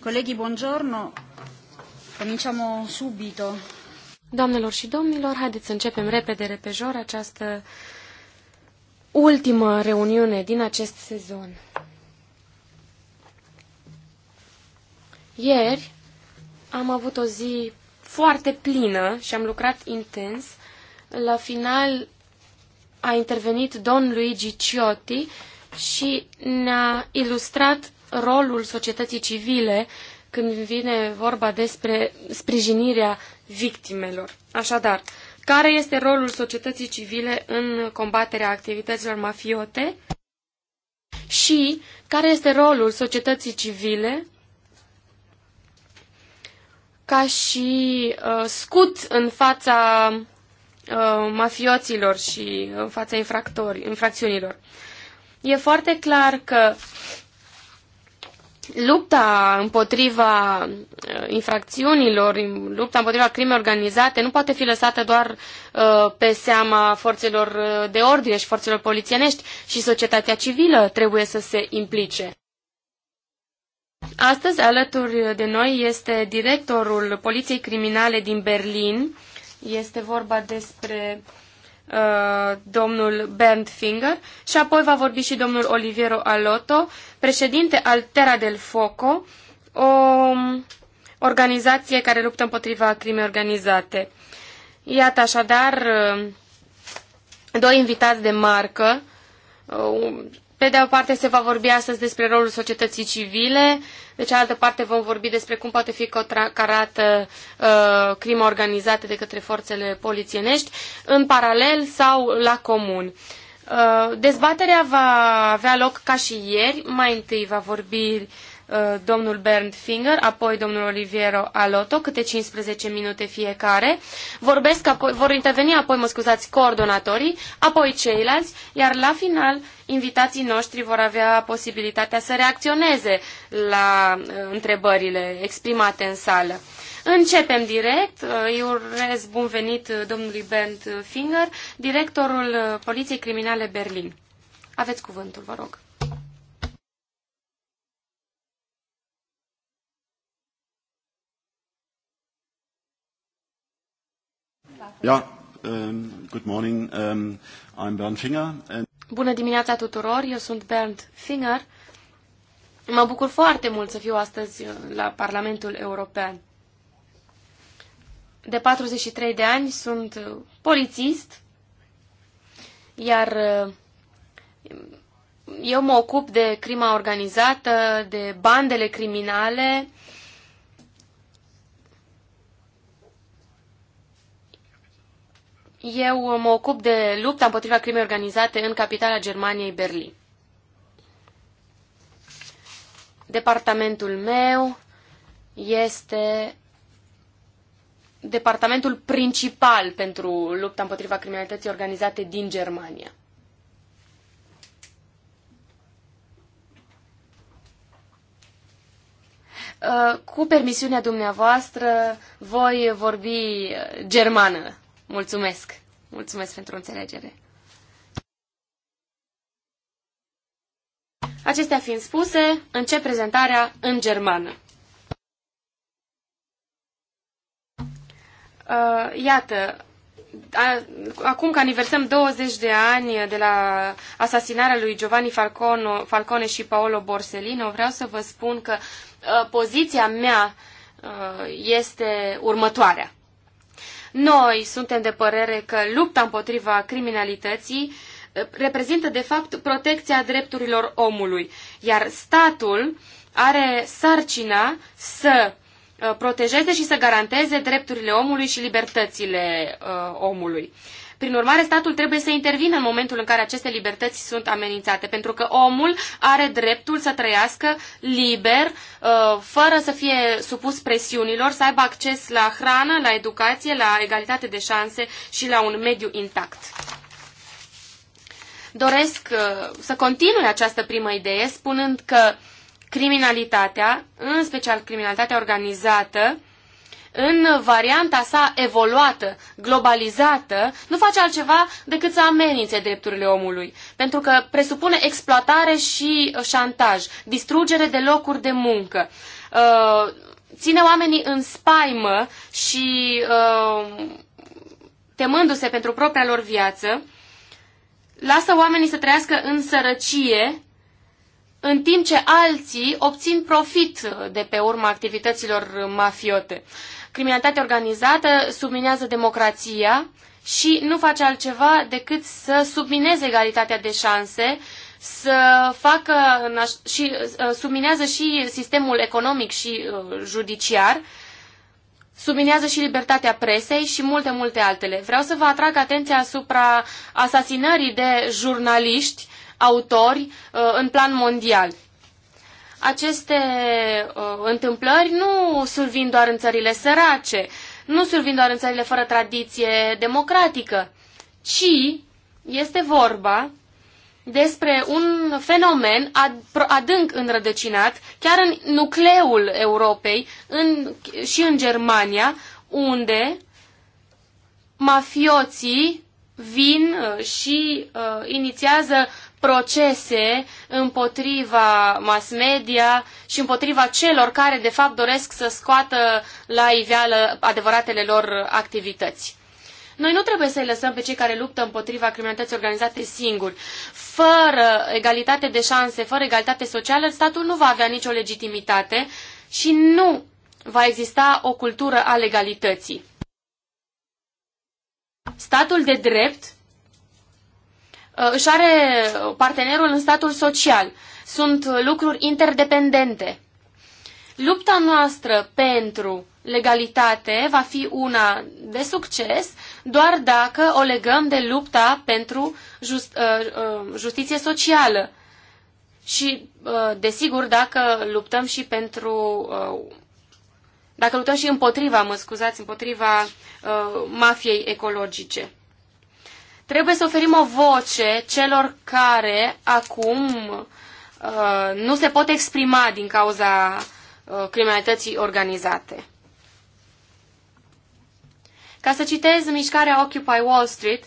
Colegii, buongiorno. Cominciamo subito. Doamnelor și domnilor, haideți să începem repede, repejor, această ultimă reuniune din acest sezon. Ieri am avut o zi foarte plină și am lucrat intens. La final a intervenit Don Luigi Ciotti și ne-a ilustrat rolul societății civile când vine vorba despre sprijinirea victimelor. Așadar, care este rolul societății civile în combaterea activităților mafiote și care este rolul societății civile ca și uh, scut în fața uh, mafioților și în fața infractorii, infracțiunilor. E foarte clar că lupta împotriva uh, infracțiunilor, lupta împotriva crimei organizate nu poate fi lăsată doar uh, pe seama forțelor uh, de ordine și forțelor polițienești și societatea civilă trebuie să se implice. Astăzi alături de noi este directorul Poliției Criminale din Berlin. Este vorba despre Uh, domnul Bernd Finger și apoi va vorbi și domnul Oliviero Alotto, președinte al Terra del Foco, o um, organizație care luptă împotriva crimei organizate. Iată așadar uh, doi invitați de marcă. Uh, pe de o parte se va vorbi astăzi despre rolul societății civile, pe cealaltă parte vom vorbi despre cum poate fi carată uh, crima organizată de către forțele polițienești în paralel sau la comun. Uh, dezbaterea va avea loc ca și ieri. Mai întâi va vorbi uh, Uh, domnul Bernd Finger, apoi domnul Oliviero Aloto, câte 15 minute fiecare. Vorbesc apoi, vor interveni apoi, mă scuzați, coordonatorii, apoi ceilalți, iar la final invitații noștri vor avea posibilitatea să reacționeze la uh, întrebările exprimate în sală. Începem direct. Eu uh, urez bun venit domnului Bernd Finger, directorul Poliției Criminale Berlin. Aveți cuvântul, vă rog. Yeah, um, good morning. Um, I'm Bernd Finger. And... Bună dimineața tuturor, eu sunt Bernd Finger. Mă bucur foarte mult să fiu astăzi uh, la Parlamentul European. De 43 de ani sunt uh, polițist, iar uh, eu mă ocup de crima organizată, de bandele criminale, Eu mă ocup de lupta împotriva crimei organizate în capitala Germaniei, Berlin. Departamentul meu este departamentul principal pentru lupta împotriva criminalității organizate din Germania. Uh, cu permisiunea dumneavoastră, voi vorbi germană Mulțumesc! Mulțumesc pentru înțelegere! Acestea fiind spuse, încep prezentarea în germană. Uh, iată, acum că aniversăm 20 de ani de la asasinarea lui Giovanni Falcone, Falcone și Paolo Borsellino, vreau să vă spun că uh, poziția mea uh, este următoarea. Noi suntem de părere că lupta împotriva criminalității eh, reprezintă, de fapt, protecția drepturilor omului, iar statul are sarcina să eh, protejeze și să garanteze drepturile omului și libertățile uh, omului. Prin urmare, statul trebuie să intervină în momentul în care aceste libertăți sunt amenințate, pentru că omul are dreptul să trăiască liber, uh, fără să fie supus presiunilor, să aibă acces la hrană, la educație, la egalitate de șanse și la un mediu intact doresc uh, să continui această primă idee spunând că criminalitatea, în special criminalitatea organizată, în varianta sa evoluată, globalizată, nu face altceva decât să amenințe drepturile omului, pentru că presupune exploatare și uh, șantaj, distrugere de locuri de muncă, uh, ține oamenii în spaimă și uh, temându-se pentru propria lor viață, lasă oamenii să trăiască în sărăcie, în timp ce alții obțin profit de pe urma activităților mafiote. Criminalitatea organizată subminează democrația și nu face altceva decât să submineze egalitatea de șanse, să facă și uh, subminează și sistemul economic și uh, judiciar, subminează și libertatea presei și multe, multe altele. Vreau să vă atrag atenția asupra asasinării de jurnaliști, autori, uh, în plan mondial. Aceste uh, întâmplări nu survin doar în țările sărace, nu survin doar în țările fără tradiție democratică, ci este vorba despre un fenomen adânc înrădăcinat, chiar în nucleul Europei în, și în Germania, unde mafioții vin uh, și uh, inițiază procese împotriva mass media și împotriva celor care de fapt doresc să scoată la iveală adevăratele lor activități. Noi nu trebuie să-i lăsăm pe cei care luptă împotriva criminalității organizate singuri. Fără egalitate de șanse, fără egalitate socială, statul nu va avea nicio legitimitate și nu va exista o cultură a legalității. Statul de drept Uh, își are partenerul în statul social. Sunt lucruri interdependente. Lupta noastră pentru legalitate va fi una de succes doar dacă o legăm de lupta pentru just, uh, uh justiție socială. Și, uh, desigur, dacă luptăm și pentru. Uh, dacă luptăm și împotriva, mă scuzați, împotriva uh, mafiei ecologice. Trebuie să oferim o voce celor care acum uh, nu se pot exprima din cauza uh, criminalității organizate. Ca să citez mișcarea Occupy Wall Street,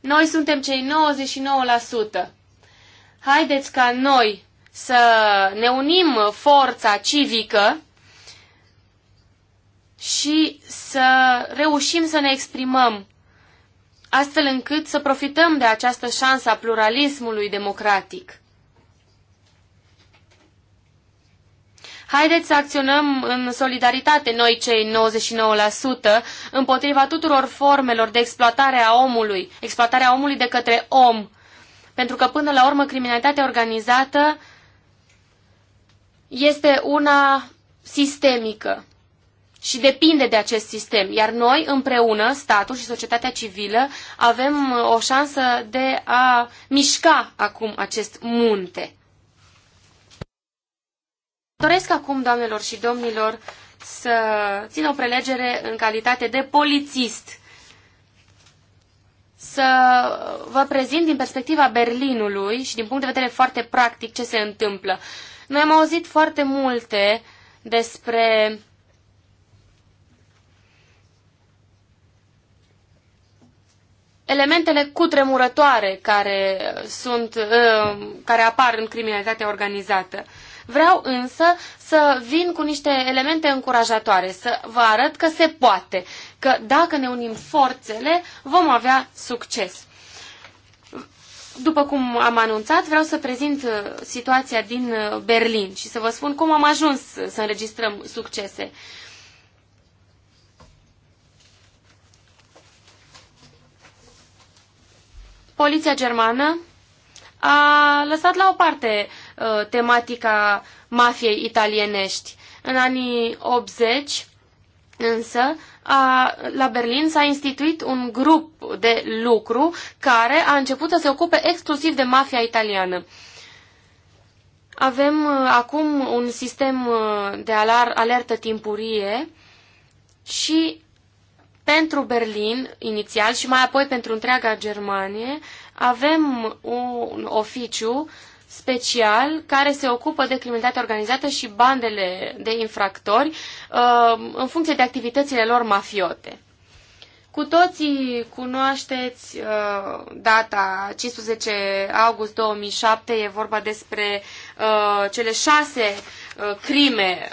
noi suntem cei 99%. Haideți ca noi să ne unim forța civică și să reușim să ne exprimăm astfel încât să profităm de această șansă a pluralismului democratic. Haideți să acționăm în solidaritate noi cei 99% împotriva tuturor formelor de exploatare a omului, exploatarea omului de către om. Pentru că până la urmă criminalitatea organizată este una sistemică și depinde de acest sistem. Iar noi, împreună, statul și societatea civilă, avem uh, o șansă de a mișca acum acest munte. Doresc acum, doamnelor și domnilor, să țin o prelegere în calitate de polițist. Să vă prezint din perspectiva Berlinului și din punct de vedere foarte practic ce se întâmplă. Noi am auzit foarte multe despre uh, elementele cutremurătoare care, sunt, ă, care apar în criminalitatea organizată. Vreau însă să vin cu niște elemente încurajatoare, să vă arăt că se poate, că dacă ne unim forțele, vom avea succes. După cum am anunțat, vreau să prezint ă, situația din ă, Berlin și să vă spun cum am ajuns să înregistrăm succese. poliția germană a lăsat la o parte uh, tematica mafiei italienești. În anii 80, însă, a, la Berlin s-a instituit un grup de lucru care a început să se ocupe exclusiv de mafia italiană. Avem uh, acum un sistem uh, de alar, alertă timpurie și pentru Berlin inițial și mai apoi pentru întreaga Germanie avem un oficiu special care se ocupă de criminalitatea organizată și bandele de infractori uh, în funcție de activitățile lor mafiote. Cu toții cunoașteți uh, data 15 august 2007, e vorba despre uh, cele șase crime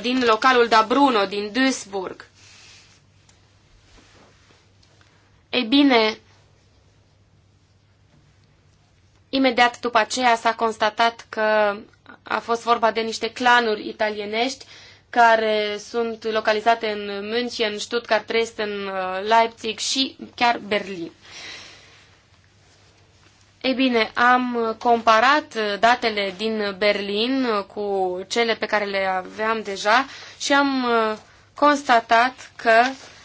din localul Da Bruno, din Duisburg. Ei bine, imediat după aceea s-a constatat că a fost vorba de niște clanuri italienești care sunt localizate în München, Stuttgart, Dresden, uh, Leipzig și chiar Berlin. Ei bine, am comparat datele din Berlin cu cele pe care le aveam deja și am uh, constatat că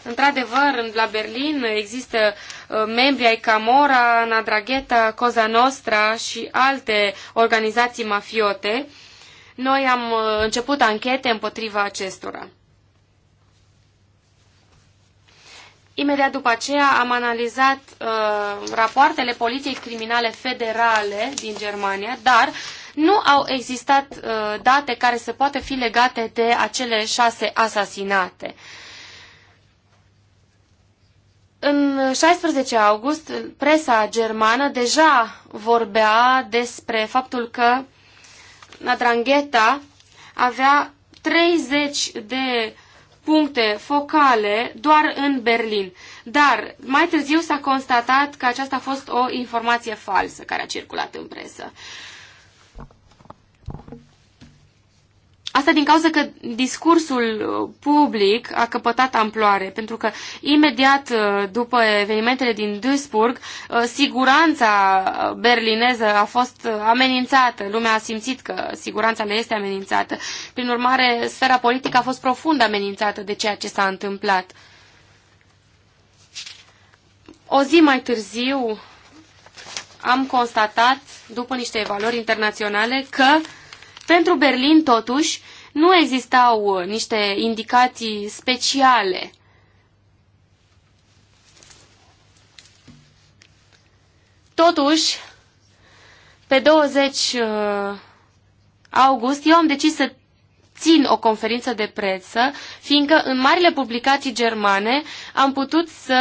Într-adevăr, la Berlin există uh, membri ai Camora, Nadragheta, Cosa Nostra și alte organizații mafiote. Noi am uh, început anchete împotriva acestora. Imediat după aceea am analizat uh, rapoartele poliției criminale federale din Germania, dar nu au existat uh, date care să poată fi legate de acele șase asasinate. Uh, în 16 august, presa germană deja vorbea despre faptul că Nadrangheta avea 30 de puncte focale doar în Berlin. Dar mai târziu s-a constatat că aceasta a fost o informație falsă care a circulat în presă. Uh, Asta din cauza că discursul uh, public a căpătat amploare, pentru că imediat uh, după evenimentele din Duisburg, uh, siguranța berlineză a fost amenințată. Lumea a simțit că siguranța le este amenințată. Prin urmare, sfera politică a fost profund amenințată de ceea ce s-a întâmplat. O zi mai târziu am constatat, după niște evaluări internaționale, că uh, pentru Berlin, totuși, nu existau uh, niște indicații speciale. Totuși, pe 20 uh, august, eu am decis să țin o conferință de presă, fiindcă în marile publicații germane am putut să...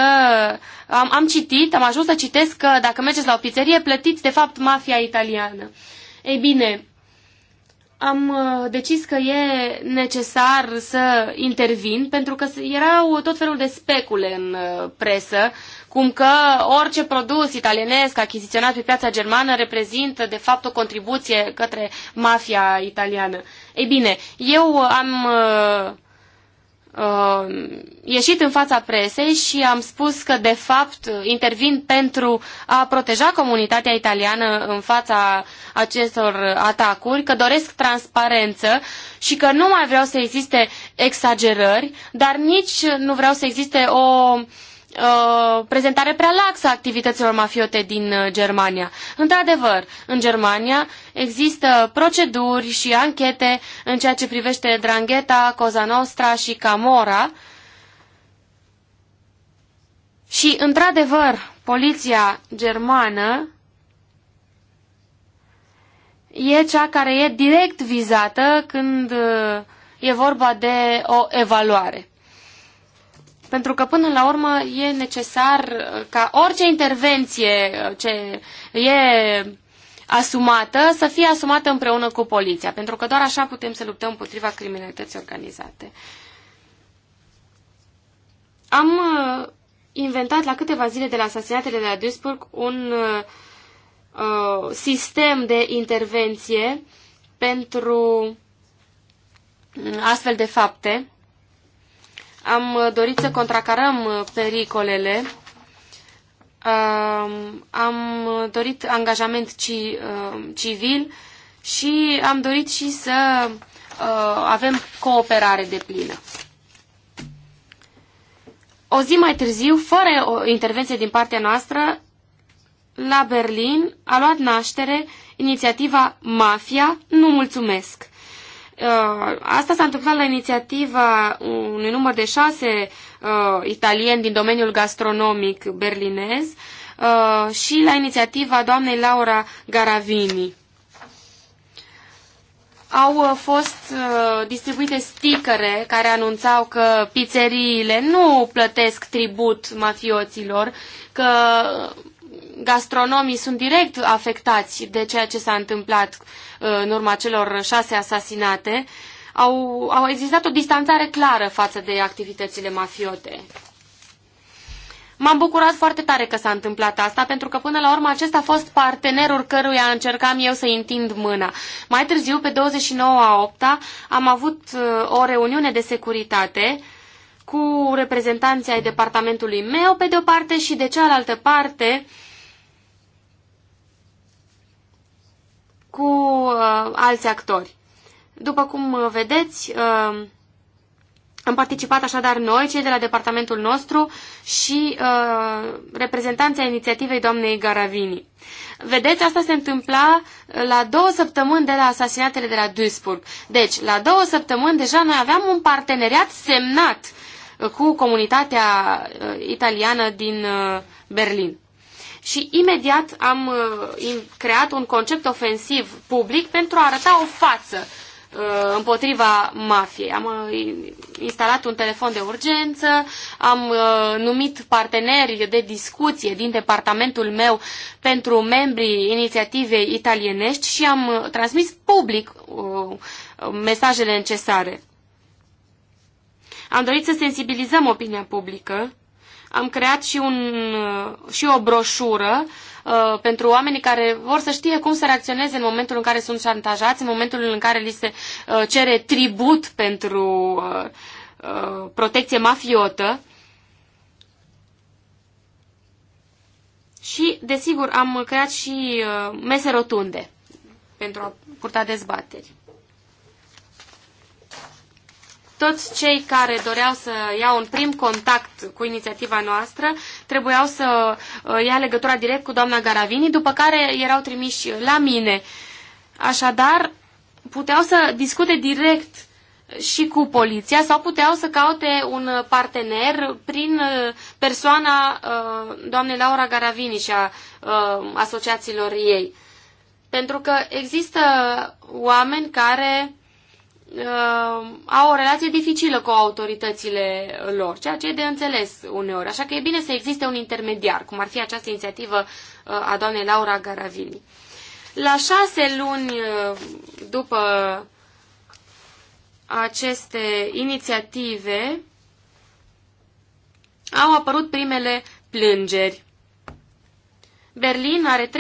Am, am citit, am ajuns să citesc că dacă mergeți la o pizzerie, plătiți de fapt mafia italiană. Ei bine, am uh, decis că e necesar să intervin, pentru că erau tot felul de specule în uh, presă, cum că orice produs italienesc achiziționat pe piața germană reprezintă, de fapt, o contribuție către mafia italiană. Ei bine, eu am uh, Uh, ieșit în fața presei și am spus că, de fapt, intervin pentru a proteja comunitatea italiană în fața acestor atacuri, că doresc transparență și că nu mai vreau să existe exagerări, dar nici nu vreau să existe o uh, Uh, prezentare prea laxă a activităților mafiote din uh, Germania. Într-adevăr, în Germania există proceduri și anchete în ceea ce privește Drangheta, Coza Nostra și Camora. Și, într-adevăr, poliția germană e cea care e direct vizată când uh, e vorba de o evaluare. Pentru că până la urmă e necesar uh, ca orice intervenție uh, ce e asumată să fie asumată împreună cu poliția, pentru că doar așa putem să luptăm împotriva criminalității organizate. Am uh, inventat la câteva zile de la asasinatele de la Duisburg un uh, sistem de intervenție pentru mm, astfel de fapte am uh, dorit să contracarăm uh, pericolele, um, am uh, dorit angajament civil și am dorit și să avem cooperare de plină. O zi mai târziu, fără o intervenție din partea noastră, la Berlin a luat naștere inițiativa Mafia Nu Mulțumesc, Uh, asta s-a întâmplat la inițiativa unui număr de șase uh, italieni din domeniul gastronomic berlinez uh, și la inițiativa doamnei Laura Garavini. Au uh, fost uh, distribuite sticăre care anunțau că pizzeriile nu plătesc tribut mafioților, că gastronomii sunt direct afectați de ceea ce s-a întâmplat uh, în urma celor șase asasinate, au, au existat o distanțare clară față de activitățile mafiote. M-am bucurat foarte tare că s-a întâmplat asta, pentru că până la urmă acesta a fost partenerul căruia încercam eu să-i întind mâna. Mai târziu, pe 29 a 8 -a, am avut uh, o reuniune de securitate cu reprezentanții ai departamentului meu pe de o parte și de cealaltă parte uh, cu uh, alți actori. După cum uh, vedeți, uh, am participat așadar noi, cei de la departamentul nostru și uh, reprezentanța inițiativei doamnei Garavini. Vedeți, asta se întâmpla uh, la două săptămâni de la asasinatele de la Duisburg. Deci, la două săptămâni deja noi aveam un parteneriat semnat uh, cu comunitatea italiană din Berlin și imediat am uh, creat un concept ofensiv public pentru a arăta o față uh, împotriva mafiei. Am uh, instalat un telefon de urgență, am numit parteneri de discuție din departamentul meu pentru membrii inițiativei italienești și am transmis public mesajele necesare. Am dorit să sensibilizăm opinia publică am creat și, un, și o broșură uh, pentru oamenii care vor să știe cum să reacționeze în momentul în care sunt șantajați, în momentul în care li se uh, cere tribut pentru uh, uh, protecție mafiotă. Și, desigur, am creat și uh, mese rotunde pentru a purta dezbateri toți cei care doreau să iau un prim contact cu inițiativa noastră trebuiau să uh, ia legătura direct cu doamna Garavini, după care erau trimiși la mine. Așadar, puteau să discute direct și cu poliția sau puteau să caute un partener prin uh, persoana uh, doamnei Laura Garavini și a asociațiilor ei. Pentru că există oameni care uh, au o relație dificilă cu autoritățile lor, ceea ce e de înțeles uneori. Așa că e bine să existe un intermediar, cum ar fi această inițiativă uh, a doamnei Laura Garavini. La șase luni uh, după aceste inițiative au apărut primele plângeri. Berlin are 3,5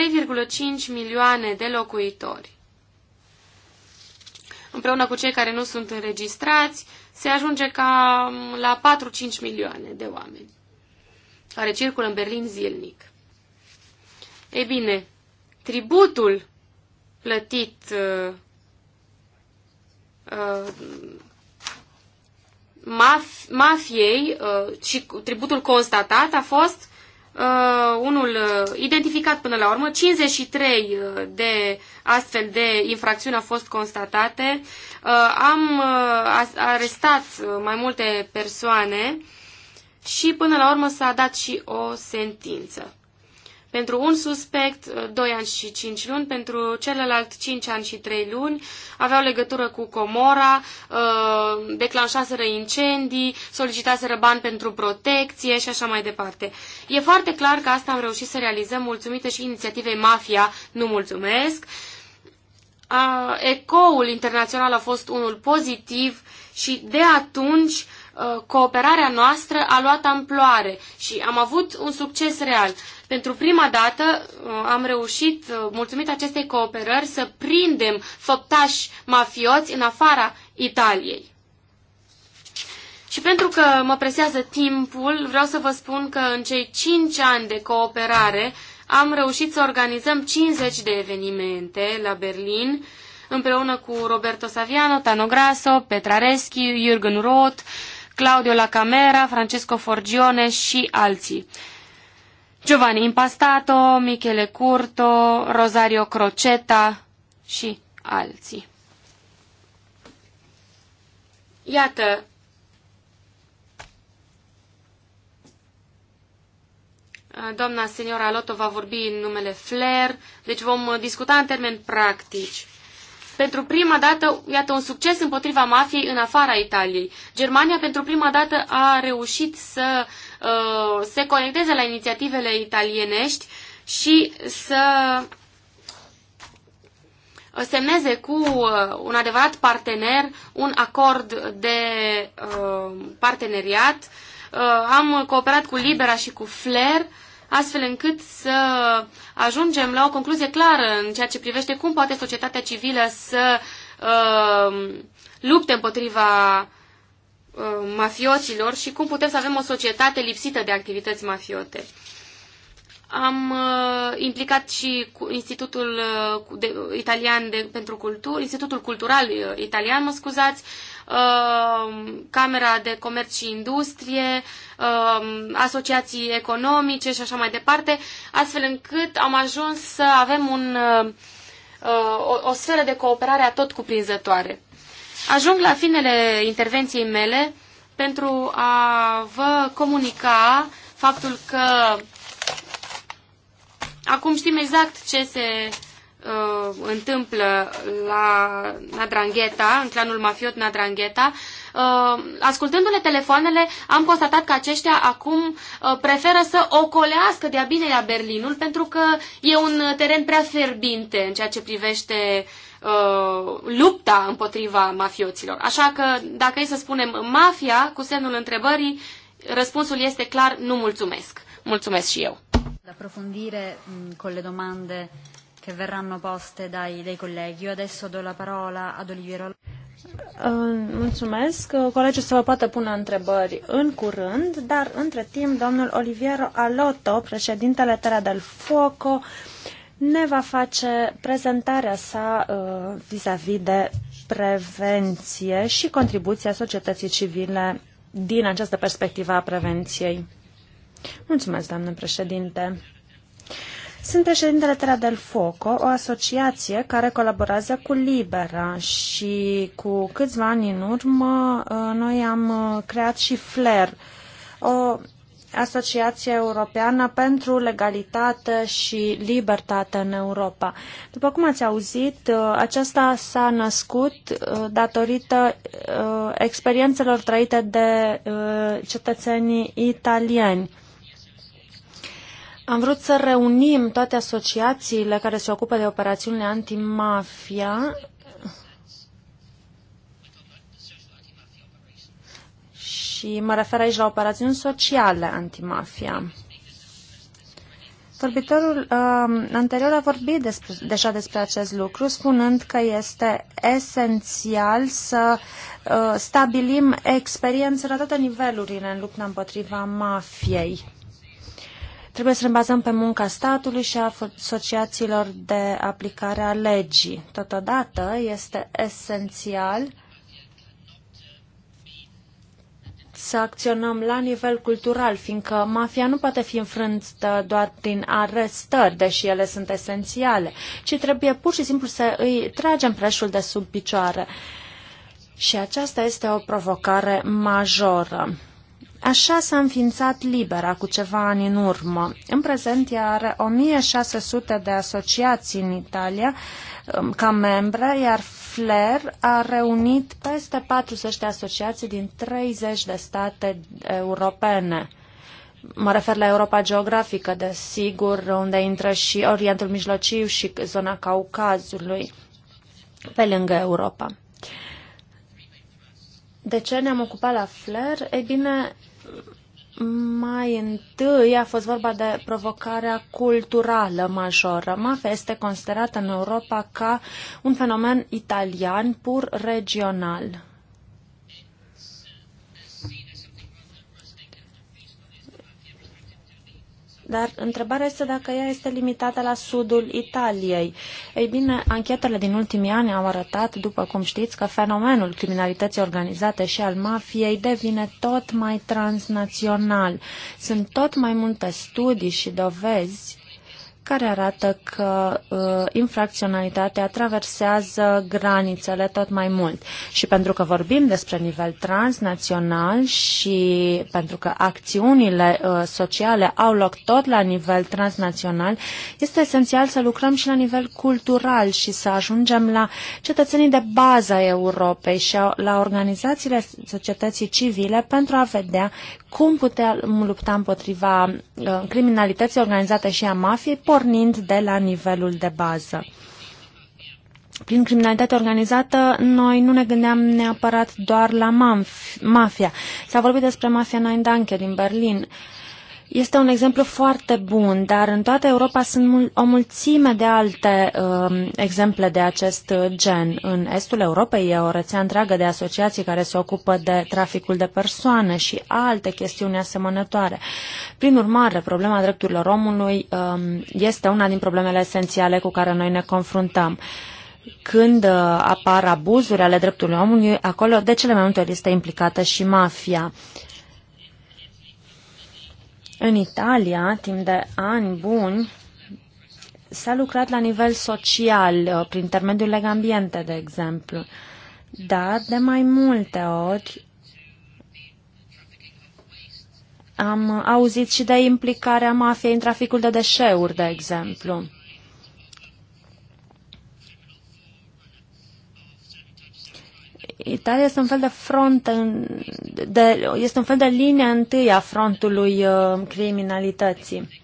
milioane de locuitori împreună cu cei care nu sunt înregistrați, se ajunge cam la 4-5 milioane de oameni care circulă în Berlin zilnic. Ei bine, tributul plătit uh, uh, maf- mafiei uh, și tributul constatat a fost uh, unul uh, identificat până la urmă, 53 uh, de astfel de infracțiuni au fost constatate. Uh, am uh, arestat uh, mai multe persoane și până la urmă s-a dat și o sentință. Pentru un suspect, 2 uh, ani și 5 luni, pentru celălalt 5 ani și 3 luni, aveau legătură cu comora, uh, declanșaseră incendii, solicitaseră bani pentru protecție și așa mai departe. E foarte clar că asta am reușit să realizăm mulțumită și inițiativei Mafia, nu mulțumesc. Ecoul internațional a fost unul pozitiv și de atunci uh, cooperarea noastră a luat amploare și am avut un succes real. Pentru prima dată uh, am reușit, uh, mulțumit acestei cooperări, să prindem făptași mafioți în afara Italiei. Și pentru că mă presează timpul, vreau să vă spun că în cei 5 ani de cooperare am reușit să organizăm 50 de evenimente la Berlin, împreună cu Roberto Saviano, Tano Grasso, Petrareschi, Jürgen Roth, Claudio La Camera, Francesco Forgione și alții. Giovanni Impastato, Michele Curto, Rosario Croceta și alții. Iată, doamna seniora Loto va vorbi în numele Flair, deci vom discuta în termeni practici. Pentru prima dată, iată un succes împotriva mafiei în afara Italiei. Germania pentru prima dată a reușit să uh, Uh, se conecteze la inițiativele italienești și să uh, semneze cu uh, un adevărat partener un acord de parteneriat. am cooperat cu Libera și cu Flair astfel încât să ajungem la o concluzie clară în ceea ce privește cum poate societatea civilă să uh, lupte împotriva Uh, mafioților și cum putem să avem o societate lipsită de activități mafiote. Am uh, implicat și cu Institutul uh, de, Italian de, pentru Cultură, Institutul Cultural uh, Italian, mă scuzați, uh, Camera de Comerț și Industrie, uh, asociații economice și așa mai departe, astfel încât am ajuns să avem un, uh, uh o, o sferă de cooperare a tot cuprinzătoare. Ajung la finele intervenției mele pentru a vă comunica faptul că acum știm exact ce se uh, întâmplă la Nadrangheta, în clanul mafiot Nadrangheta. Uh, ascultându-le telefoanele, am constatat că aceștia acum uh, preferă să ocolească de-a la Berlinul pentru că e un teren prea fierbinte în ceea ce privește uh, Uh, lupta împotriva mafioților. Așa că, dacă e să spunem mafia, cu semnul întrebării, răspunsul este clar, nu mulțumesc. Mulțumesc și eu. Approfondire mm, con le domande che verranno poste dai, dai colleghi. Io adesso do la parola ad Oliviero. Uh, mulțumesc. Uh, colegii să vă poată pune întrebări în curând, dar între timp domnul Oliviero Aloto, președintele Terra del Foco, ne va face prezentarea sa uh, vis-a-vis de prevenție și contribuția societății civile din această perspectivă a prevenției. Mulțumesc, doamnă președinte. Sunt președintele Terra del Foco, o asociație care colaborează cu Libera și cu câțiva ani în urmă uh, noi am uh, creat și Flair, o Asociația Europeană pentru Legalitate și Libertate în Europa. După cum ați auzit, uh, aceasta s-a născut uh, datorită uh, experiențelor trăite de cetățenii italieni. Am vrut să reunim toate asociațiile care se ocupă de operațiunile antimafia și mă refer aici la operațiuni sociale antimafia. Vorbitorul uh, anterior a vorbit despre, deja despre acest lucru, spunând că este esențial să uh, stabilim experiențe la toate nivelurile în lupta împotriva mafiei. Trebuie să ne bazăm pe munca statului și a asociațiilor de aplicare a legii. Totodată este esențial să acționăm la nivel cultural, fiindcă mafia nu poate fi înfrântă doar prin arestări, deși ele sunt esențiale, ci trebuie pur și simplu să îi tragem preșul de sub picioare. Și aceasta este o provocare majoră. Așa s-a înființat Libera cu ceva ani în urmă. În prezent ea are 1600 de asociații în Italia um, ca membre, iar Flair a reunit peste 40 de asociații din 30 de state europene. Mă refer la Europa geografică, desigur, unde intră și Orientul Mijlociu și zona Caucazului, pe lângă Europa. De ce ne-am ocupat la Flair? Ei bine, mai întâi a fost vorba de provocarea culturală majoră. Mafia este considerată în Europa ca un fenomen italian pur regional. dar întrebarea este dacă ea este limitată la sudul Italiei. Ei bine, anchetele din ultimii ani au arătat, după cum știți, că fenomenul criminalității organizate și al mafiei devine tot mai transnațional. Sunt tot mai multe studii și dovezi care arată că uh, infracționalitatea traversează granițele tot mai mult. Și pentru că vorbim despre nivel transnațional și pentru că acțiunile uh, sociale au loc tot la nivel transnațional, este esențial să lucrăm și la nivel cultural și să ajungem la cetățenii de bază a Europei și la organizațiile societății civile pentru a vedea cum putem lupta împotriva uh, criminalității organizate și a mafiei, pornind de la nivelul de bază. Prin criminalitate organizată, noi nu ne gândeam neapărat doar la mafia. S-a vorbit despre mafia Nine Danke din Berlin. Uh, este un exemplu foarte bun, dar în toată Europa sunt mul o mulțime de alte uh, exemple de acest gen. În estul Europei e o rețea întreagă de asociații care se ocupă de traficul de persoane și alte chestiuni asemănătoare. Prin urmare, problema drepturilor omului uh, este una din problemele esențiale cu care noi ne confruntăm. Când uh, apar abuzuri ale drepturilor omului, acolo de cele mai multe ori este implicată și mafia. Uh, în Italia, timp de ani buni, s-a lucrat la nivel social, uh, prin intermediul legambiente, de exemplu. Dar, de mai multe ori, am uh, auzit și de implicarea mafiei în traficul de deșeuri, de exemplu. Italia este un fel de front, de, este un fel de linia întâi a frontului uh, criminalității.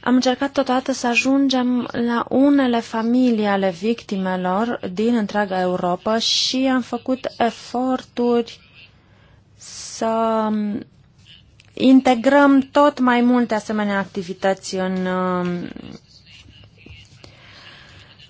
Am încercat totodată să ajungem la unele familii ale victimelor din întreaga Europa și am făcut eforturi să um, integrăm tot mai multe asemenea activități în um,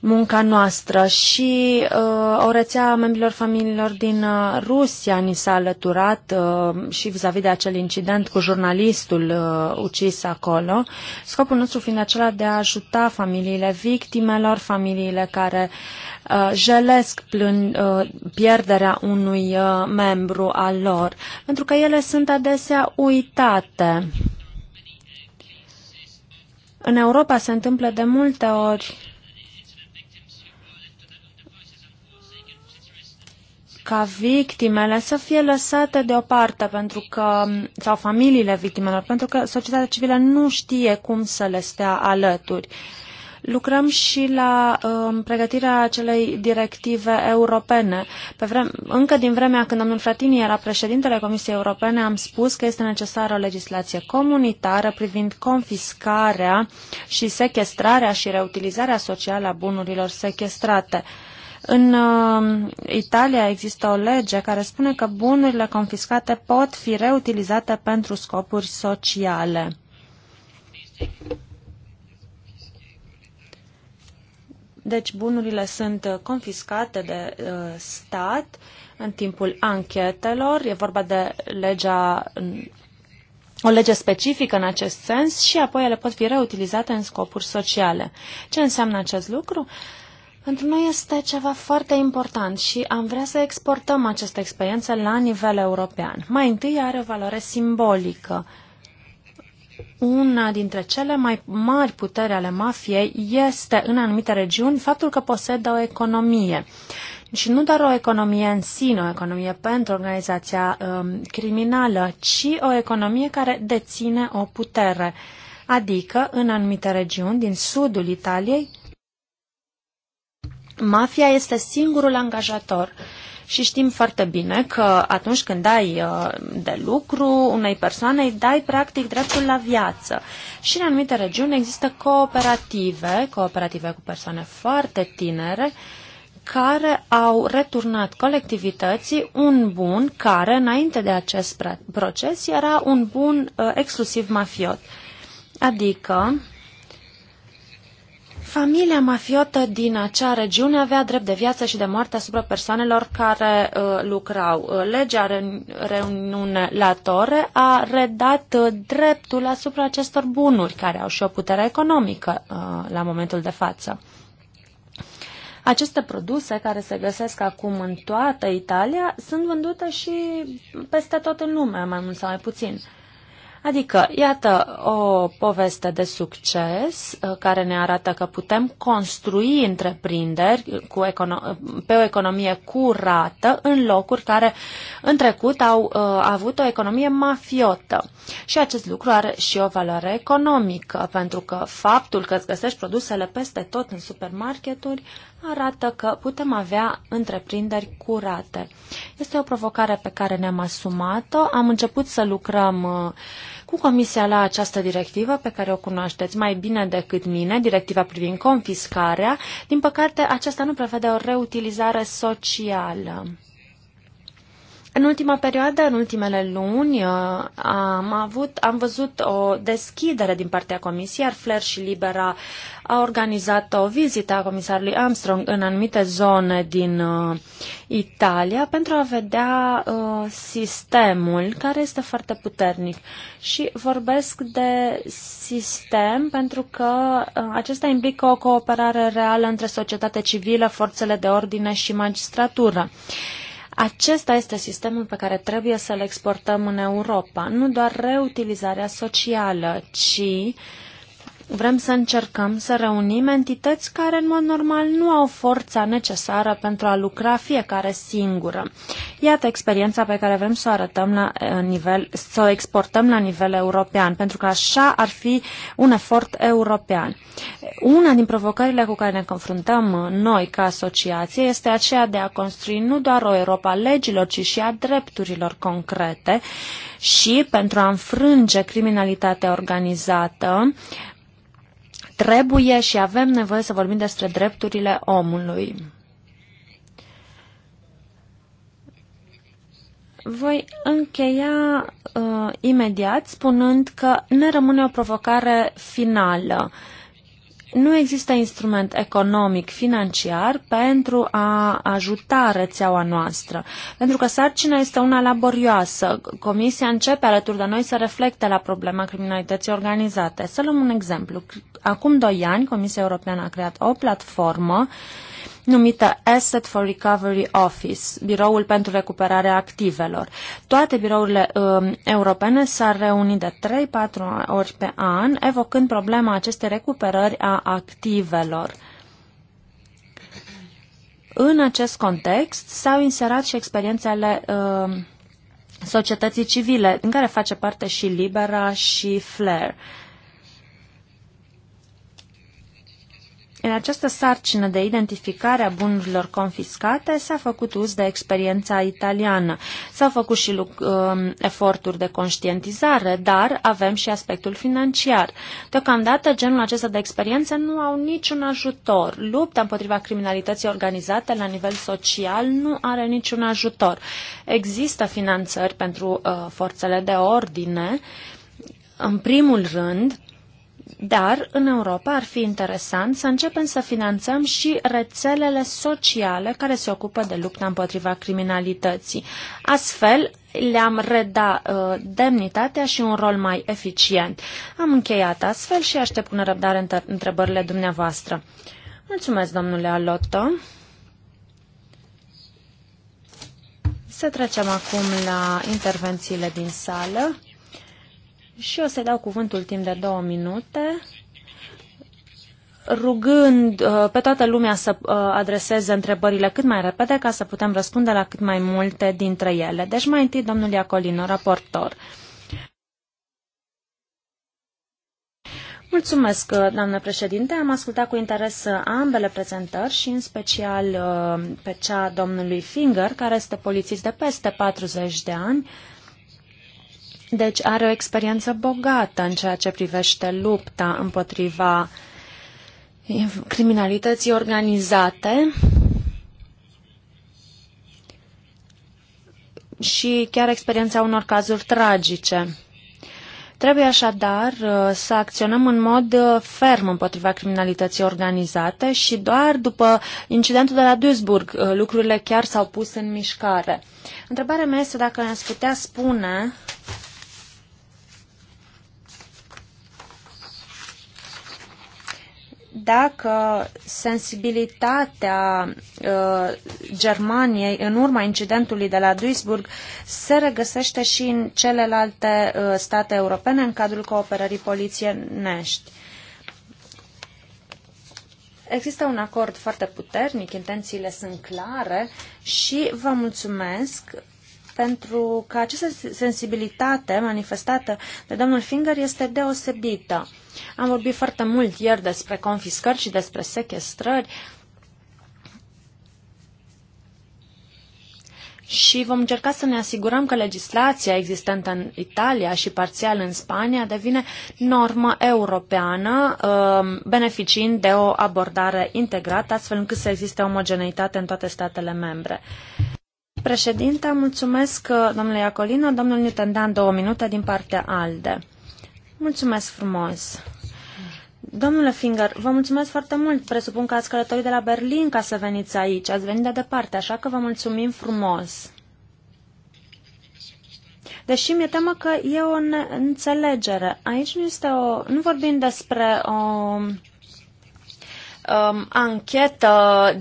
munca noastră și uh, o rețea a membrilor familiilor din uh, Rusia ni s-a alăturat uh, și vis-a-vis -vis de acel incident cu jurnalistul uh, ucis acolo, scopul nostru fiind acela de a ajuta familiile victimelor, familiile care uh, jelesc plân, uh, pierderea unui uh, membru al lor, pentru că ele sunt adesea uitate. În Europa se întâmplă de multe ori ca victimele să fie lăsate deoparte pentru că, sau familiile victimelor, pentru că societatea civilă nu știe cum să le stea alături. Lucrăm și la um, pregătirea acelei directive europene. Pe vrem, încă din vremea când domnul Fratini era președintele Comisiei Europene, am spus că este necesară o legislație comunitară privind confiscarea și sequestrarea și reutilizarea socială a bunurilor sequestrate. Uh, în uh, Italia există o lege care spune că bunurile confiscate pot fi reutilizate pentru scopuri sociale. Deci bunurile sunt confiscate de uh, stat în timpul anchetelor. E vorba de legea, o lege specifică în acest sens și apoi ele pot fi reutilizate în scopuri sociale. Ce înseamnă acest lucru? Uh, pentru noi este ceva foarte important și am vrea să exportăm această experiență la nivel european. Mai întâi are o valoare simbolică. Una dintre cele mai mari puteri ale mafiei este în anumite regiuni faptul că posedă o economie. Și nu doar o economie în sine, o economie pentru organizația um, criminală, ci o economie care deține o putere. Adică, în anumite regiuni din sudul Italiei, Mafia este singurul angajator și știm foarte bine că atunci când dai uh, de lucru unei persoane, îi dai practic dreptul la viață. Și în anumite regiuni există cooperative, cooperative cu persoane foarte tinere, care au returnat colectivității un bun care, înainte de acest proces, era un bun uh, exclusiv mafiot. Adică, Familia mafiotă din acea regiune avea drept de viață și de moarte asupra persoanelor care uh, lucrau. Uh, legea Reuniune la Tore a redat uh, dreptul asupra acestor bunuri, care au și o putere economică uh, la momentul de față. Aceste produse care se găsesc acum în toată Italia sunt vândute și peste tot în lume, mai mult sau mai puțin. Uh, Adică, iată o poveste de succes uh, care ne arată că putem construi întreprinderi cu econo- uh, pe o economie curată în locuri care în trecut au uh, avut o economie mafiotă. Și acest lucru are și o valoare economică, pentru că faptul că îți găsești produsele peste tot în supermarketuri uh, arată că putem avea întreprinderi curate. Este o provocare pe care ne-am asumat-o. Am început să lucrăm uh, cu Comisia la această directivă pe care o cunoașteți mai bine decât mine, directiva privind confiscarea. Din păcate, aceasta nu prevede o reutilizare socială. În ultima perioadă, în ultimele luni, uh, am, avut, am văzut o deschidere din partea Comisiei, iar Flair și Libera a organizat o vizită a comisarului Armstrong în anumite zone din uh, Italia pentru a vedea uh, sistemul care este foarte puternic. Și vorbesc de sistem pentru că uh, acesta implică o cooperare reală între societate civilă, forțele de ordine și magistratură. acesta este sistemul pe care trebuie să-l exportăm în Europa. Nu doar reutilizarea socială, ci Vrem să încercăm să reunim entități care în mod normal nu au forța necesară pentru a lucra fiecare singură. Iată experiența pe care vrem să o arătăm la eh, nivel, să o exportăm la nivel european, pentru că așa ar fi un efort european. Una din provocările cu care ne confruntăm eh, noi ca asociație este aceea de a construi nu doar o Europa legilor, ci și a drepturilor concrete și pentru a înfrânge criminalitatea organizată, trebuie și avem nevoie să vorbim despre drepturile omului. Voi încheia uh, imediat spunând că ne rămâne o provocare finală. Uh, nu există instrument economic, financiar pentru a ajuta rețeaua noastră. Pentru că sarcina este una laborioasă. Comisia începe alături de noi să reflecte la problema criminalității organizate. Să luăm un exemplu. Acum doi ani, Comisia Europeană a creat o platformă uh, numită Asset for Recovery Office, biroul pentru recuperarea activelor. Toate birourile uh, europene s-ar reuni de 3-4 ori pe an, evocând problema acestei recuperări a activelor. În acest context s-au inserat și experiențele uh, societății civile, în care face parte și Libera și Flair. Uh, În această sarcină de identificare a bunurilor confiscate s-a făcut uz de experiența italiană. S-au făcut și uh, eforturi de conștientizare, dar avem și aspectul financiar. Deocamdată, genul acesta de experiență nu au niciun ajutor. Lupta împotriva criminalității organizate la nivel social nu are niciun ajutor. Există finanțări pentru uh, forțele de ordine, în primul rând, dar, în Europa, ar fi interesant să începem să finanțăm și rețelele sociale care se ocupă de lupta împotriva criminalității. Astfel, le-am reda uh, demnitatea și un rol mai eficient. Am încheiat astfel și aștept cu nerăbdare întrebările dumneavoastră. Mulțumesc, domnule Alotto. Să trecem acum la intervențiile din sală. Și o să-i dau cuvântul timp de două minute, rugând uh, pe toată lumea să uh, adreseze întrebările cât mai repede ca să putem răspunde la cât mai multe dintre ele. Deci mai întâi domnul Iacolino, raportor. Mulțumesc, uh, doamnă președinte. Am ascultat cu interes uh, ambele prezentări și în special uh, pe cea domnului Finger, care este polițist de peste 40 de ani deci are o experiență bogată în ceea ce privește lupta împotriva criminalității organizate și chiar experiența unor cazuri tragice. Trebuie așadar uh, să acționăm în mod uh, ferm împotriva criminalității organizate și doar după incidentul de la Duisburg uh, lucrurile chiar s-au pus în mișcare. Întrebarea mea este dacă ne-ați putea spune dacă sensibilitatea uh, Germaniei în urma incidentului de la Duisburg se regăsește și în celelalte uh, state europene în cadrul cooperării polițienești. Există un acord foarte puternic, intențiile sunt clare și vă mulțumesc pentru că această sensibilitate manifestată de domnul Finger este deosebită. Am vorbit foarte mult ieri despre confiscări și despre sequestrări și vom încerca să ne asigurăm că legislația existentă în Italia și parțial în Spania devine normă europeană, um, beneficiind de o abordare integrată, astfel încât să existe omogeneitate în toate statele membre. Președinta, mulțumesc uh, domnule Iacolino, domnul Newton Dan, două minute din partea ALDE. Mulțumesc frumos! Domnule Finger, vă mulțumesc foarte mult. Presupun că ați călătorit de la Berlin ca să veniți aici. Ați venit de departe, așa că vă mulțumim frumos. Deși mi-e teamă că e o înțelegere. Aici nu este o... Nu vorbim despre o um, anchetă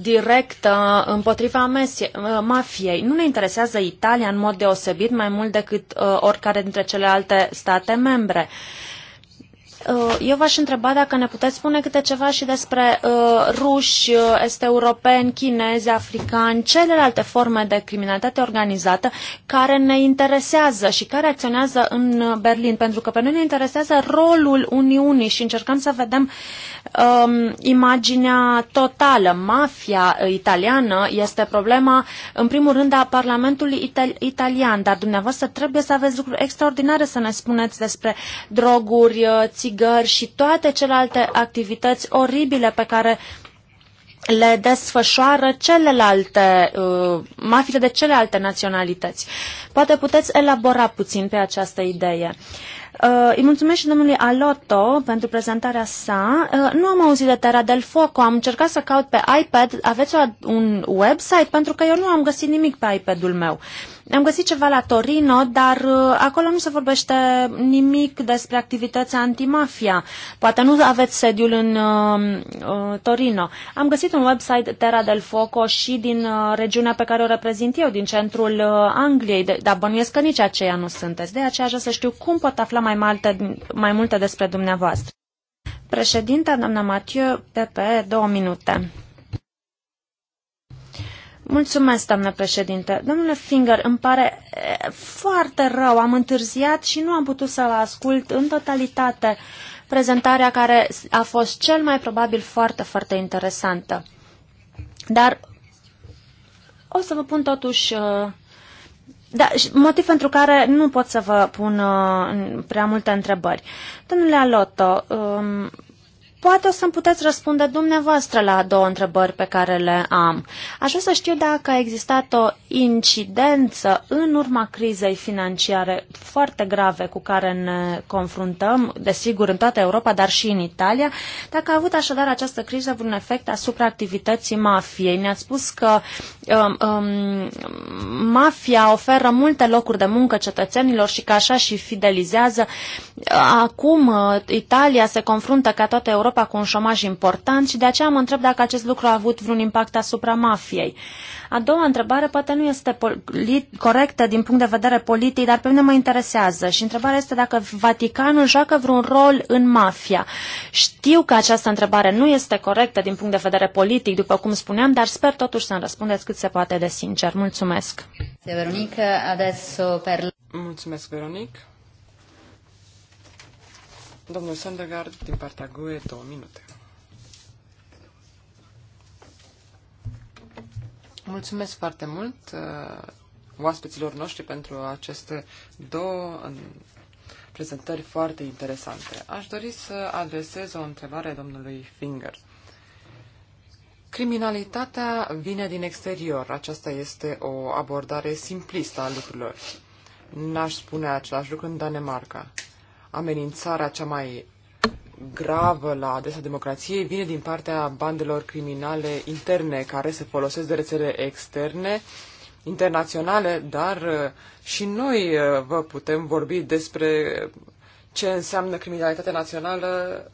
directă împotriva mesie, uh, mafiei. Nu ne interesează Italia în mod deosebit mai mult decât uh, oricare dintre celelalte state membre. Uh, Uh, eu v-aș întreba dacă ne puteți spune câte ceva și despre uh, ruși, uh, este europeni, chinezi, africani, celelalte forme de criminalitate organizată care ne interesează și care acționează în uh, Berlin, pentru că pe noi ne interesează rolul Uniunii și încercăm să vedem um, imaginea totală. Mafia italiană este problema, în primul rând, a Parlamentului Itali- italian, dar dumneavoastră trebuie să aveți lucruri extraordinare să ne spuneți despre droguri, țigări, țigări și toate celelalte activități oribile pe care le desfășoară celelalte, uh, mafile de celelalte naționalități. Poate puteți elabora puțin pe această idee. Uh, îi mulțumesc și domnului Alotto pentru prezentarea sa. Uh, nu am auzit de Terra del Foco, am încercat să caut pe iPad. Aveți un website? Pentru că eu nu am găsit nimic pe iPad-ul meu. Uh, am găsit ceva la Torino, dar uh, acolo nu se vorbește nimic despre activități antimafia. Poate nu aveți sediul în uh, uh, Torino. Am găsit un website Terra del Foco și din uh, regiunea pe care o reprezint eu, din centrul uh, Angliei, de, dar bănuiesc că nici aceia nu sunteți. De aceea așa să știu cum pot afla mai multe, mai multe despre dumneavoastră. Președinta, doamna Mathieu, PPE, două minute. Mulțumesc, doamnă președinte. Domnule Finger, îmi pare foarte rău, am întârziat și nu am putut să l ascult în totalitate prezentarea care a fost cel mai probabil foarte, foarte interesantă. Dar o să vă pun totuși... Da, motiv pentru care nu pot să vă pun prea multe întrebări. Domnule Aloto, Poate o să-mi puteți răspunde dumneavoastră la două întrebări pe care le am. Aș vrea să știu dacă a existat o incidență în urma crizei financiare foarte grave cu care ne confruntăm, desigur, în toată Europa, dar și în Italia. Dacă a avut așadar această criză un efect asupra activității mafiei. Mi-ați spus că Um, um, mafia oferă multe locuri de muncă cetățenilor și că așa și fidelizează. Acum uh, Italia se confruntă ca toată Europa cu un șomaj important și de aceea mă întreb dacă acest lucru a avut vreun impact asupra mafiei. A doua întrebare poate nu este corectă din punct de vedere politic, dar pe mine mă interesează și întrebarea este dacă Vaticanul joacă vreun rol în mafia. Știu că această întrebare nu este corectă din punct de vedere politic, după cum spuneam, dar sper totuși să-mi răspundeți cât se poate de sincer. Mulțumesc! Veronica, adesso per... Mulțumesc, Veronic. Domnul Sandegard, din partea GUE, două minute. Mulțumesc foarte mult uh, oaspeților noștri pentru aceste două um, prezentări foarte interesante. Aș dori să adresez o întrebare domnului Finger. Criminalitatea vine din exterior. Aceasta este o abordare simplistă a lucrurilor. N-aș spune același lucru în Danemarca. Amenințarea cea mai gravă la adresa democrației vine din partea bandelor criminale interne care se folosesc de rețele externe, internaționale, dar uh, și noi uh, vă putem vorbi despre ce înseamnă criminalitatea națională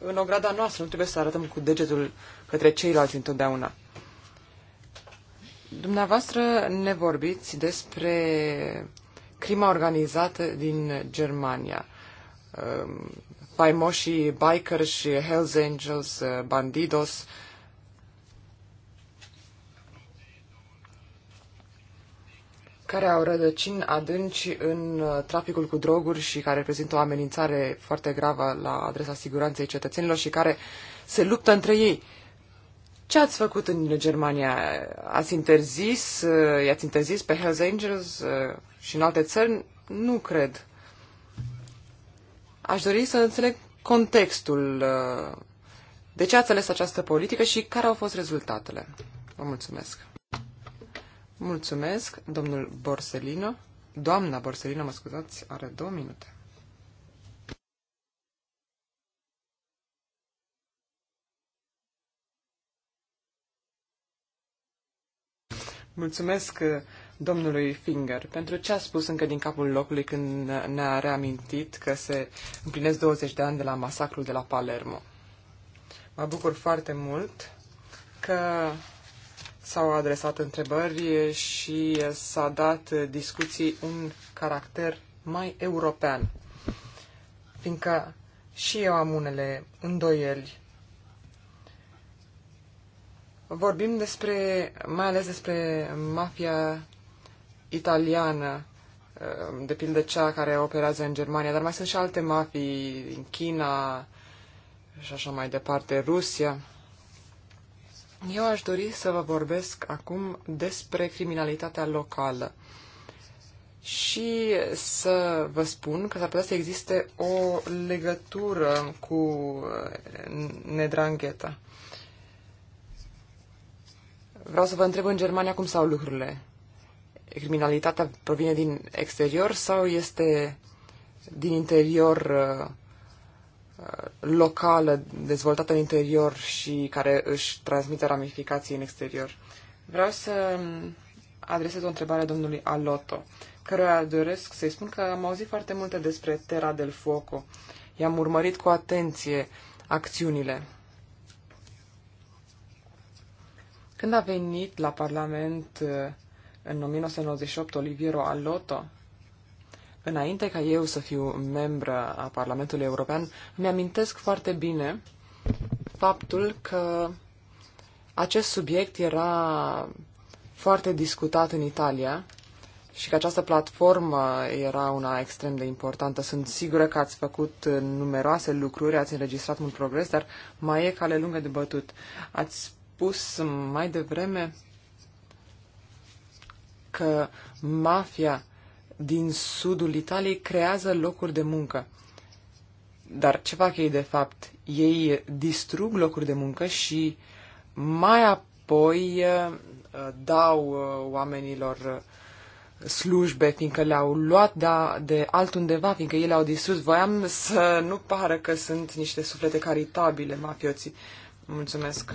în ograda noastră. Nu trebuie să arătăm cu degetul către ceilalți întotdeauna. Dumneavoastră ne vorbiți despre crima organizată din Germania. Um, faimoșii biker și Hells Angels, uh, Bandidos. care au rădăcini adânci în uh, traficul cu droguri și care reprezintă o amenințare foarte gravă la adresa siguranței cetățenilor și care se luptă între ei. Ce ați făcut în Germania? Ați interzis, uh, i-ați interzis pe Hells Angels și în alte țări? Nu cred. Aș dori să înțeleg contextul. Uh, de ce ați ales această politică și care au fost rezultatele? Vă mulțumesc. Mulțumesc, domnul Borsellino. Doamna Borsellino, mă scuzați, are două minute. Mulțumesc, uh, domnului Finger pentru ce a spus încă din capul locului când ne-a reamintit că se împlinesc 20 de ani de la masacrul de la Palermo. Mă bucur foarte mult că s-au adresat întrebări și s-a dat discuții un caracter mai european, fiindcă și eu am unele îndoieli vorbim despre, mai ales despre mafia italiană, uh, de pildă cea care operează în Germania, dar mai sunt și alte mafii din China și așa mai departe, Rusia. Eu aș dori să vă vorbesc acum despre criminalitatea locală și să vă spun că s-ar putea să existe o legătură cu uh, nedrangheta. Vreau să vă întreb în Germania cum stau lucrurile criminalitatea provine din exterior sau este din interior uh, uh, locală, dezvoltată în interior și care își transmite ramificații în exterior. Vreau să um, adresez o întrebare domnului Aloto, căruia doresc să-i spun că am auzit foarte multe despre Terra del Fuoco. I-am urmărit cu atenție acțiunile. Când a venit la Parlament uh, în 1998 Oliviero Alotto, înainte ca eu să fiu membră a Parlamentului European, mi-amintesc foarte bine faptul că acest subiect era foarte discutat în Italia și că această platformă era una extrem de importantă. Sunt sigură că ați făcut numeroase lucruri, ați înregistrat mult progres, dar mai e cale lungă de bătut. Ați spus mai devreme că mafia din sudul Italiei creează locuri de muncă. Dar ce fac ei de fapt? Ei distrug locuri de muncă și mai apoi uh, dau uh, oamenilor uh, slujbe, fiindcă le-au luat de, de altundeva, fiindcă ei le-au distrus. Voiam să nu pară că sunt niște suflete caritabile, mafioții. Mulțumesc.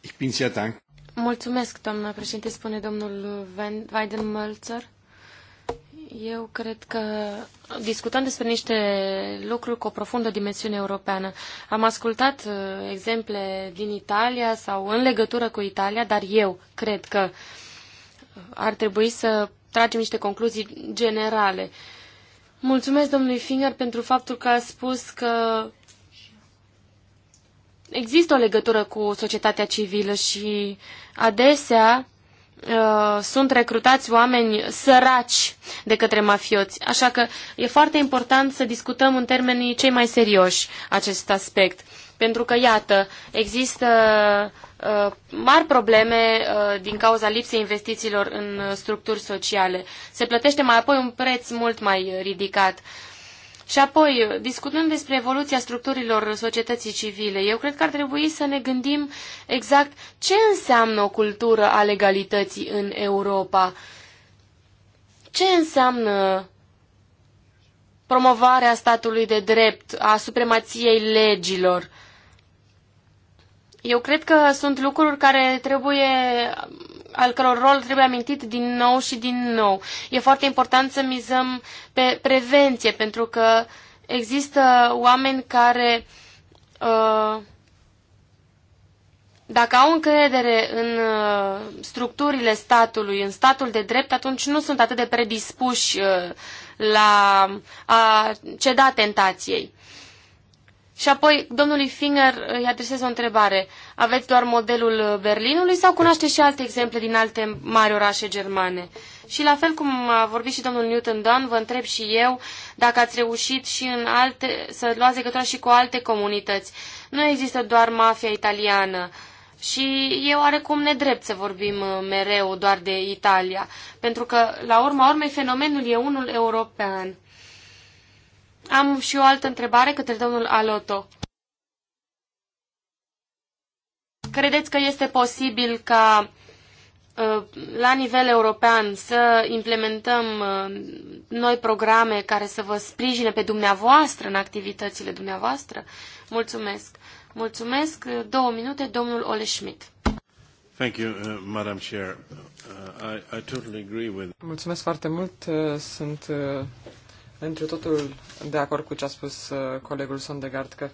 Ich bin sehr dankbar. Mulțumesc, doamna președinte, spune domnul Weidenmölzer. Eu cred că discutăm despre niște lucruri cu o profundă dimensiune europeană. Am ascultat uh, exemple din Italia sau în legătură cu Italia, dar eu cred că ar trebui să tragem niște concluzii generale. Mulțumesc domnului Finger pentru faptul că a spus că există o legătură cu societatea civilă și adesea uh, sunt recrutați oameni săraci de către mafioți. Așa că e foarte important să discutăm în termenii cei mai serioși acest aspect. Pentru că, iată, există uh, mari probleme uh, din cauza lipsei investițiilor în structuri sociale. Se plătește mai apoi un preț mult mai ridicat. Și apoi, discutând despre evoluția structurilor societății civile, eu cred că ar trebui să ne gândim exact ce înseamnă o cultură a legalității în Europa. Ce înseamnă promovarea statului de drept, a supremației legilor. Eu cred că sunt lucruri care trebuie al căror rol trebuie amintit din nou și din nou. E foarte important să mizăm pe prevenție, pentru că există oameni care, uh, dacă au încredere în uh, structurile statului, în statul de drept, atunci nu sunt atât de predispuși uh, la a ceda tentației. Și apoi, domnului Finger, îi adresez o întrebare. Aveți doar modelul Berlinului sau cunoașteți și alte exemple din alte mari orașe germane? Și la fel cum a vorbit și domnul Newton Don, vă întreb și eu dacă ați reușit și în alte, să luați legătura și cu alte comunități. Nu există doar mafia italiană. Și e oarecum nedrept să vorbim uh, mereu doar de Italia, pentru că, la urma urmei, fenomenul e unul european. Am și o altă întrebare către domnul Aloto. Credeți că este posibil ca ă, la nivel european să implementăm ă, noi programe care să vă sprijine pe dumneavoastră în activitățile dumneavoastră? Mulțumesc. Mulțumesc. Două minute, domnul Ole Schmidt. Thank you, uh, Madam Chair. Uh, I, I totally agree with... Mulțumesc foarte mult. Uh, sunt întru totul de acord cu ce a spus uh, colegul Sondegard, că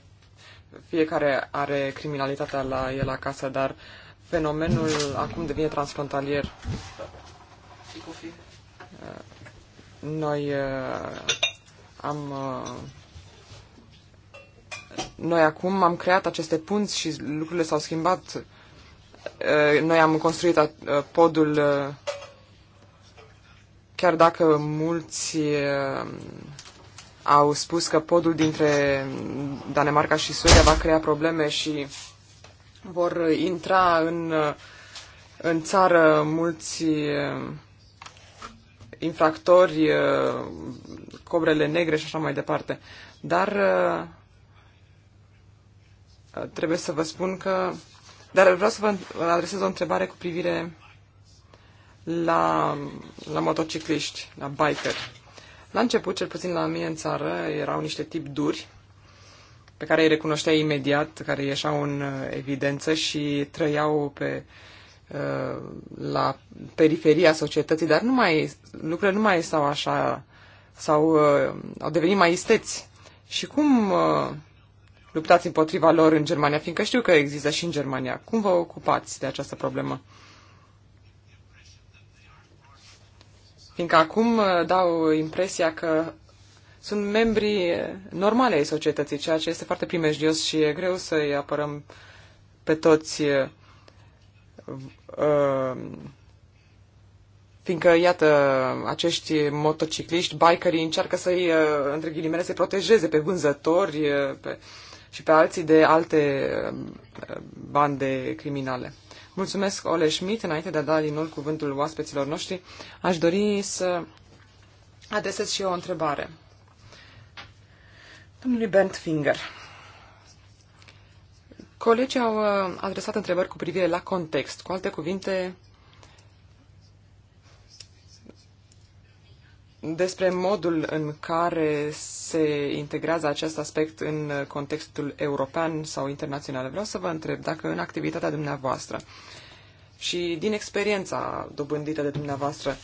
fiecare are criminalitatea la el acasă, dar fenomenul acum devine transfrontalier. Uh, noi uh, am noi acum am creat aceste punți și lucrurile s-au schimbat. Noi am construit podul Chiar dacă mulți eh, au spus că podul dintre Danemarca și Suedia va crea probleme și vor intra în, eh, în țară mulți eh, infractori, cobrele negre și așa mai departe. Dar trebuie să vă spun că... Dar vreau să vă adresez o întrebare cu privire la, la motocicliști, la biker. La început, cel puțin la mine în țară, erau niște tipi duri pe care îi recunoșteai imediat, care ieșeau în uh, evidență și trăiau pe, uh, la periferia societății, dar nu mai, lucrurile nu mai stau așa, sau uh, au devenit mai isteți. Și cum luptați împotriva lor în Germania, fiindcă știu că există și în Germania. Cum vă ocupați de această problemă? Fiindcă acum uh, dau impresia că sunt membri uh, normale ai societății, ceea ce este foarte primejdios și e greu să îi apărăm pe toți, uh, fiindcă, iată, acești motocicliști, bikerii încearcă să-i, între ghilimele, să-i protejeze pe vânzători pe, și pe alții de alte bande criminale. Mulțumesc, Ole Schmidt. Înainte de a da din nou cuvântul oaspeților noștri, aș dori să adresez și eu o întrebare. Domnului Bent Finger, colegii au uh, adresat întrebări cu privire la context. Cu alte cuvinte, despre modul în care se integrează acest aspect în contextul european sau internațional. Vreau să vă întreb dacă în activitatea dumneavoastră și din experiența dobândită de dumneavoastră,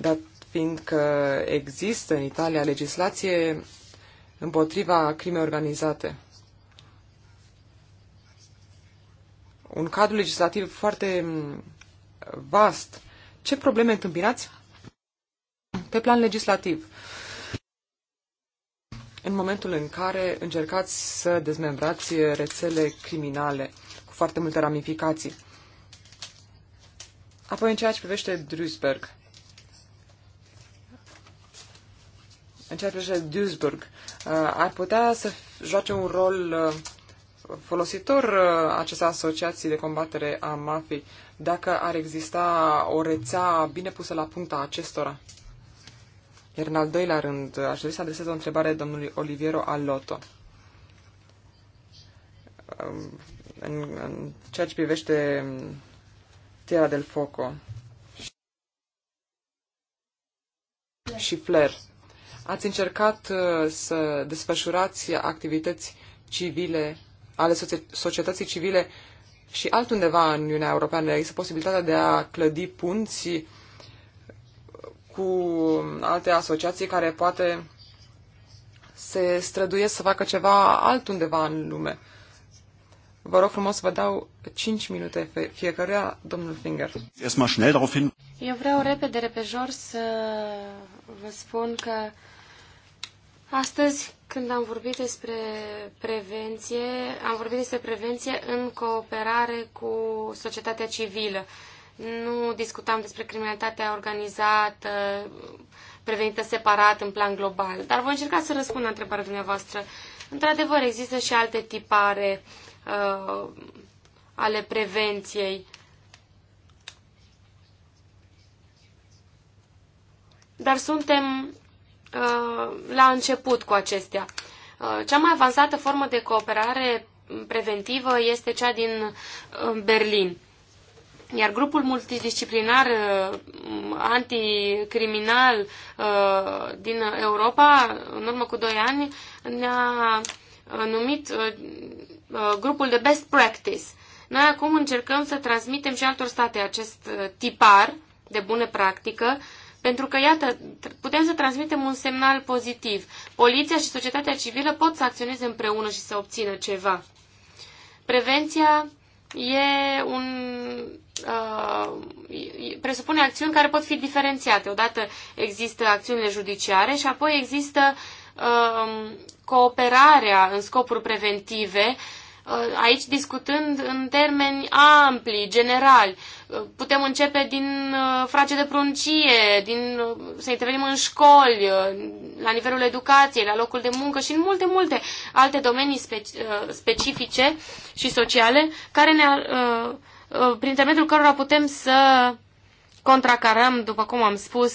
dat fiind că există în Italia legislație împotriva crimei organizate, un cadru legislativ foarte mm, vast, ce probleme întâmpinați pe plan legislativ, în momentul în care încercați să dezmembrați rețele criminale cu foarte multe ramificații, apoi în ceea ce privește Duisburg, în ceea ce privește Duisburg, uh, ar putea să joace un rol uh, folositor uh, aceste asociații de combatere a mafiei, dacă ar exista o rețea bine pusă la punct a acestora. Iar în al doilea rând, aș dori să adresez o întrebare domnului Oliviero Alotto. Um, în, în ceea ce privește Tierra del Foco și Flair, ați încercat uh, să desfășurați activități civile ale societății civile și altundeva în Uniunea Europeană. Există posibilitatea de a clădi punți cu alte asociații care poate se străduiesc să facă ceva altundeva în lume. Vă rog frumos, vă dau 5 minute fiecăruia, domnul Finger. Eu vreau repede, repejor să vă spun că astăzi când am vorbit despre prevenție, am vorbit despre prevenție în cooperare cu societatea civilă. Nu discutam despre criminalitatea organizată, prevenită separat în plan global, dar voi încerca să răspund la întrebarea dumneavoastră. Într-adevăr, există și alte tipare uh, ale prevenției. Dar suntem uh, la început cu acestea. Uh, cea mai avansată formă de cooperare preventivă este cea din uh, Berlin. Iar grupul multidisciplinar uh, anticriminal uh, din Europa, în urmă cu doi ani, ne-a uh, numit grupul de best practice. Noi acum încercăm să transmitem și altor state acest tipar de bună practică, pentru că, iată, putem să transmitem un semnal pozitiv. Poliția și societatea civilă pot să acționeze împreună și să obțină ceva. Prevenția e un, uh, presupune acțiuni care pot fi diferențiate. Odată există acțiunile judiciare și apoi există uh, cooperarea în scopuri preventive Uh, aici discutând în termeni ampli, generali. Uh, putem începe din uh, frace de pruncie, din, să intervenim în școli, la nivelul educației, la locul de muncă și în multe, multe alte domenii specifice și sociale care ne, prin intermediul cărora putem să contracarăm, după cum am spus,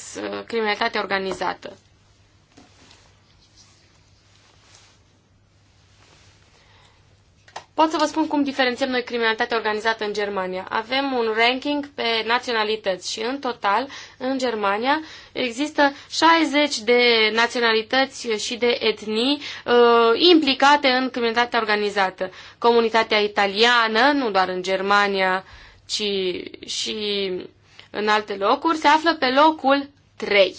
criminalitatea organizată. Pot să vă spun cum diferențiem noi criminalitatea organizată în Germania. Avem un ranking pe naționalități și în total, în Germania, există 60 de naționalități și de etnii uh, implicate în criminalitatea organizată. Comunitatea italiană, nu doar în Germania, ci și în alte locuri, se află pe locul 3.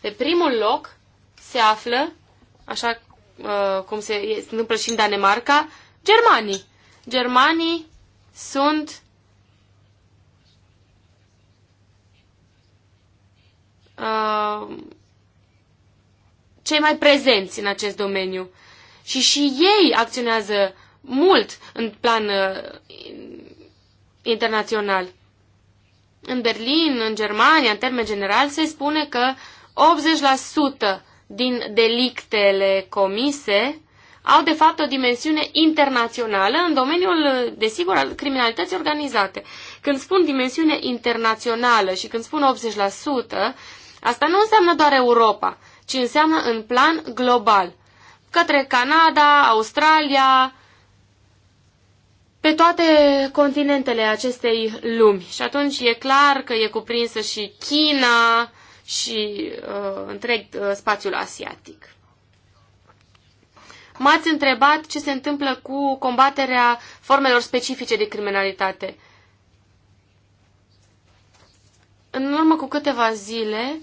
Pe primul loc se află, așa uh, cum se întâmplă și în Danemarca, germanii. Germanii sunt uh, cei mai prezenți în acest domeniu. Și și ei acționează mult în plan uh, internațional. În Berlin, în Germania, în termen general, se spune că 80% din delictele comise au de fapt o dimensiune internațională în domeniul, desigur, al criminalității organizate. Când spun dimensiune internațională și când spun 80%, asta nu înseamnă doar Europa, ci înseamnă în plan global, către Canada, Australia, pe toate continentele acestei lumi. Și atunci e clar că e cuprinsă și China și uh, întreg uh, spațiul asiatic. M-ați întrebat ce se întâmplă cu combaterea formelor specifice de criminalitate. În urmă cu câteva zile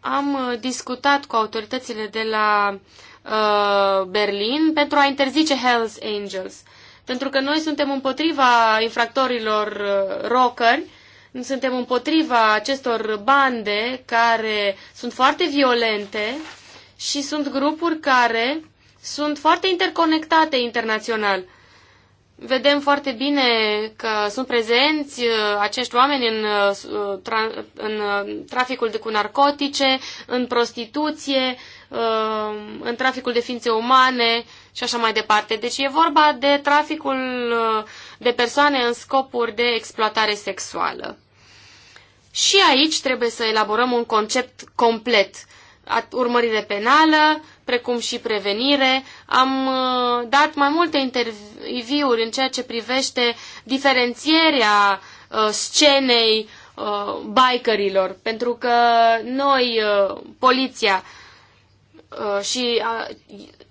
am uh, discutat cu autoritățile de la uh, Berlin pentru a interzice Hells Angels. Pentru că noi suntem împotriva infractorilor uh, rockeri, suntem împotriva acestor bande care sunt foarte violente și sunt grupuri care sunt foarte interconectate internațional. Vedem foarte bine că sunt prezenți uh, acești oameni în, uh, în uh, traficul de cu narcotice, în prostituție, în traficul de ființe umane și așa mai departe. Deci e vorba de traficul de persoane în scopuri de exploatare sexuală. Și aici trebuie să elaborăm un concept complet. Urmărire penală, precum și prevenire. Am uh, dat mai multe interviuri în ceea ce privește diferențierea uh, scenei uh, bikerilor, pentru că noi, poliția și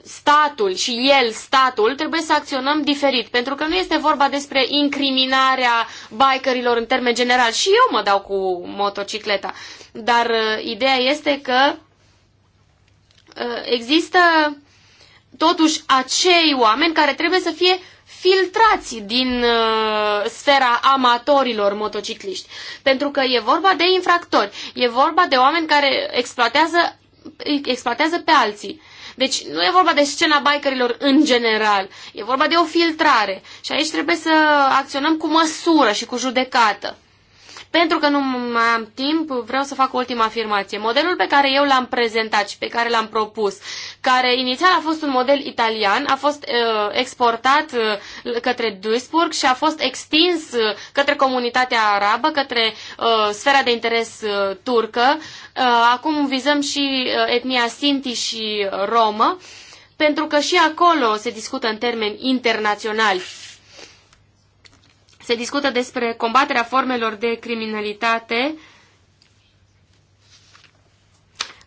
statul și el, statul, trebuie să acționăm diferit, pentru că nu este vorba despre incriminarea bikerilor în termen general. Și eu mă dau cu motocicleta, dar ideea este că Uh, există totuși acei oameni care trebuie să fie filtrați din uh, sfera amatorilor motocicliști. Pentru că e vorba de infractori, e vorba de oameni care exploatează, exploatează pe alții. Deci nu e vorba de scena bikerilor în general, e vorba de o filtrare și aici trebuie să acționăm cu măsură și cu judecată. Pentru că nu mai am timp, vreau să fac ultima afirmație. Modelul pe care eu l-am prezentat și pe care l-am propus, care inițial a fost un model italian, a fost uh, exportat uh, către Duisburg și a fost extins uh, către comunitatea arabă, către uh, sfera de interes uh, turcă. Uh, acum vizăm și uh, etnia Sinti și Romă, pentru că și acolo se discută în termeni internaționali se discută despre combaterea formelor de criminalitate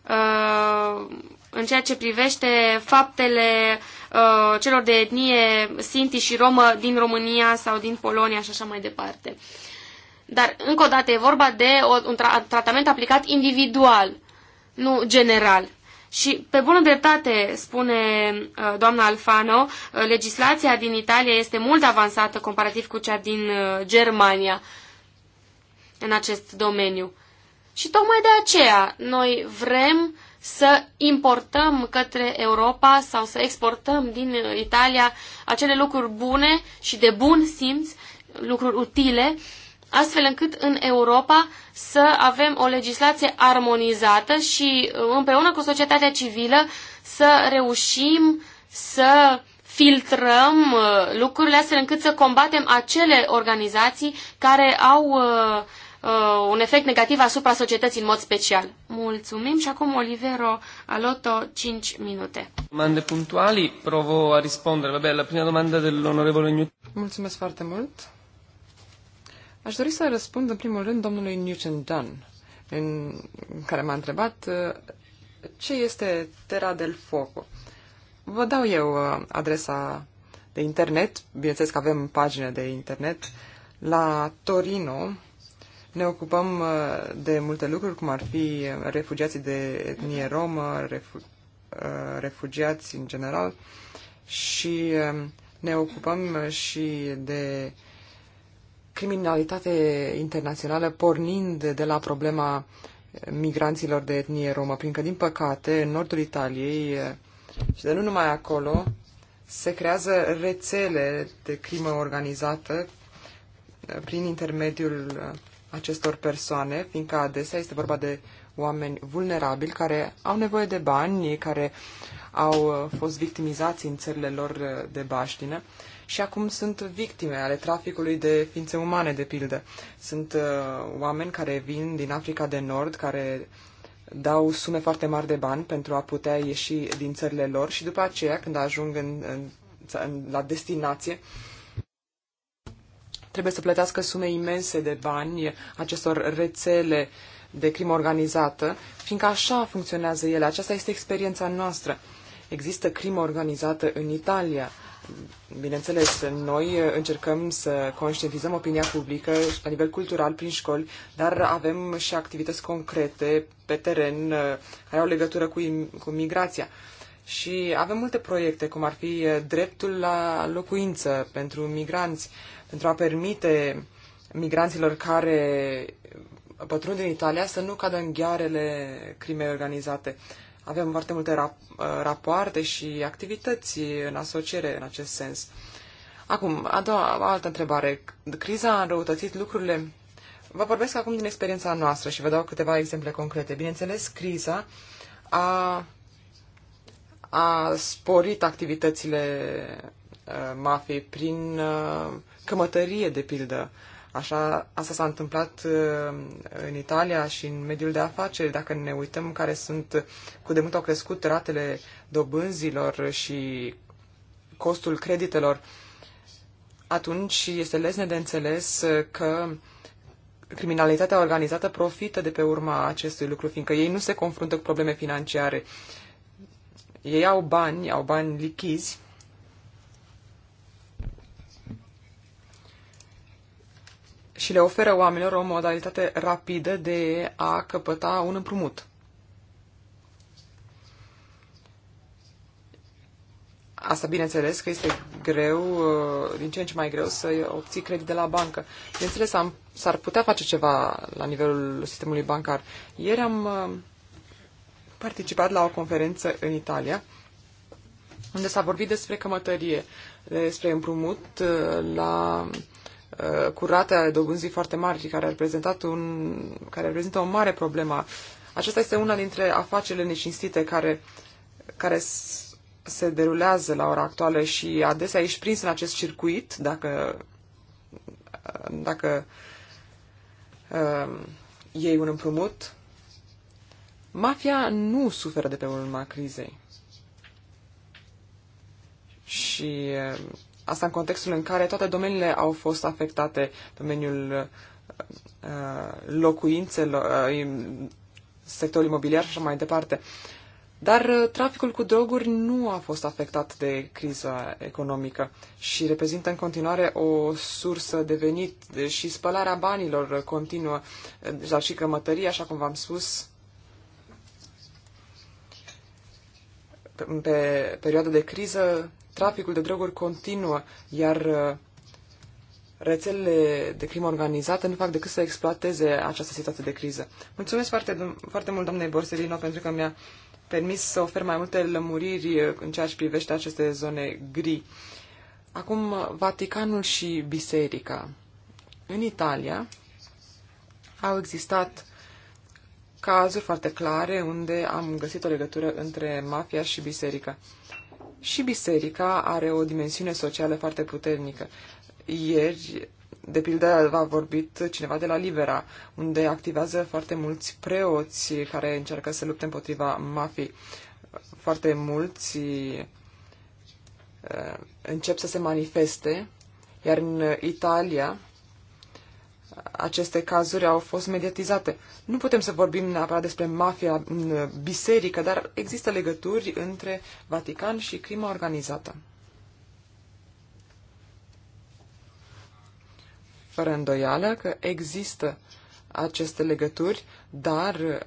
uh, în ceea ce privește faptele uh, celor de etnie sinti și romă din România sau din Polonia și așa mai departe. Dar, încă o dată, e vorba de un tratament aplicat individual, nu general. Și pe bună dreptate, spune uh, doamna Alfano, uh, legislația din Italia este mult avansată comparativ cu cea din uh, Germania în acest domeniu. Și tocmai de aceea noi vrem să importăm către Europa sau să exportăm din Italia acele lucruri bune și de bun simț, lucruri utile, astfel încât în Europa să avem o legislație armonizată și uh, împreună cu societatea civilă să reușim să filtrăm uh, lucrurile astfel încât să combatem acele organizații care au uh, un efect negativ asupra societății în mod special. Mulțumim și acum Olivero Aloto, 5 minute. Domande punctuali, provo a răspunde. Vabbè, la prima domandă dell'onorevole Newton. Mulțumesc foarte mult. Aș dori să răspund în primul rând domnului Newton Dunn, în, care m-a întrebat uh, ce este Terra del Foco. Vă dau eu uh, adresa de internet, bineînțeles că avem pagină de internet, la Torino ne ocupăm uh, de multe lucruri, cum ar fi refugiații de etnie romă, refu- refugiați în general și ne ocupăm și de criminalitate internațională pornind de la problema migranților de etnie romă, prin că, din păcate, în nordul Italiei eh, și de nu numai acolo, se creează rețele de crimă organizată eh, prin intermediul eh, acestor persoane, fiindcă adesea este vorba de oameni vulnerabili care au nevoie de bani, care au fost victimizați în țările lor de baștină și acum sunt victime ale traficului de ființe umane, de pildă. Sunt uh, oameni care vin din Africa de Nord, care dau sume foarte mari de bani pentru a putea ieși din țările lor și după aceea, când ajung în, în, în, la destinație, trebuie să plătească sume imense de bani acestor rețele de crimă organizată, fiindcă așa funcționează ele. Aceasta este experiența noastră. Există crimă organizată în Italia, Bineînțeles, noi încercăm să conștientizăm opinia publică la nivel cultural prin școli, dar avem și activități concrete pe teren uh, care au legătură cu, cu migrația. Și avem multe proiecte, cum ar fi uh, dreptul la locuință pentru migranți, pentru a permite migranților care pătrund în Italia să nu cadă în ghearele crimei organizate. Avem foarte multe rap- uh, rapoarte și activități în asociere în acest sens. Acum, a doua, altă întrebare. Criza a înrăutățit lucrurile. Vă vorbesc acum din experiența noastră și vă dau câteva exemple concrete. Bineînțeles, criza a, a sporit activitățile uh, mafiei prin uh, cămătărie, de pildă. Așa, asta s-a întâmplat uh, în Italia și în mediul de afaceri. Dacă ne uităm care sunt, cu de mult au crescut ratele dobânzilor și costul creditelor, atunci este lesne de înțeles că criminalitatea organizată profită de pe urma acestui lucru, fiindcă ei nu se confruntă cu probleme financiare. Ei au bani, au bani lichizi și le oferă oamenilor o modalitate rapidă de a căpăta un împrumut. Asta, bineînțeles, că este greu, uh, din ce în ce mai greu să obții credit de la bancă. Bineînțeles, am, s-ar putea face ceva la nivelul sistemului bancar. Ieri am uh, participat la o conferință în Italia, unde s-a vorbit despre cămătărie, despre împrumut uh, la Uh, cu rate ale dobânzii foarte mari, care, a reprezentat un, care reprezintă o mare problemă. Aceasta este una dintre afacerile necinstite care, care se derulează la ora actuală și adesea ești prins în acest circuit, dacă, dacă uh, iei un împrumut. Mafia nu suferă de pe urma crizei. Și uh, Asta în contextul în care toate domeniile au fost afectate, domeniul uh, locuințelor, uh, sectorul imobiliar și așa mai departe. Dar uh, traficul cu droguri nu a fost afectat de criza economică și reprezintă în continuare o sursă de venit și spălarea banilor continuă, uh, dar și cămătăria, așa cum v-am spus, pe perioada de criză Traficul de droguri continuă, iar uh, rețelele de crimă organizată nu fac decât să exploateze această situație de criză. Mulțumesc foarte, foarte mult, doamnei Borsellino, pentru că mi-a permis să ofer mai multe lămuriri uh, în ceea ce privește aceste zone gri. Acum, uh, Vaticanul și Biserica. În Italia au existat cazuri foarte clare unde am găsit o legătură între mafia și biserica. Și biserica are o dimensiune socială foarte puternică. Ieri, de pildă, a vorbit cineva de la Libera, unde activează foarte mulți preoți care încearcă să lupte împotriva mafii. Foarte mulți uh, încep să se manifeste, iar în Italia aceste cazuri au fost mediatizate. Nu putem să vorbim neapărat despre mafia în mm, biserică, dar există legături între Vatican și crima organizată. Fără îndoială că există aceste legături, dar,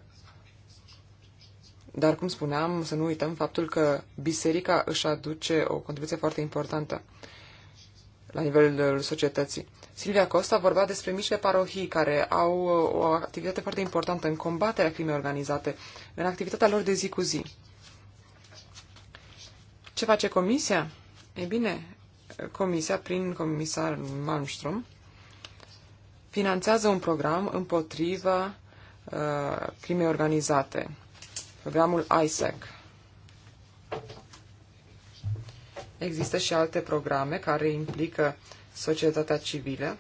dar cum spuneam, să nu uităm faptul că biserica își aduce o contribuție foarte importantă la nivelul societății. Silvia Costa vorbea despre micile parohii care au uh, o activitate foarte importantă în combaterea crimei organizate, în activitatea lor de zi cu zi. Ce face Comisia? E bine, Comisia, prin comisar Malmström, finanțează un program împotriva uh, crimei organizate, programul ISEC. Există și alte programe care implică societatea civilă,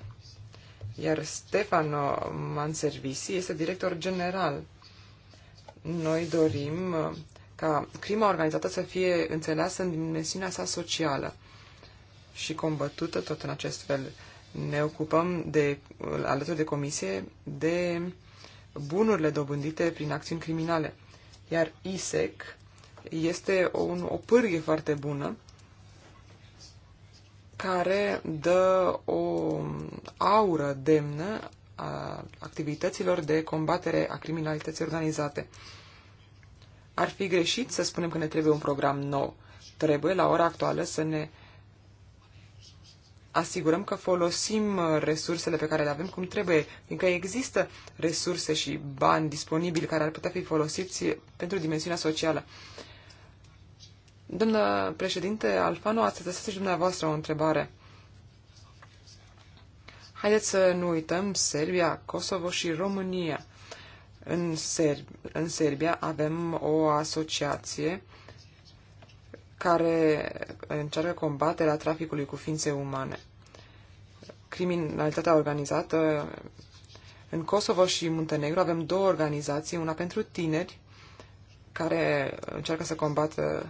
iar Stefano Manservisi este director general. Noi dorim uh, ca crima organizată să fie înțeleasă în dimensiunea sa socială și combătută tot în acest fel. Ne ocupăm de, uh, alături de comisie de bunurile dobândite prin acțiuni criminale. Iar ISEC este o, o pârghie foarte bună care dă o aură demnă a activităților de combatere a criminalității organizate. Ar fi greșit să spunem că ne trebuie un program nou. Trebuie, la ora actuală, să ne asigurăm că folosim resursele pe care le avem cum trebuie, fiindcă există resurse și bani disponibili care ar putea fi folosiți pentru dimensiunea socială. Domnă președinte Alfano, ați adresat și dumneavoastră o întrebare. Haideți să nu uităm Serbia, Kosovo și România. În, Serb- în Serbia avem o asociație care încearcă combaterea traficului cu ființe umane. Criminalitatea organizată în Kosovo și Muntenegru avem două organizații, una pentru tineri care încearcă să combată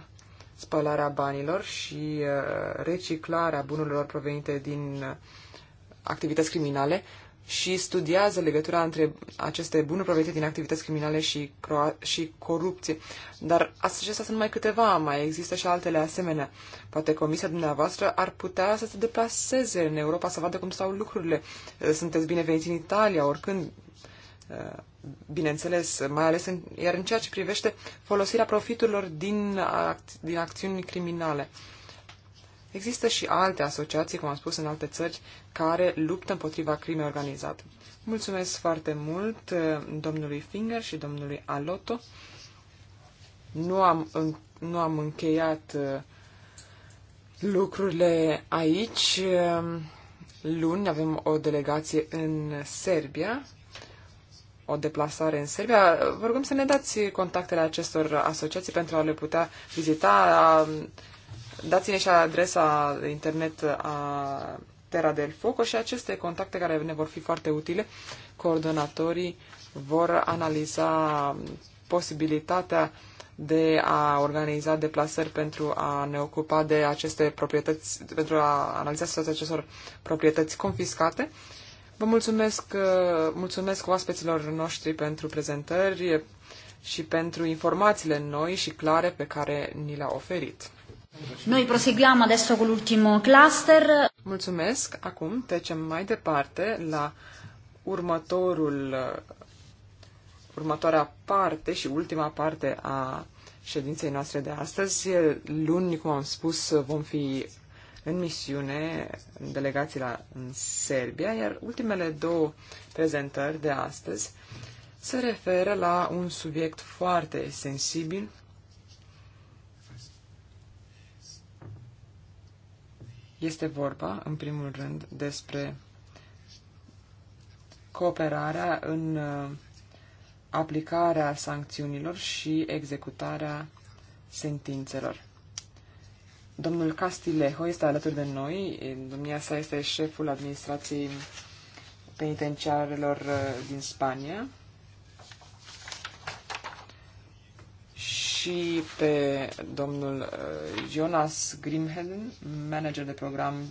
spălarea banilor și uh, reciclarea bunurilor provenite din uh, activități criminale și studiază legătura între aceste bunuri provenite din activități criminale și, și corupție. Dar acestea sunt mai câteva, mai există și altele asemenea. Poate comisia dumneavoastră ar putea să se deplaseze în Europa să vadă cum stau lucrurile. Sunteți bineveniți în Italia, oricând uh, bineînțeles, mai ales în, iar în ceea ce privește folosirea profiturilor din, din acțiuni criminale. Există și alte asociații, cum am spus, în alte țări, care luptă împotriva crimei organizate. Mulțumesc foarte mult uh, domnului Finger și domnului Aloto. Nu am, în, nu am încheiat uh, lucrurile aici. Uh, luni avem o delegație în Serbia o deplasare în Serbia. Vă rugăm să ne dați contactele acestor asociații pentru a le putea vizita. Dați-ne și adresa internet a Terra del Foco și aceste contacte care ne vor fi foarte utile. Coordonatorii vor analiza posibilitatea de a organiza deplasări pentru a ne ocupa de aceste proprietăți, pentru a analiza situația acestor proprietăți confiscate Vă mulțumesc, uh, mulțumesc oaspeților noștri pentru prezentări și pentru informațiile noi și clare pe care ni le au oferit. Noi proseguiam adesso cu ultimul cluster. Mulțumesc. Acum trecem mai departe la următorul, următoarea parte și ultima parte a ședinței noastre de astăzi. Luni, cum am spus, vom fi în misiune, în delegații la, în Serbia, iar ultimele două prezentări de astăzi se referă la un subiect foarte sensibil, Este vorba, în primul rând, despre cooperarea în uh, aplicarea sancțiunilor și executarea sentințelor. Domnul Castilejo este alături de noi. Domnia sa este șeful administrației penitenciarelor uh, din Spania. Și pe domnul uh, Jonas Grimheden, manager de program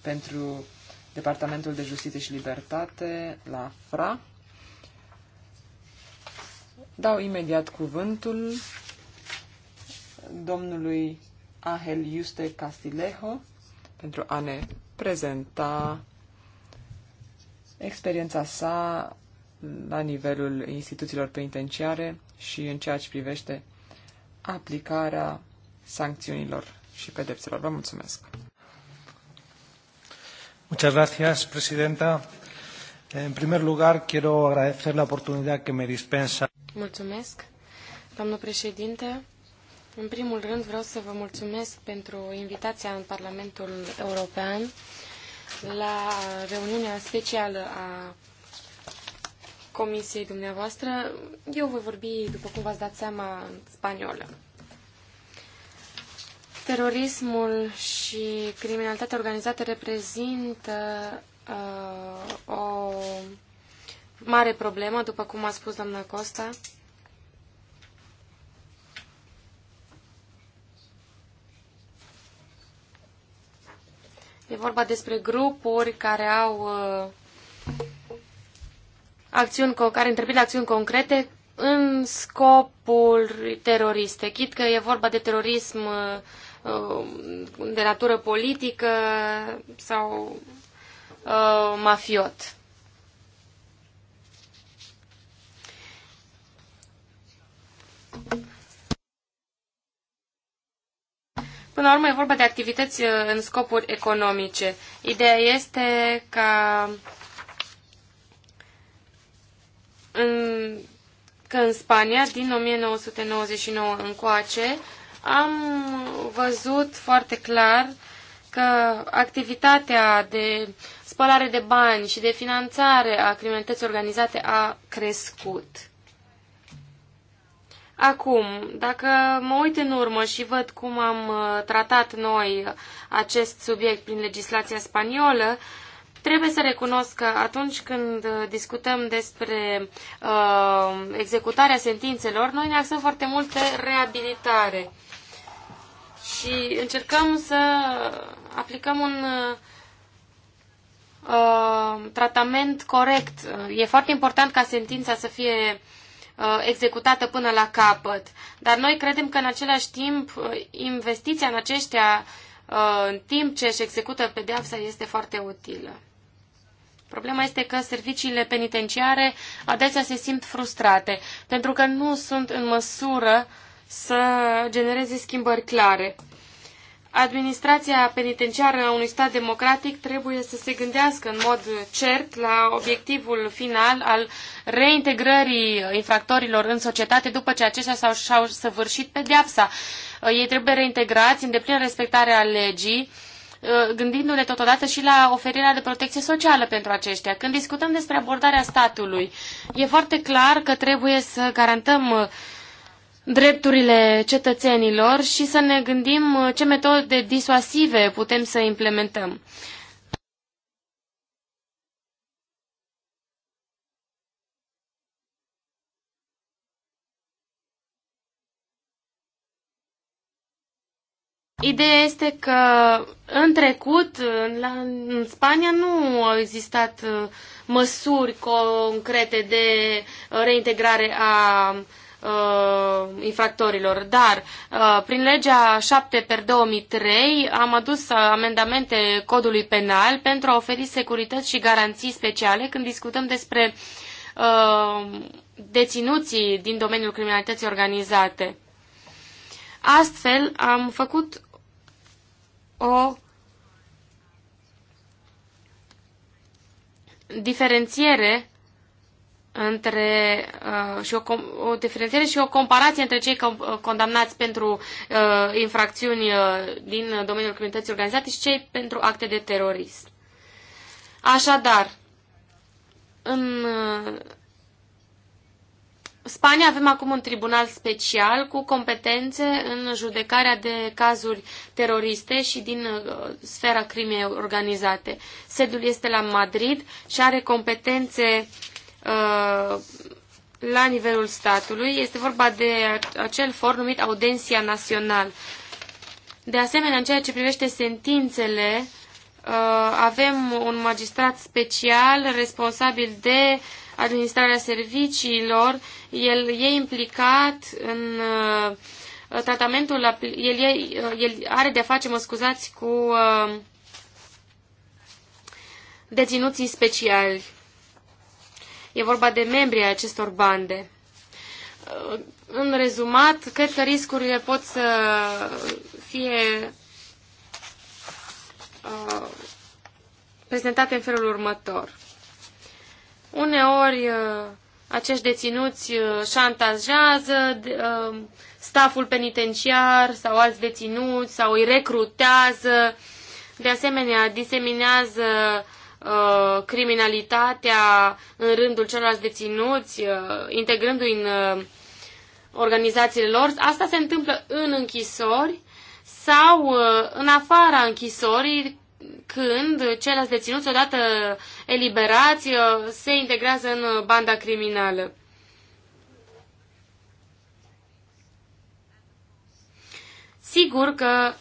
pentru Departamentul de Justiție și Libertate la FRA. Dau imediat cuvântul domnului Angel Iuste Castilejo pentru a ne prezenta experiența sa la nivelul instituțiilor penitenciare și în ceea ce privește aplicarea sancțiunilor și pedepselor. Vă mulțumesc! Muchas gracias, Presidenta. En primer lugar, quiero agradecer la oportunidad que me dispensa. Mulțumesc, doamnă președinte. În primul rând vreau să vă mulțumesc pentru invitația în Parlamentul European la reuniunea specială a comisiei dumneavoastră. Eu voi vorbi, după cum v-ați dat seama, în spaniolă. Terorismul și criminalitatea organizată reprezintă uh, o mare problemă, după cum a spus doamna Costa. E vorba despre grupuri care au uh, acțiuni, care întreprind acțiuni concrete în scopul teroriste. Chit că e vorba de terorism uh, uh, de natură politică sau mafiot. Până la urmă e vorba de activități uh, în scopuri economice. Ideea este ca în, că în Spania, din 1999 încoace, am văzut foarte clar că activitatea de spălare de bani și de finanțare a criminalității organizate a crescut. Acum, dacă mă uit în urmă și văd cum am uh, tratat noi acest subiect prin legislația spaniolă, Trebuie să recunosc că atunci când uh, discutăm despre uh, executarea sentințelor, noi ne axăm foarte mult pe reabilitare și încercăm să aplicăm un uh, tratament corect. E foarte important ca sentința să fie Uh, executată până la capăt. Dar noi credem că în același timp uh, investiția în aceștia uh, în timp ce își execută pedeapsa este foarte utilă. Problema este că serviciile penitenciare adesea se simt frustrate pentru că nu sunt în măsură să genereze schimbări clare administrația penitenciară a unui stat democratic trebuie să se gândească în mod cert la obiectivul final al reintegrării infractorilor în societate după ce aceștia s-au, și-au săvârșit pedeapsa. Ei trebuie reintegrați în deplină respectare a legii, ă, gândindu-ne totodată și la oferirea de protecție socială pentru aceștia. Când discutăm despre abordarea statului, e foarte clar că trebuie să garantăm uh, drepturile cetățenilor și să ne gândim uh, ce metode disuasive putem să implementăm. Ideea este că în trecut, la, în Spania, nu au existat uh, măsuri concrete de uh, reintegrare a uh, infractorilor, dar uh, prin legea 7 per 2003 am adus uh, amendamente codului penal pentru a oferi securități și garanții speciale când discutăm despre uh, deținuții din domeniul criminalității organizate. Astfel am făcut o diferențiere între uh, și o, o diferențiere și o comparație între cei uh, condamnați pentru uh, infracțiuni uh, din domeniul criminalității organizate și cei pentru acte de terorism. Așadar, în uh, Spania avem acum un tribunal special cu competențe în judecarea de cazuri teroriste și din uh, sfera crimei organizate. Sedul este la Madrid și are competențe uh, Uh, la nivelul statului. Este vorba de acel for numit Audenția Național. De asemenea, în ceea ce privește sentințele, uh, avem un magistrat special responsabil de administrarea serviciilor. El e implicat în uh, tratamentul, el, e, el are de-a face, mă scuzați, cu deținuții speciali. E vorba de membrii acestor bande. În rezumat, cred că riscurile pot să fie uh, prezentate în felul următor. Uneori uh, acești deținuți uh, șantajează staful penitenciar sau alți deținuți sau îi recrutează, de asemenea diseminează Uh, criminalitatea în rândul celorlalți deținuți, uh, integrându-i în uh, organizațiile lor. Asta se întâmplă în închisori sau în afara închisorii, când ceilalți deținuți, odată eliberați, se integrează în banda criminală. Sigur că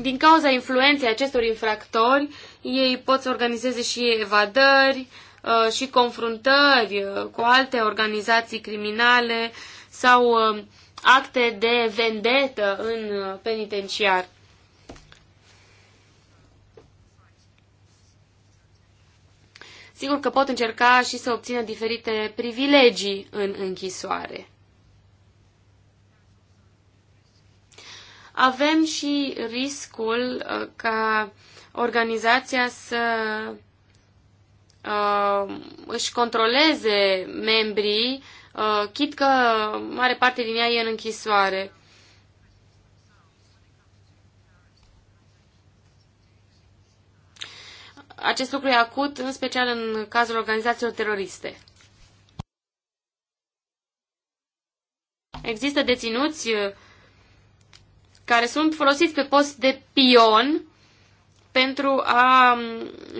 din cauza influenței acestor infractori, ei pot să organizeze și evadări uh, și confruntări uh, cu alte organizații criminale sau uh, acte de vendetă în penitenciar. Sigur că pot încerca și să obțină diferite privilegii în închisoare. avem și riscul uh, ca organizația să uh, își controleze membrii, uh, chit că mare parte din ea e în închisoare. Acest lucru e acut, în special în cazul organizațiilor teroriste. Există deținuți care sunt folosiți pe post de pion pentru a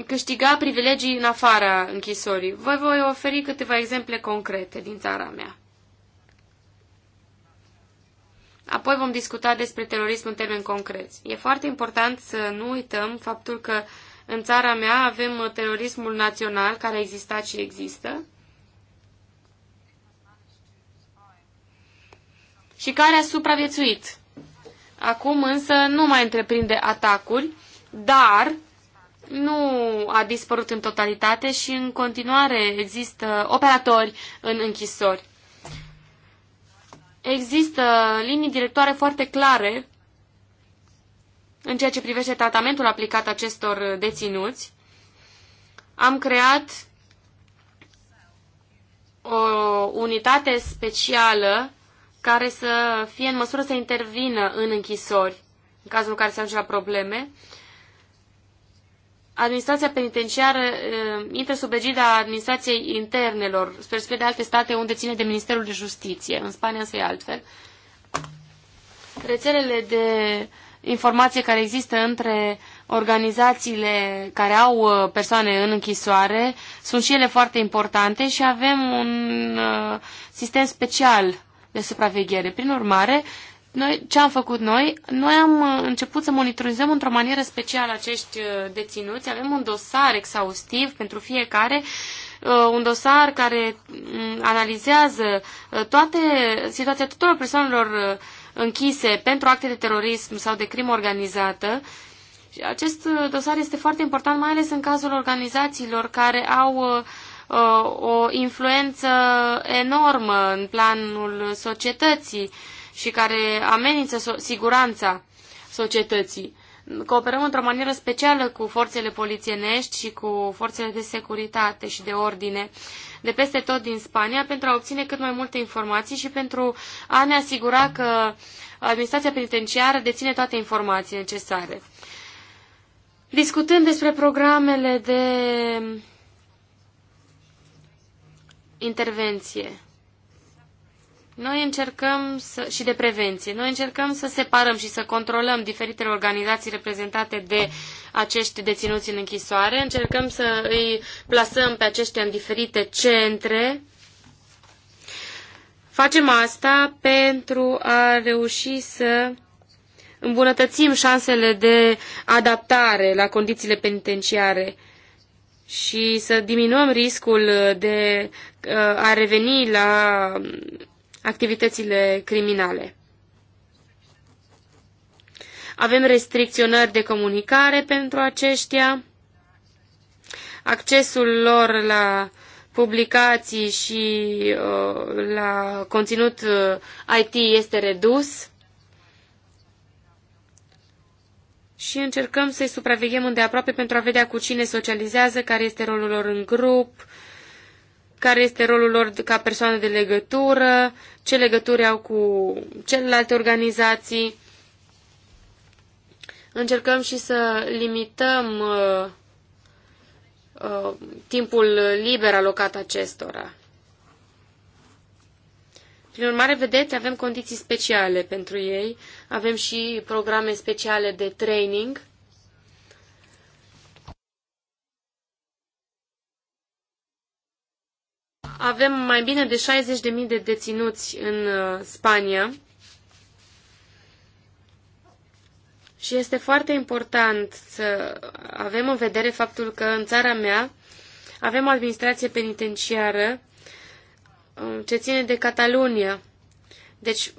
câștiga privilegii în afara închisorii. Vă voi oferi câteva exemple concrete din țara mea. Apoi vom discuta despre terorism în termeni concreți. E foarte important să nu uităm faptul că în țara mea avem terorismul național care a existat și există și care a supraviețuit Acum însă nu mai întreprinde atacuri, dar nu a dispărut în totalitate și în continuare există operatori în închisori. Există linii directoare foarte clare în ceea ce privește tratamentul aplicat acestor deținuți. Am creat o unitate specială care să fie în măsură să intervină în închisori, în cazul în care se ajunge la probleme. Administrația penitenciară uh, intră sub egida administrației internelor, spre spre de alte state unde ține de Ministerul de Justiție. În Spania însă e altfel. Rețelele de informație care există între organizațiile care au eh, persoane în închisoare sunt și ele foarte importante și avem un eh, sistem special de supraveghere. Prin urmare, noi, ce am făcut noi? Noi am uh, început să monitorizăm într-o manieră specială acești uh, deținuți. Avem un dosar exhaustiv pentru fiecare, uh, un dosar care mm, analizează toate situația tuturor persoanelor închise pentru acte de terorism sau de crimă organizată. Acest dosar este foarte important, mai ales în cazul organizațiilor care au uh, Uh, o influență enormă în planul societății și care amenință siguranța societății. Cooperăm într-o manieră specială cu forțele polițienești și cu forțele de securitate și de ordine de peste tot din Spania pentru a obține cât mai multe informații și pentru a ne asigura că administrația penitenciară deține toate informații necesare. Discutând despre programele de intervenție. Noi încercăm să, și de prevenție. Noi încercăm să separăm și să controlăm diferitele organizații reprezentate de acești deținuți în închisoare. Încercăm să îi plasăm pe aceștia în diferite centre. Facem asta pentru a reuși să îmbunătățim șansele de adaptare la condițiile penitenciare și să diminuăm riscul de uh, a reveni la um, activitățile criminale. Avem restricționări de comunicare pentru aceștia, accesul lor la publicații și uh, la conținut uh, IT este redus. și încercăm să-i supraveghem îndeaproape pentru a vedea cu cine socializează, care este rolul lor în grup, care este rolul lor ca persoană de legătură, ce legături au cu celelalte organizații. Încercăm și să limităm uh, uh, timpul liber alocat acestora. Prin urmare, vedeți, avem condiții speciale pentru ei, avem și programe speciale de training. Avem mai bine de 60.000 de deținuți în uh, Spania și este foarte important să avem în vedere faptul că în țara mea avem o administrație penitenciară Um, ce ține de Catalunia. Deci,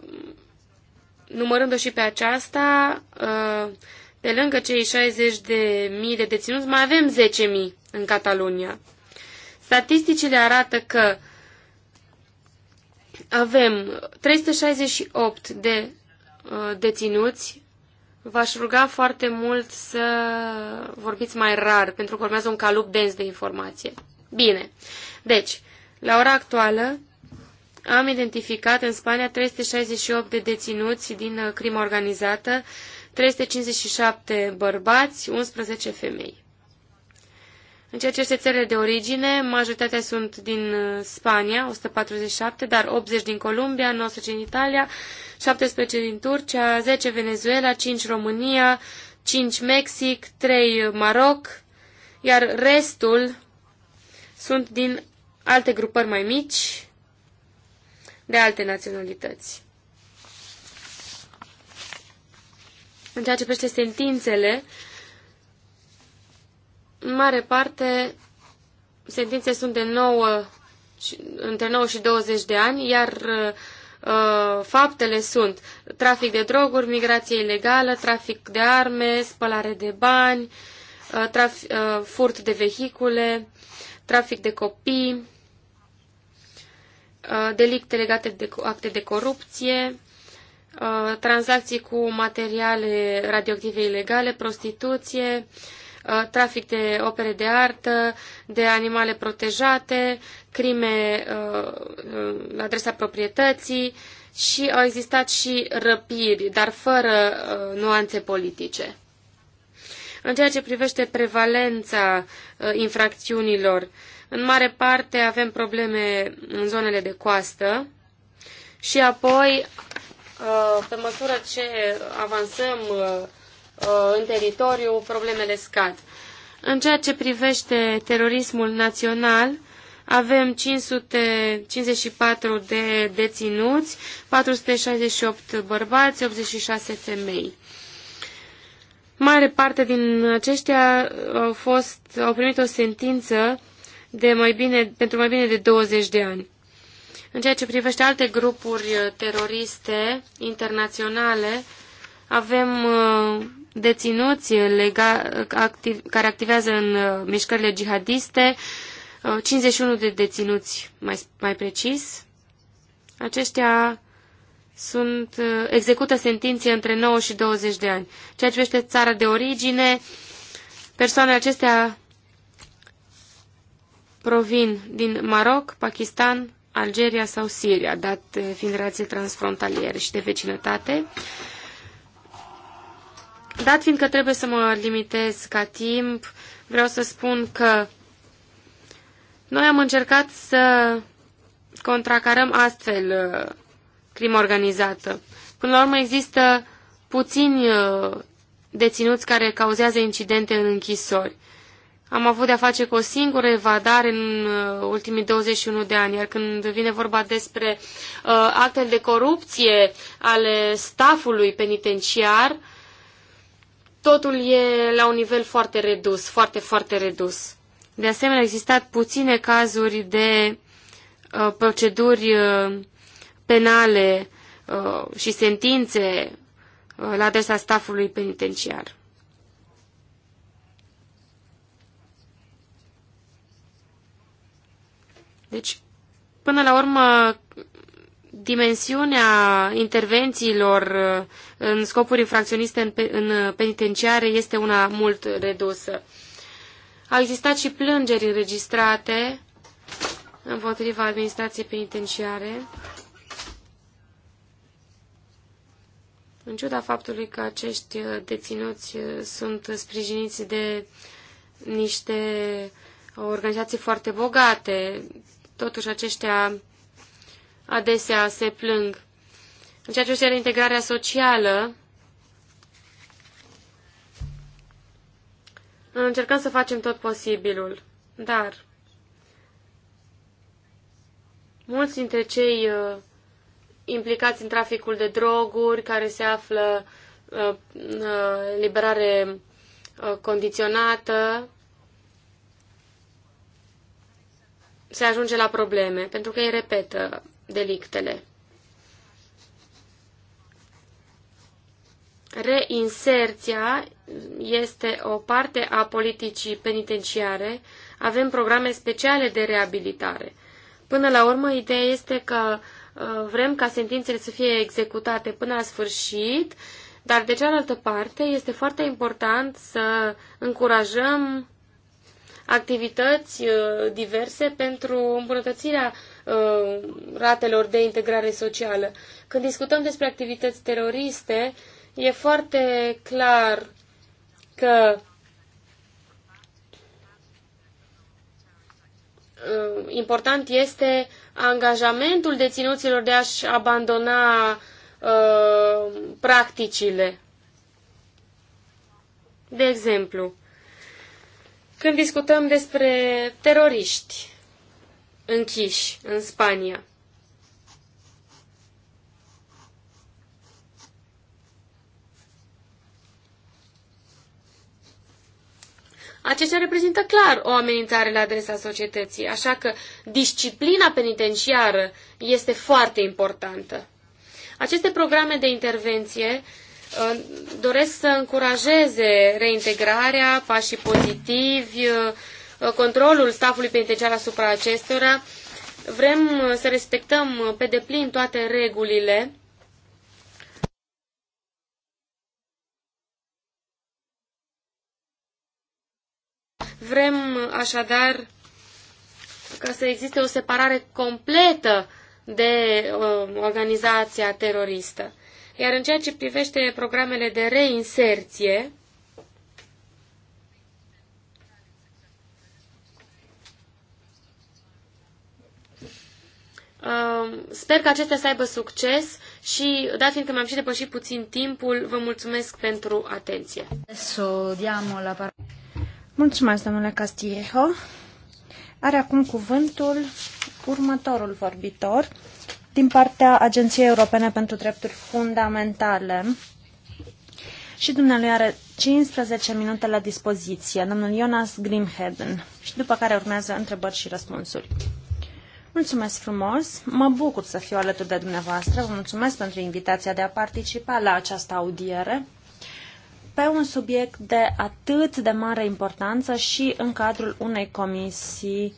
numărându-o și pe aceasta, uh, pe lângă cei 60.000 de de deținuți, mai avem 10.000 în Catalunia. Statisticile arată că avem 368 de uh, deținuți. V-aș ruga foarte mult să vorbiți mai rar, pentru că urmează un calup dens de informație. Bine. Deci, la ora actuală, am identificat în Spania 368 de deținuți din uh, crimă organizată, 357 bărbați, 11 femei. În ceea ce este țările de origine, majoritatea sunt din uh, Spania, 147, dar 80 din Columbia, 19 din Italia, 17 din Turcia, 10 Venezuela, 5 România, 5 Mexic, 3 Maroc, iar restul sunt din alte grupări mai mici, de alte naționalități. În ceea ce privește sentințele, în mare parte, sentințe sunt de 9, între 9 și 20 de ani, iar uh, faptele sunt trafic de droguri, migrație ilegală, trafic de arme, spălare de bani, uh, traf, uh, furt de vehicule, trafic de copii, Uh, delicte legate de acte de corupție, uh, tranzacții cu materiale radioactive ilegale, prostituție, uh, trafic de opere de artă, de animale protejate, crime la adresa proprietății și au existat și răpiri, dar fără nuanțe politice. În ceea ce privește prevalența infracțiunilor, în mare parte avem probleme în zonele de coastă și apoi, uh, pe măsură ce avansăm uh, uh, în teritoriu, problemele scad. În ceea ce privește terorismul național, avem 554 de deținuți, 468 bărbați, 86 femei. Mare parte din aceștia au, fost, au primit o sentință de mai bine, pentru mai bine de 20 de ani. În ceea ce privește alte grupuri uh, teroriste internaționale, avem uh, deținuți lega, activ, care activează în uh, mișcările jihadiste, 51 de deținuți mai, mai precis. Aceștia sunt, execută sentințe între 9 și 20 de ani. Ceea ce privește țara de origine, persoanele acestea provin din Maroc, Pakistan, Algeria sau Siria, dat fiind relații transfrontaliere și de vecinătate. Dat fiind că trebuie să mă limitez ca timp, vreau să spun că noi am încercat să contracarăm astfel uh, crimă organizată. Până la urmă există puțini uh, deținuți care cauzează incidente în închisori. Am avut de-a face cu o singură evadare în uh, ultimii 21 de ani, iar când vine vorba despre uh, actele de corupție ale stafului penitenciar, totul e la un nivel foarte redus, foarte, foarte redus. De asemenea, au existat puține cazuri de uh, proceduri uh, penale uh, și sentințe uh, la adresa stafului penitenciar. Deci, până la urmă, dimensiunea intervențiilor uh, în scopuri infracționiste în penitenciare este una mult redusă. Au existat și plângeri înregistrate împotriva administrației penitenciare. În ciuda faptului că acești uh, deținuți uh, sunt sprijiniți de niște organizații foarte bogate, Totuși, aceștia adesea se plâng. În ceea ce se integrarea socială, încercăm să facem tot posibilul, dar mulți dintre cei uh, implicați în traficul de droguri, care se află uh, în uh, liberare condiționată, se ajunge la probleme, pentru că ei repetă delictele. Reinserția este o parte a politicii penitenciare. Avem programe speciale de reabilitare. Până la urmă, ideea este că uh, vrem ca sentințele să fie executate până la sfârșit, dar de cealaltă parte este foarte important să încurajăm activități uh, diverse pentru îmbunătățirea uh, ratelor de integrare socială. Când discutăm despre activități teroriste, e foarte clar că uh, important este angajamentul deținuților de a-și abandona practicile. De exemplu, când discutăm despre teroriști închiși în Spania, Aceștia reprezintă clar o amenințare la adresa societății, așa că disciplina penitenciară este foarte importantă. Aceste programe de intervenție uh, Uh, doresc să încurajeze reintegrarea, pașii pozitivi, uh, controlul stafului penitenciar asupra acestora. Vrem să respectăm pe deplin toate regulile. Vrem așadar ca să existe o separare completă de uh, organizația teroristă. Iar în ceea ce privește programele de reinserție, um, Sper că acestea să aibă succes și, dat fiindcă mi-am și depășit puțin timpul, vă mulțumesc pentru atenție. Mulțumesc, domnule Castillejo. Are acum cuvântul următorul vorbitor, din partea Agenției Europene pentru Drepturi Fundamentale. Și dumnealui are 15 minute la dispoziție, domnul Jonas Grimheden, și după care urmează întrebări și răspunsuri. Mulțumesc frumos! Mă bucur să fiu alături de dumneavoastră. Vă mulțumesc pentru invitația de a participa la această audiere pe un subiect de atât de mare importanță și în cadrul unei comisii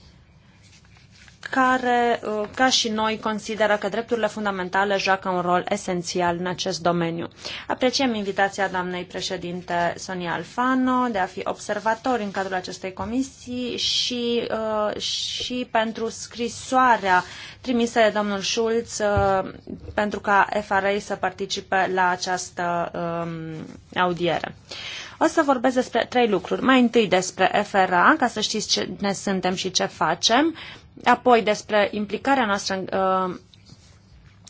care, uh, ca și noi, consideră că drepturile fundamentale joacă un rol esențial în acest domeniu. Apreciem invitația doamnei președinte Sonia Alfano de a fi observator în cadrul acestei comisii și, uh, și pentru scrisoarea trimisă de domnul Schulz uh, pentru ca FRA să participe la această um, audiere. O să vorbesc despre trei lucruri. Mai întâi despre FRA, ca să știți ce ne suntem și ce facem, apoi despre implicarea noastră în uh,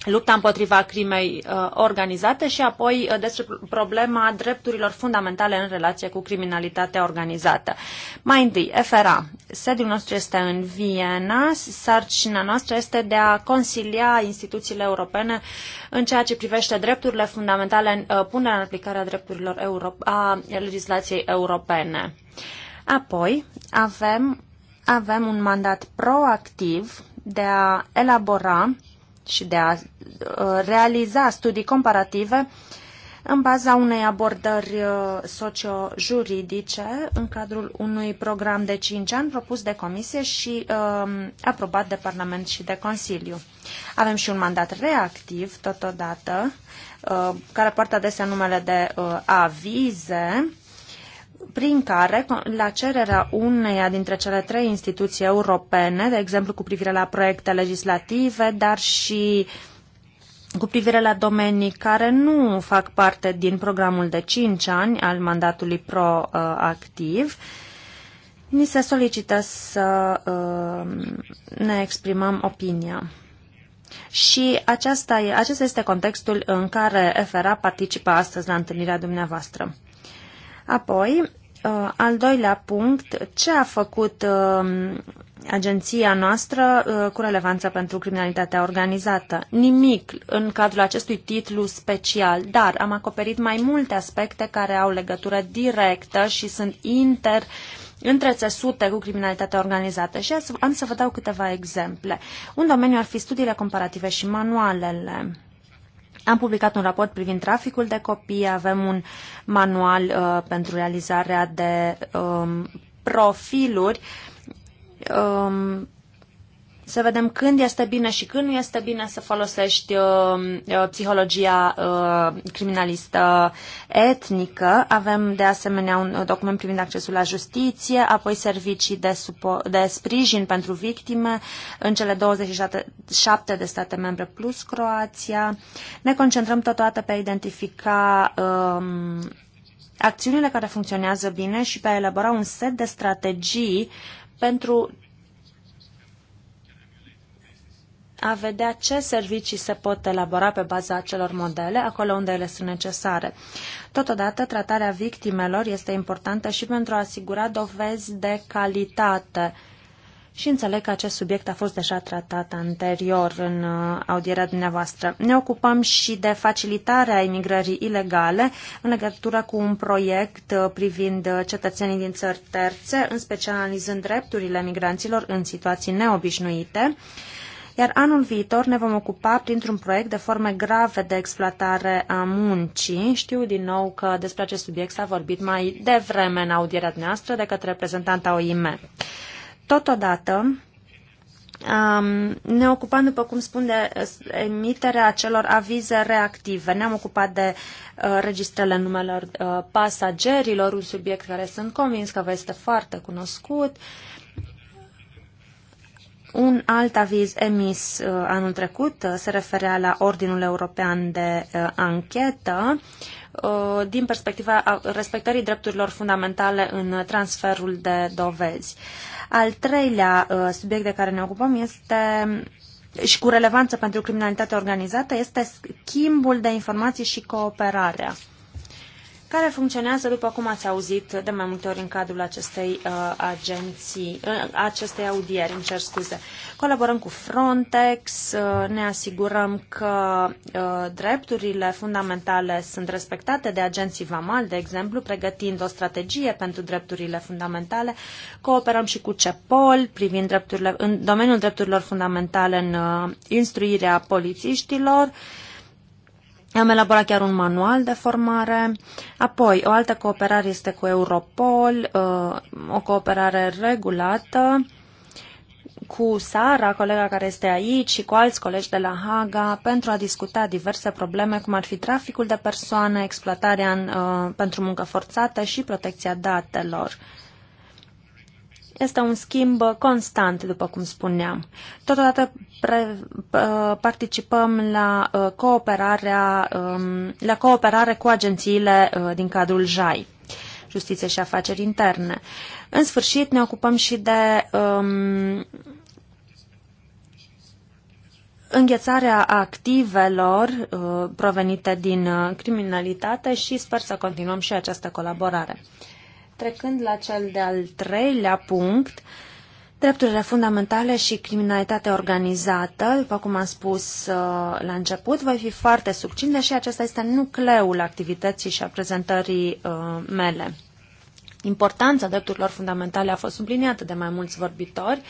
lupta împotriva crimei uh, organizate și apoi uh, despre problema drepturilor fundamentale în relație cu criminalitatea organizată. Mai întâi, FRA. Sediul nostru este în Viena. Sarcina noastră este de a consilia instituțiile europene în ceea ce privește drepturile fundamentale în uh, punerea în aplicare a drepturilor euro- a legislației europene. Apoi, avem, avem un mandat proactiv de a elabora și de a Uh, realiza studii comparative în baza unei abordări uh, socio-juridice în cadrul unui program de 5 ani propus de Comisie și uh, aprobat de Parlament și de Consiliu. Avem și un mandat reactiv, totodată, uh, care poartă adesea numele de uh, avize, prin care, la cererea uneia dintre cele trei instituții europene, de exemplu cu privire la proiecte legislative, dar și uh, cu privire la domenii care nu fac parte din programul de 5 ani al mandatului proactiv, ni se solicită să uh, ne exprimăm opinia. Și aceasta e, acesta este contextul în care FRA participă astăzi la întâlnirea dumneavoastră. Apoi, uh, al doilea punct, ce a făcut uh, agenția noastră uh, cu relevanță pentru criminalitatea organizată. Nimic în cadrul acestui titlu special, dar am acoperit mai multe aspecte care au legătură directă și sunt inter între cu criminalitatea organizată și am să vă dau câteva exemple. Un domeniu ar fi studiile comparative și manualele. Am publicat un raport privind traficul de copii, avem un manual uh, pentru realizarea de um, profiluri uh, um, să vedem când este bine și când nu este bine să folosești um, uh, psihologia uh, criminalistă etnică. Avem de asemenea un document privind accesul la justiție, apoi servicii de, supo- de sprijin pentru victime în cele 27 de state membre plus Croația. Ne concentrăm totodată pe a identifica um, acțiunile care funcționează bine și pe a elabora un set de strategii pentru a vedea ce servicii se pot elabora pe baza acelor modele, acolo unde ele sunt necesare. Totodată, tratarea victimelor este importantă și pentru a asigura dovezi de calitate și înțeleg că acest subiect a fost deja tratat anterior în uh, audierea dumneavoastră. Ne ocupăm și de facilitarea imigrării ilegale în legătură cu un proiect uh, privind uh, cetățenii din țări terțe, în special analizând drepturile migranților în situații neobișnuite iar anul viitor ne vom ocupa printr-un proiect de forme grave de exploatare a muncii. Știu din nou că despre acest subiect s-a vorbit mai devreme în audierea noastră de către reprezentanta OIM. Totodată, Um, ne ocupăm, după cum spun, de eh, emiterea acelor avize reactive. Ne-am ocupat de uh, registrele numelor uh, pasagerilor, un subiect care sunt convins că vă este foarte cunoscut. Un alt aviz emis uh, anul trecut uh, se referea la Ordinul European de uh, Anchetă uh, din perspectiva respectării drepturilor fundamentale în transferul de dovezi. Uh, al treilea uh, subiect de care ne ocupăm este și cu relevanță pentru criminalitatea organizată este schimbul de informații și cooperarea care funcționează, după cum ați auzit de mai multe ori în cadrul acestei uh, agenții, uh, acestei audieri, îmi cer scuze. Colaborăm cu Frontex, uh, ne asigurăm că uh, drepturile fundamentale sunt respectate de agenții VAMAL, de exemplu, pregătind o strategie pentru drepturile fundamentale. Cooperăm și cu CEPOL privind drepturile, în domeniul drepturilor fundamentale în uh, instruirea polițiștilor. Uh, am elaborat chiar un manual de formare. Apoi, o altă cooperare este cu Europol, uh, o cooperare regulată cu Sara, colega care este aici, și cu alți colegi de la Haga pentru a discuta diverse probleme, cum ar fi traficul de persoane, exploatarea în, uh, pentru muncă forțată și protecția datelor. Este un schimb constant, după cum spuneam. Totodată pre, participăm la, uh, cooperarea, um, la cooperare cu agențiile uh, din cadrul JAI, Justiție și Afaceri Interne. În sfârșit, ne ocupăm și de um, înghețarea activelor uh, provenite din uh, criminalitate și sper să continuăm și această colaborare. Trecând la cel de-al treilea punct, drepturile fundamentale și criminalitatea organizată, după cum am spus uh, la început, voi fi foarte succint, și acesta este nucleul activității și a prezentării uh, mele. Importanța drepturilor fundamentale a fost subliniată de mai mulți vorbitori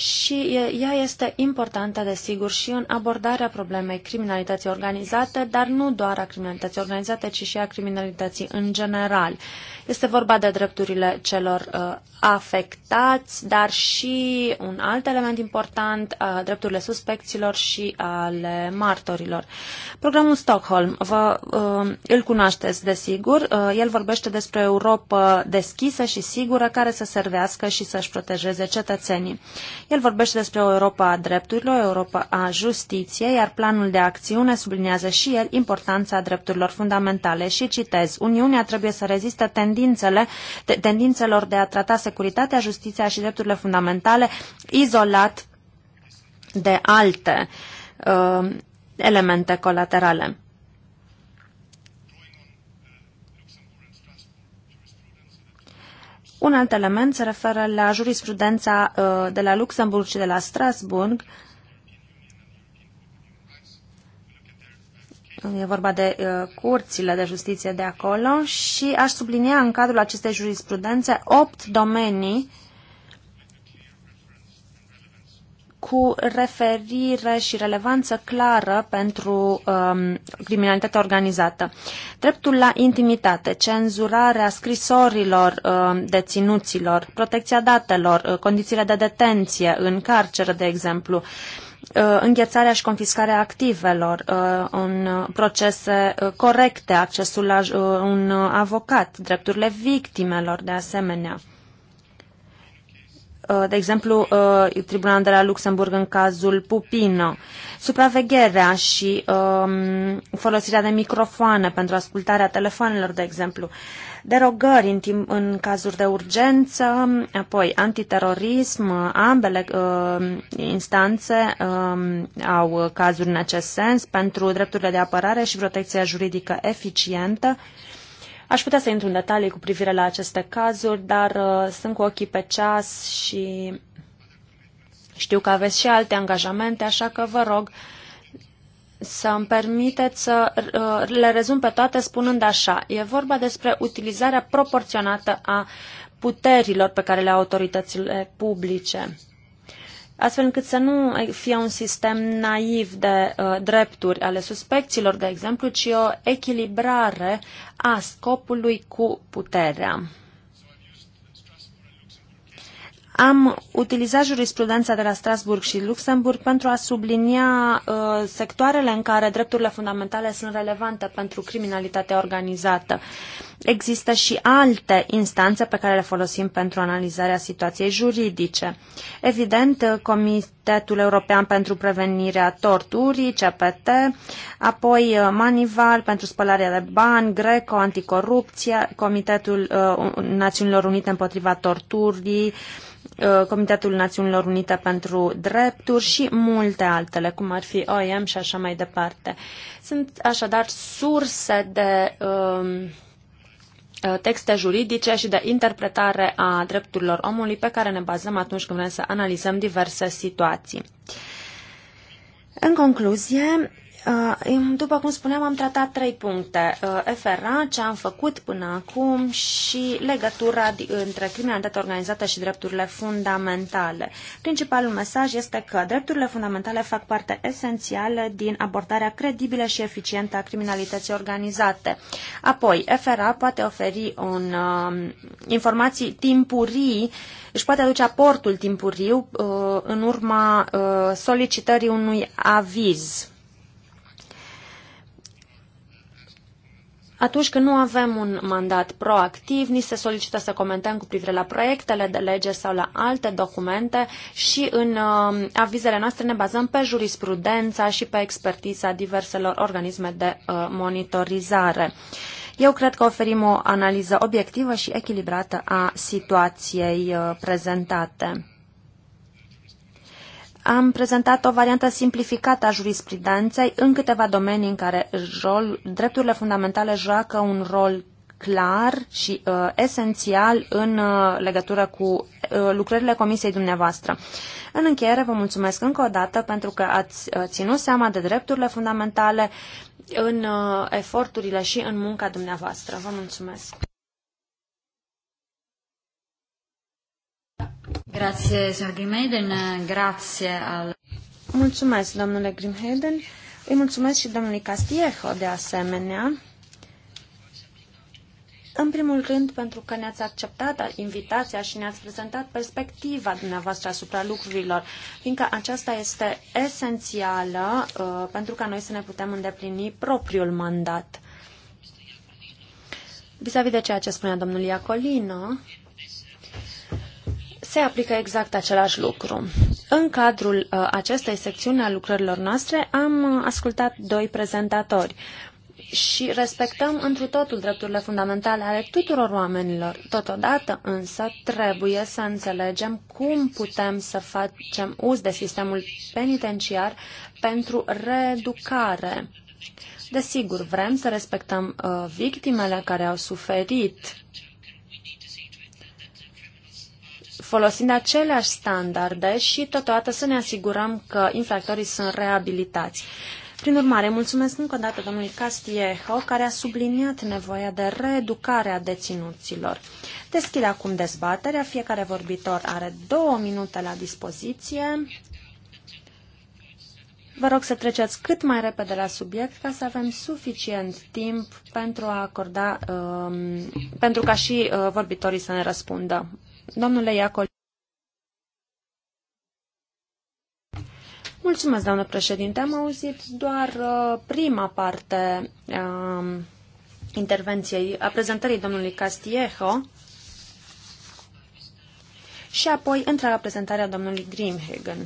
și ea este importantă, desigur, și în abordarea problemei criminalității organizate, dar nu doar a criminalității organizate, ci și a criminalității în general. Este vorba de drepturile celor uh, afectați, dar și un alt element important, uh, drepturile suspecților și ale martorilor. Programul Stockholm, vă, uh, îl cunoașteți desigur, uh, el vorbește despre Europa deschisă și sigură care să servească și să-și protejeze cetățenii. El vorbește despre o Europa a drepturilor, Europa a justiției, iar planul de acțiune subliniază și el importanța drepturilor fundamentale și citez, Uniunea trebuie să reziste tendințele, te, tendințelor de a trata securitatea, justiția și drepturile fundamentale izolat de alte uh, elemente colaterale. Un alt element se referă la jurisprudența uh, de la Luxemburg și de la Strasburg. E vorba de uh, curțile de justiție de acolo și aș sublinia în cadrul acestei jurisprudențe opt domenii cu referire și relevanță clară pentru um, criminalitatea organizată. Dreptul la intimitate, cenzurarea scrisorilor um, deținuților, protecția datelor, uh, condițiile de detenție în carceră, de exemplu, uh, înghețarea și confiscarea activelor, uh, un procese corecte, accesul la un avocat, drepturile victimelor de asemenea. Uh, de exemplu, uh, Tribunalul de la Luxemburg în cazul Pupino, supravegherea și um, folosirea de microfoane pentru ascultarea telefonelor, de exemplu, derogări în, timp, în cazuri de urgență, apoi antiterorism, ambele uh, instanțe uh, au cazuri în acest sens pentru drepturile de apărare și protecția juridică eficientă, uh, Aș putea să intru în detalii cu privire la aceste cazuri, dar uh, sunt cu ochii pe ceas și știu că aveți și alte angajamente, așa că vă rog să îmi permiteți să uh, le rezum pe toate spunând așa. E vorba despre utilizarea proporționată a puterilor pe care le au autoritățile publice astfel încât să nu fie un sistem naiv de uh, drepturi ale suspecților, de exemplu, ci o echilibrare a scopului cu puterea. Am utilizat jurisprudența de la Strasburg și Luxemburg pentru a sublinia uh, sectoarele în care drepturile fundamentale sunt relevante pentru criminalitatea organizată. Există și alte instanțe pe care le folosim pentru analizarea situației juridice. Evident, uh, Comitetul European pentru Prevenirea Torturii, CPT, apoi uh, Manival pentru spălarea de bani, Greco, Anticorupția, Comitetul uh, Națiunilor Unite împotriva Torturii, uh, Uh, Comitetul Națiunilor Unite pentru Drepturi și multe altele, cum ar fi OIM și așa mai departe. Sunt așadar surse de um, uh, texte juridice și de interpretare a drepturilor omului pe care ne bazăm atunci când vrem să analizăm diverse situații. În concluzie, Uh, după cum spuneam, am tratat trei puncte. Uh, FRA, ce am făcut până acum și legătura între criminalitatea organizată și drepturile fundamentale. Principalul mesaj este că drepturile fundamentale fac parte esențială din abordarea credibilă și eficientă a criminalității organizate. Apoi, FRA poate oferi un, uh, informații timpurii își poate aduce aportul timpuriu uh, în urma uh, solicitării unui aviz Atunci când nu avem un mandat proactiv, ni se solicită să comentăm cu privire la proiectele de lege sau la alte documente și în uh, avizele noastre ne bazăm pe jurisprudența și pe expertiza diverselor organisme de uh, monitorizare. Eu cred că oferim o analiză obiectivă și echilibrată a situației uh, prezentate am prezentat o variantă simplificată a jurisprudenței în câteva domenii în care rol, drepturile fundamentale joacă un rol clar și uh, esențial în uh, legătură cu uh, lucrările comisiei dumneavoastră. În încheiere, vă mulțumesc încă o dată pentru că ați uh, ținut seama de drepturile fundamentale în uh, eforturile și în munca dumneavoastră. Vă mulțumesc! Grazie, Sir Grimheden. Grazie al... Mulțumesc, domnule Grimheden. Îi mulțumesc și domnului Castiejo, de asemenea. În primul rând, pentru că ne-ați acceptat invitația și ne-ați prezentat perspectiva dumneavoastră asupra lucrurilor, fiindcă aceasta este esențială uh, pentru ca noi să ne putem îndeplini propriul mandat. Vis-a-vis -vis de ceea ce spunea domnul Iacolino, se aplică exact același lucru. În cadrul uh, acestei secțiuni a lucrărilor noastre am uh, ascultat doi prezentatori și respectăm întru totul drepturile fundamentale ale tuturor oamenilor. Totodată însă trebuie să înțelegem cum putem să facem uz de sistemul penitenciar pentru reeducare. Desigur, vrem să respectăm uh, victimele care au suferit uh, folosind aceleași standarde și totodată să ne asigurăm că infractorii sunt reabilitați. Prin urmare, mulțumesc încă o dată domnului Castieho, care a subliniat nevoia de reeducare a deținuților. Deschid acum dezbaterea. Fiecare vorbitor are două minute la dispoziție. Vă rog să treceți cât mai repede la subiect ca să avem suficient timp pentru a acorda, um, pentru ca și uh, vorbitorii să ne răspundă. Domnule Iacol. Mulțumesc, doamnă președinte. Am auzit doar uh, prima parte uh, intervenției, a prezentării domnului Castiejo și apoi întreaga prezentare a domnului Grimhagen.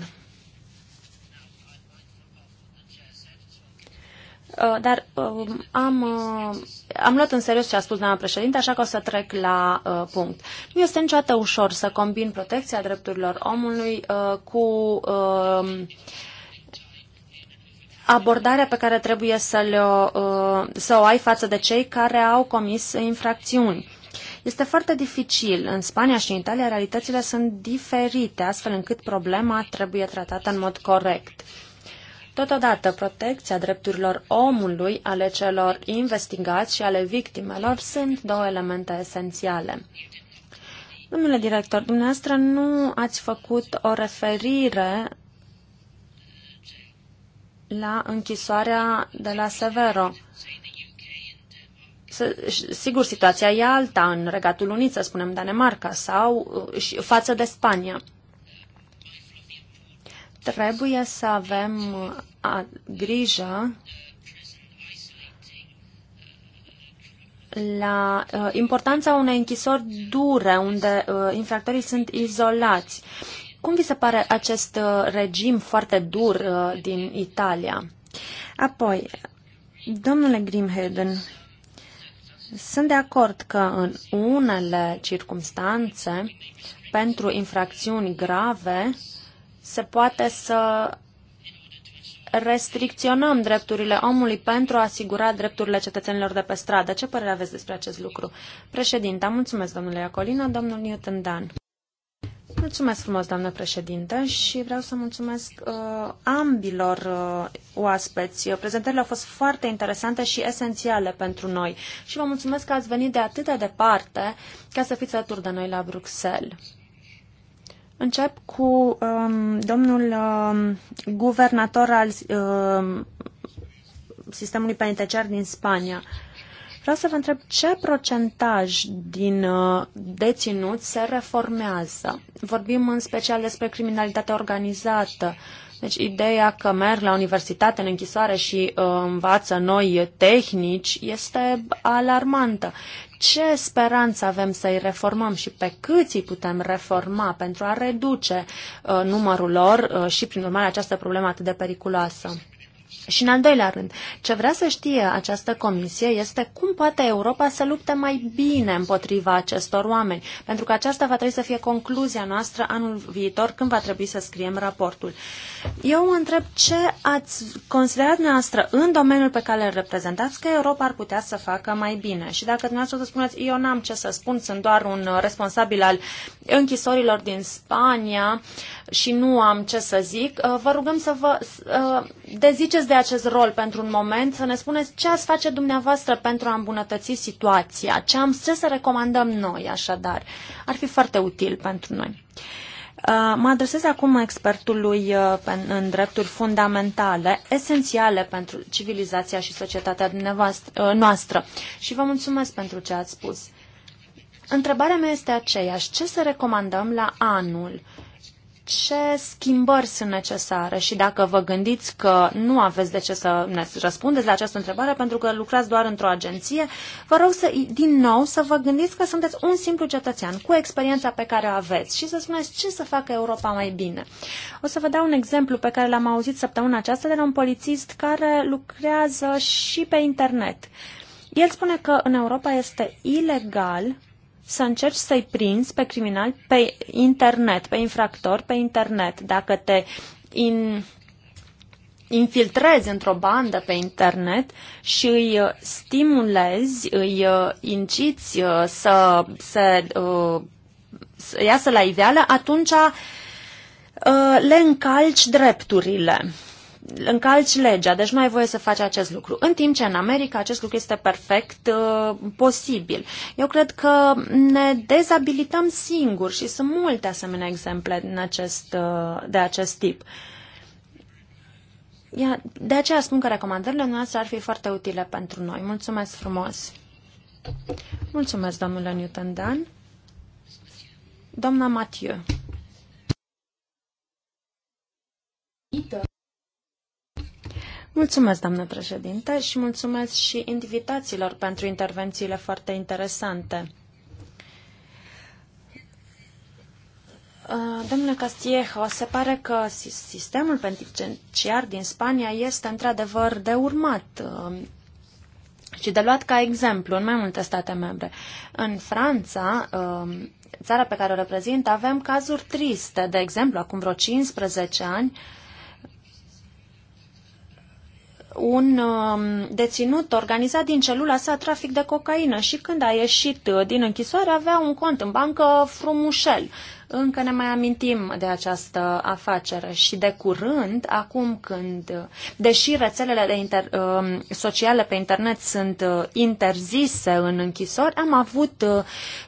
Uh, dar um, am, uh, am luat în serios ce a spus doamna președinte, așa că o să trec la uh, punct. Nu este niciodată ușor să combin protecția drepturilor omului uh, cu uh, abordarea pe care trebuie să, le, uh, să o ai față de cei care au comis infracțiuni. Este foarte dificil. În Spania și în Italia realitățile sunt diferite, astfel încât problema trebuie tratată în mod corect. Uh, Totodată, protecția drepturilor omului, ale celor investigați și ale victimelor sunt două elemente esențiale. Domnule director, dumneavoastră nu ați făcut o referire la închisoarea de la Severo. Sigur, situația e alta în Regatul Unit, să spunem Danemarca, sau uh, față de Spania trebuie să avem grijă la uh, importanța unei închisori dure, unde uh, infractorii sunt izolați. Cum vi se pare acest uh, regim foarte dur uh, din Italia? Apoi, domnule Grimheden, sunt de acord că în unele circunstanțe, pentru infracțiuni grave, se poate să restricționăm drepturile omului pentru a asigura drepturile cetățenilor de pe stradă. Ce părere aveți despre acest lucru? Președinte, mulțumesc, domnule Iacolina, domnul Newton Dan. Mulțumesc frumos, doamnă președinte, și vreau să mulțumesc uh, ambilor uh, oaspeți. Prezentările au fost foarte interesante și esențiale pentru noi și vă mulțumesc că ați venit de atât de departe ca să fiți alături de noi la Bruxelles. Încep cu um, domnul um, guvernator al um, sistemului penitenciar din Spania. Vreau să vă întreb ce procentaj din uh, deținuți se reformează. Vorbim în special despre criminalitatea organizată, deci ideea că merg la universitate în închisoare și uh, învață noi tehnici este alarmantă. Ce speranță avem să-i reformăm și pe câți îi putem reforma pentru a reduce uh, numărul lor uh, și, prin urmare, această problemă atât de periculoasă? Și în al doilea rând, ce vrea să știe această comisie este cum poate Europa să lupte mai bine împotriva acestor oameni, pentru că aceasta va trebui să fie concluzia noastră anul viitor când va trebui să scriem raportul. Eu mă întreb ce ați considerat noastră în domeniul pe care îl reprezentați că Europa ar putea să facă mai bine. Și dacă dumneavoastră să spuneți, eu n-am ce să spun, sunt doar un responsabil al închisorilor din Spania și nu am ce să zic, vă rugăm să vă deziceți de de acest rol pentru un moment, să ne spuneți ce ați face dumneavoastră pentru a îmbunătăți situația, ce, am, ce să recomandăm noi, așadar. Ar fi foarte util pentru noi. Uh, mă adresez acum expertului uh, în drepturi fundamentale, esențiale pentru civilizația și societatea uh, noastră. Și vă mulțumesc pentru ce ați spus. Întrebarea mea este aceeași. Ce să recomandăm la anul? ce schimbări sunt necesare și dacă vă gândiți că nu aveți de ce să ne răspundeți la această întrebare pentru că lucrați doar într-o agenție, vă rog să, din nou să vă gândiți că sunteți un simplu cetățean cu experiența pe care o aveți și să spuneți ce să facă Europa mai bine. O să vă dau un exemplu pe care l-am auzit săptămâna aceasta de la un polițist care lucrează și pe internet. El spune că în Europa este ilegal să încerci să-i prinzi pe criminal pe internet, pe infractor pe internet. Dacă te in, infiltrezi într-o bandă pe internet și îi uh, stimulezi, îi uh, inciți uh, să, să, să iasă la iveală, atunci le încalci drepturile încalci legea, deci nu ai voie să faci acest lucru. În timp ce în America acest lucru este perfect uh, posibil. Eu cred că ne dezabilităm singuri și sunt multe asemenea exemple în acest, uh, de acest tip. De aceea spun că recomandările noastre ar fi foarte utile pentru noi. Mulțumesc frumos! Mulțumesc, domnule Newton Dan. Doamna Mathieu. Mulțumesc, doamnă președinte, și mulțumesc și invitațiilor pentru intervențiile foarte interesante. Uh, domnule Castiejo, se pare că sistemul penitenciar din Spania este într-adevăr de urmat uh, și de luat ca exemplu în mai multe state membre. În Franța, uh, țara pe care o reprezint, avem cazuri triste. De exemplu, acum vreo 15 ani, un um, deținut organizat din celula sa trafic de cocaină și când a ieșit uh, din închisoare avea un cont în bancă frumușel. Încă ne mai amintim de această afacere și de curând, acum când, uh, deși rețelele de inter, um, sociale pe internet sunt uh, interzise în închisori, am avut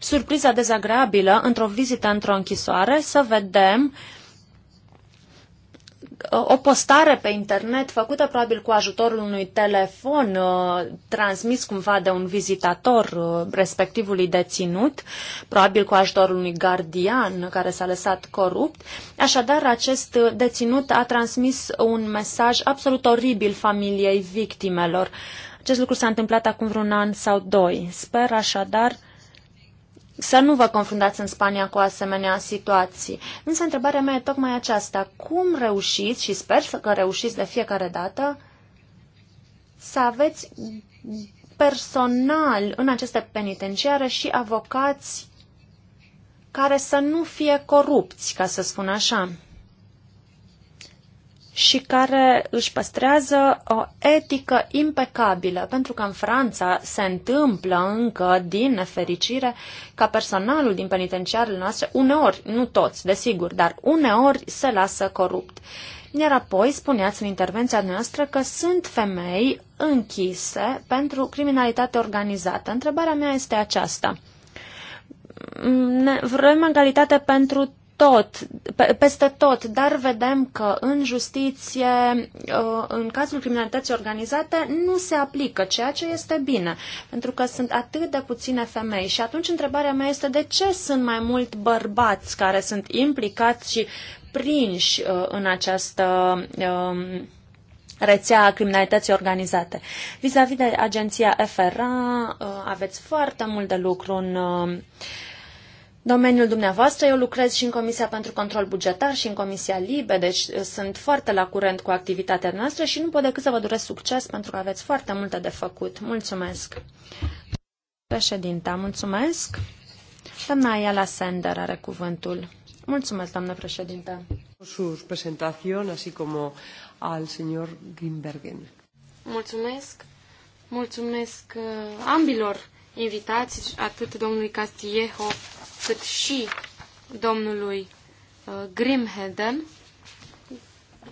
surpriza dezagreabilă într-o vizită într-o închisoare să vedem uh, o postare pe internet făcută probabil cu ajutorul unui telefon uh, transmis cumva de un vizitator uh, respectivului deținut, probabil cu ajutorul unui gardian care s-a lăsat corupt. Așadar, acest deținut a transmis un mesaj absolut oribil familiei victimelor. Acest lucru s-a întâmplat acum vreun an sau doi. Sper așadar să nu vă confundați în Spania cu asemenea situații. Însă întrebarea mea e tocmai aceasta. Cum reușiți, și sper că reușiți de fiecare dată, să aveți personal în aceste penitenciare și avocați care să nu fie corupți, ca să spun așa și care își păstrează o etică impecabilă, pentru că în Franța se întâmplă încă, din nefericire, ca personalul din penitenciarele noastre, uneori, nu toți, desigur, dar uneori se lasă corupt. Iar apoi spuneați în intervenția noastră că sunt femei închise pentru criminalitate organizată. Întrebarea mea este aceasta. Ne vrem egalitate pentru tot, pe, peste tot, dar vedem că în justiție, uh, în cazul criminalității organizate, nu se aplică, ceea ce este bine, pentru că sunt atât de puține femei. Și atunci întrebarea mea este de ce sunt mai mult bărbați care sunt implicați și prinși uh, în această um, rețea criminalității organizate. Vis-a-vis -vis de agenția FRA, uh, aveți foarte mult de lucru în domeniul dumneavoastră. Eu lucrez și în Comisia pentru Control Bugetar și în Comisia Libe, deci uh, sunt foarte la curent cu activitatea noastră și nu pot decât să vă doresc succes pentru că aveți foarte multe de făcut. Mulțumesc! Președinta, mulțumesc! Doamna Ayala Sender are cuvântul. Mulțumesc, doamnă președinte. Sus presentación, así como al señor Grimbergen. Mulțumesc. Mulțumesc uh, ambilor invitați, atât domnului Castillejo, cât și domnului uh, Grimheden.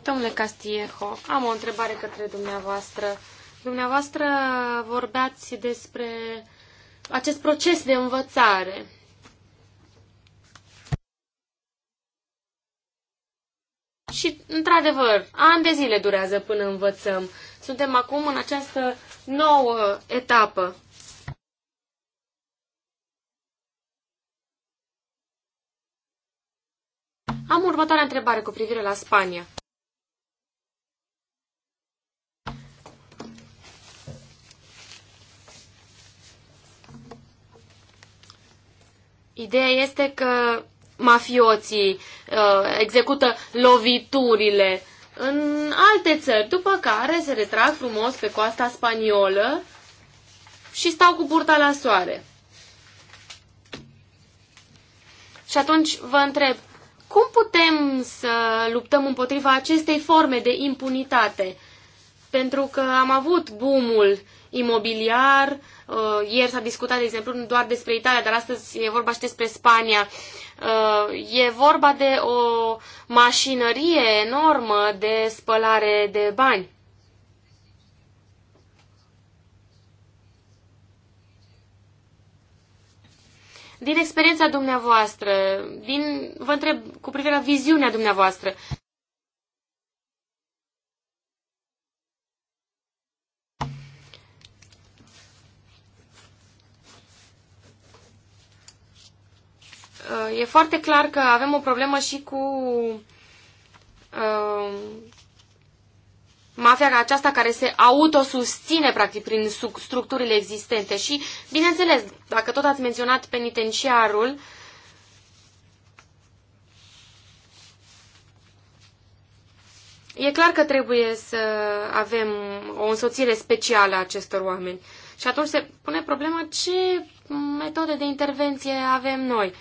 Domnule Castiejo, am o întrebare către dumneavoastră. Dumneavoastră vorbeați despre acest proces de învățare. Și, într-adevăr, ani de zile durează până învățăm. Suntem acum în această nouă etapă. Am următoarea întrebare cu privire la Spania. Ideea este că mafioții uh, execută loviturile în alte țări, după care se retrag frumos pe coasta spaniolă și stau cu burta la soare. Și atunci vă întreb, cum putem să luptăm împotriva acestei forme de impunitate? Pentru că am avut boomul imobiliar, uh, ieri s-a discutat, de exemplu, nu doar despre Italia, dar astăzi e vorba și despre Spania. Uh, e vorba de o mașinărie enormă de spălare de bani. Din experiența dumneavoastră, din, vă întreb cu privire la viziunea dumneavoastră, uh, e foarte clar că avem o problemă și cu uh, mafia ca aceasta care se autosustine, practic, prin structurile existente. Și, bineînțeles, dacă tot ați menționat penitenciarul, e clar că trebuie să avem o însoțire specială a acestor oameni. Și atunci se pune problema ce metode de intervenție avem noi.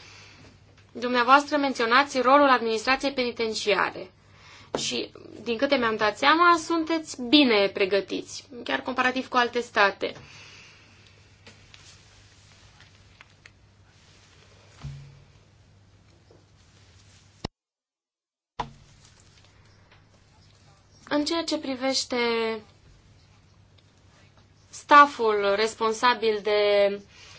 Dumneavoastră menționați rolul administrației penitenciare și, din câte mi-am dat seama, sunteți bine pregătiți, chiar comparativ cu alte state. În ceea ce privește staful responsabil de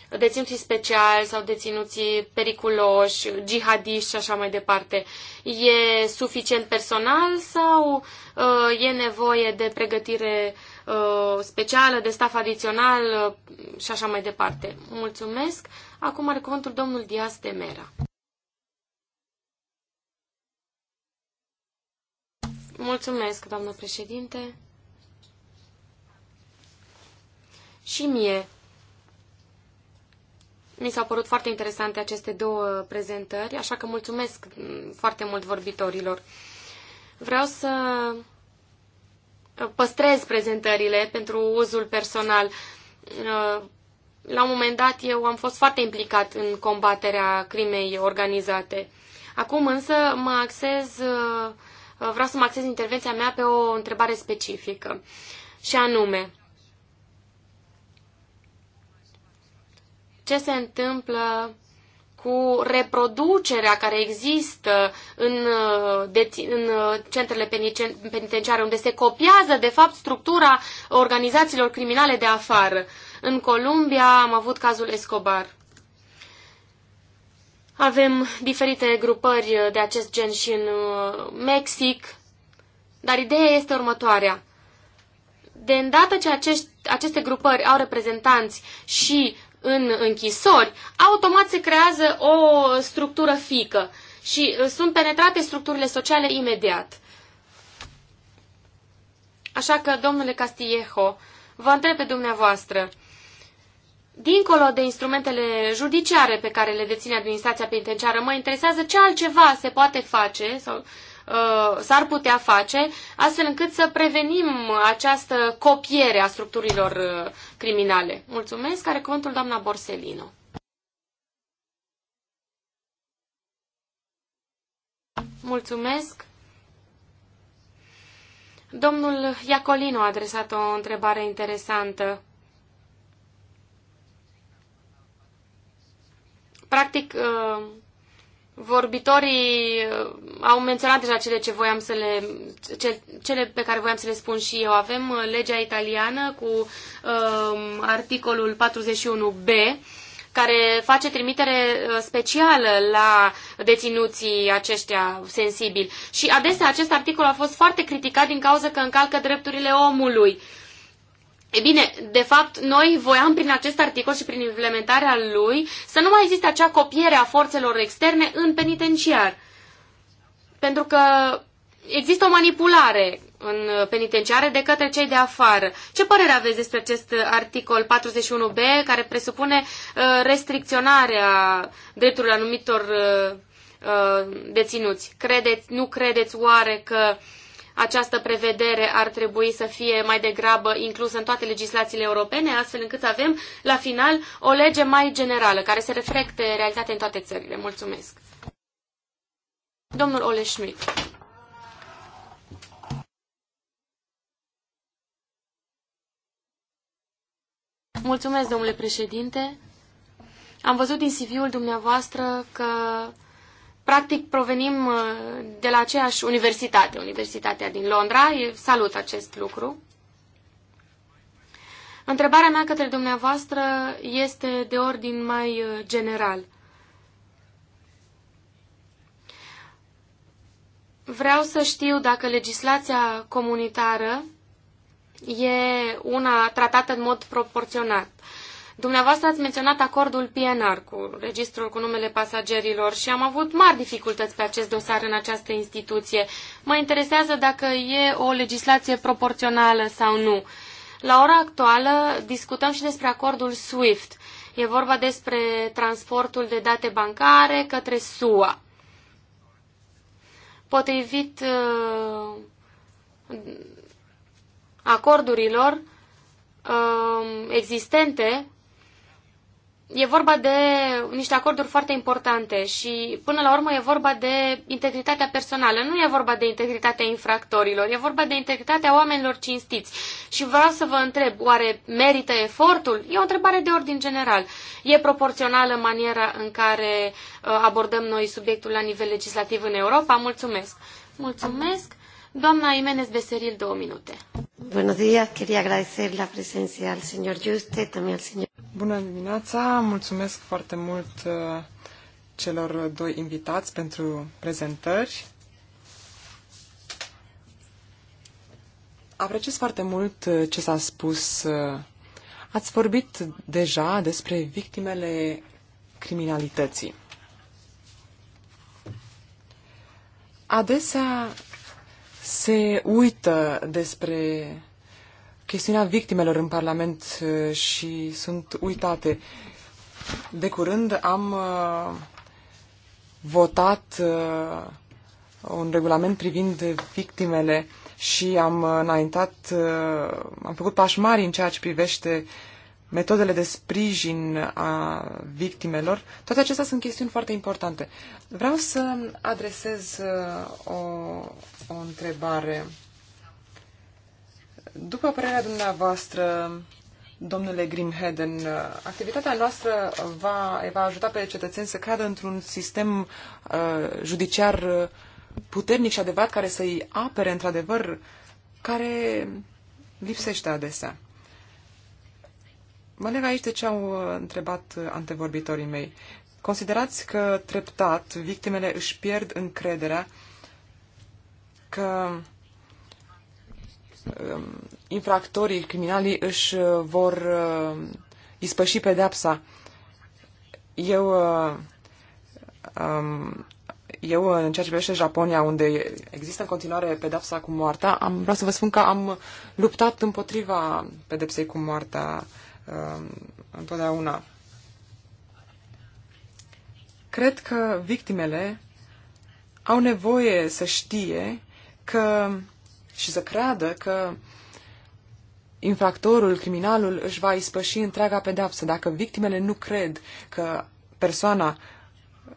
deținuții speciali sau deținuții periculoși, jihadiști și așa mai departe. E suficient personal sau uh, e nevoie de pregătire uh, specială, de staf adițional uh, și așa mai departe? Mulțumesc. Acum are cuvântul domnul Dias de Mera. Mulțumesc, doamnă președinte. Și mie mi s-au părut foarte interesante aceste două prezentări, așa că mulțumesc mm, foarte mult vorbitorilor. Vreau să uh, păstrez prezentările pentru uzul personal. Uh, la un moment dat eu am fost foarte implicat în combaterea crimei organizate. Acum însă mă axez, uh, vreau să mă axez intervenția mea pe o întrebare specifică și anume, ce se întâmplă cu reproducerea care există în, uh, în uh, centrele penitenciare, unde se copiază, de fapt, structura organizațiilor criminale de afară. În Columbia am avut cazul Escobar. Avem diferite grupări de acest gen și în uh, Mexic, dar ideea este următoarea. De îndată ce acești, aceste grupări au reprezentanți și în închisori, automat se creează o structură fică și uh, sunt penetrate structurile sociale imediat. Așa că, domnule Castillejo, vă întreb pe dumneavoastră, dincolo de instrumentele judiciare pe care le deține administrația penitenciară, mă interesează ce altceva se poate face sau Uh, s-ar putea face, astfel încât să prevenim această copiere a structurilor uh, criminale. Mulțumesc, care cuvântul doamna Borsellino. Mulțumesc. Domnul Iacolino a adresat o întrebare interesantă. Practic, uh, Vorbitorii uh, au menționat deja cele, ce voiam să le, ce, cele pe care voiam să le spun și eu. Avem uh, legea italiană cu um, articolul 41b, care face trimitere uh, specială la deținuții aceștia sensibili. Și adesea acest articol a fost foarte criticat din cauza că încalcă drepturile omului. Uh, E bine, de fapt, noi voiam prin acest articol și prin implementarea lui să nu mai existe acea copiere a forțelor externe în penitenciar. Pentru că există o manipulare în penitenciare de către cei de afară. Ce părere aveți despre acest articol 41b care presupune uh, restricționarea drepturilor anumitor uh, uh, deținuți? Credeți, nu credeți oare că uh, această prevedere ar trebui să fie mai degrabă inclusă în toate legislațiile europene, astfel încât să avem, la final, o lege mai generală, care să reflecte realitatea în toate țările. Mulțumesc. Domnul Ole Schmidt. Mulțumesc, domnule președinte. Am văzut din CV-ul dumneavoastră că Practic provenim uh, de la aceeași universitate, Universitatea din Londra. Salut acest lucru. Întrebarea mea către dumneavoastră este de ordin mai uh, general. Vreau să știu dacă legislația comunitară e una tratată în mod proporționat. Dumneavoastră ați menționat acordul PNR cu registrul cu numele pasagerilor și am avut mari dificultăți pe acest dosar în această instituție. Mă interesează dacă e o legislație proporțională sau nu. La ora actuală discutăm și despre acordul SWIFT. E vorba despre transportul de date bancare către SUA. Potrivit uh, acordurilor uh, existente, e vorba de niște acorduri foarte importante și până la urmă e vorba de integritatea personală, nu e vorba de integritatea infractorilor, e vorba de integritatea oamenilor cinstiți. Și vreau să vă întreb, oare merită efortul? E o întrebare de ordin general. E proporțională maniera în care uh, abordăm noi subiectul la nivel legislativ în Europa? Mulțumesc! Mulțumesc! Doamna Imenez Beseril, două minute. Buenos días, quería agradecer la presencia al señor Juste, también al señor... Bună dimineața, mulțumesc foarte mult uh, celor doi invitați pentru prezentări. Apreciez foarte mult uh, ce s-a spus. Uh, ați vorbit deja despre victimele criminalității. Adesea se uită despre chestiunea victimelor în Parlament uh, și sunt uitate. De curând am uh, votat uh, un regulament privind victimele și am înaintat, am făcut pași mari în ceea ce privește uh, metodele de sprijin a victimelor, toate acestea sunt chestiuni foarte importante. Vreau să adresez uh, o, o întrebare. După părerea dumneavoastră, domnule Grimheden, uh, activitatea noastră va, va ajuta pe cetățeni să cadă într-un sistem uh, judiciar uh, puternic și adevărat care să-i apere într-adevăr, care lipsește adesea. Mă leg aici de ce au uh, întrebat uh, antevorbitorii mei. Considerați că treptat victimele își pierd încrederea că um, infractorii, criminalii își uh, vor ispăși pedepsa. Eu, um, eu, în ceea ce privește Japonia, unde există în continuare pedepsa cu moartea, am, vreau să vă spun că am luptat împotriva pedepsei cu moartea Um, întotdeauna. Cred că victimele au nevoie să știe că și să creadă că infractorul, criminalul își va ispăși întreaga pedeapsă. Dacă victimele nu cred că persoana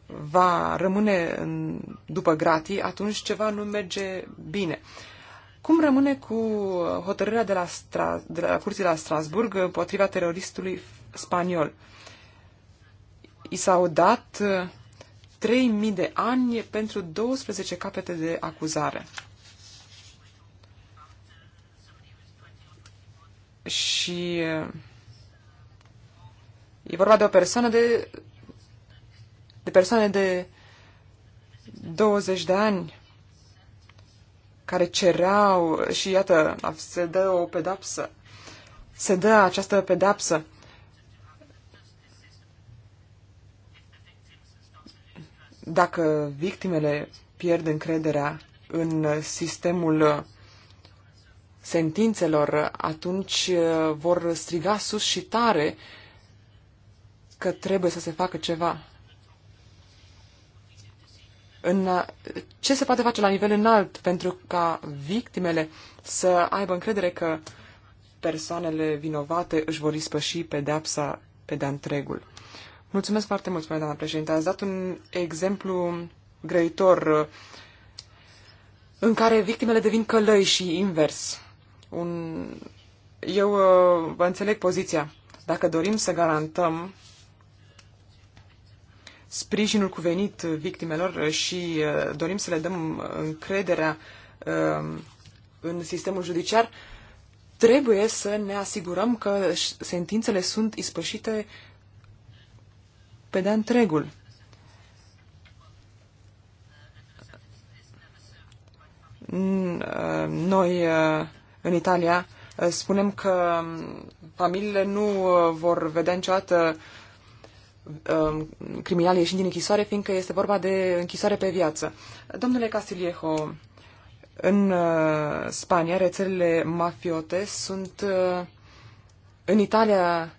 va rămâne în, după gratii, atunci ceva nu merge bine. Uh, cum rămâne cu uh, hotărârea de la, Stra- de la Curții la Strasburg împotriva teroristului spaniol? I s-au dat 3.000 uh, de ani pentru 12 capete de acuzare. Și uh, e vorba de o persoană de, de persoane de 20 de ani care cereau și iată, se dă o pedapsă. Se dă această pedapsă. Dacă victimele pierd încrederea în sistemul sentințelor, atunci uh, vor striga sus și tare că trebuie să se facă ceva în ce se poate face la nivel înalt pentru ca victimele să aibă încredere că persoanele vinovate își vor ispăși pedepsa pe de întregul. Mulțumesc foarte mult, doamna președinte. Ați dat un exemplu grăitor în care victimele devin călăi și invers. Un... Eu uh, vă înțeleg poziția. Dacă dorim să garantăm sprijinul cuvenit victimelor și uh, dorim să le dăm uh, încrederea uh, în sistemul judiciar, trebuie să ne asigurăm că sentințele sunt ispășite pe de întregul. Noi, în Italia, spunem că um, familiile nu vor vedea niciodată uh, um, criminali ieșind din închisoare, fiindcă este vorba de închisoare pe viață. Domnule Castiliejo, în uh, Spania rețelele mafiote sunt uh, în Italia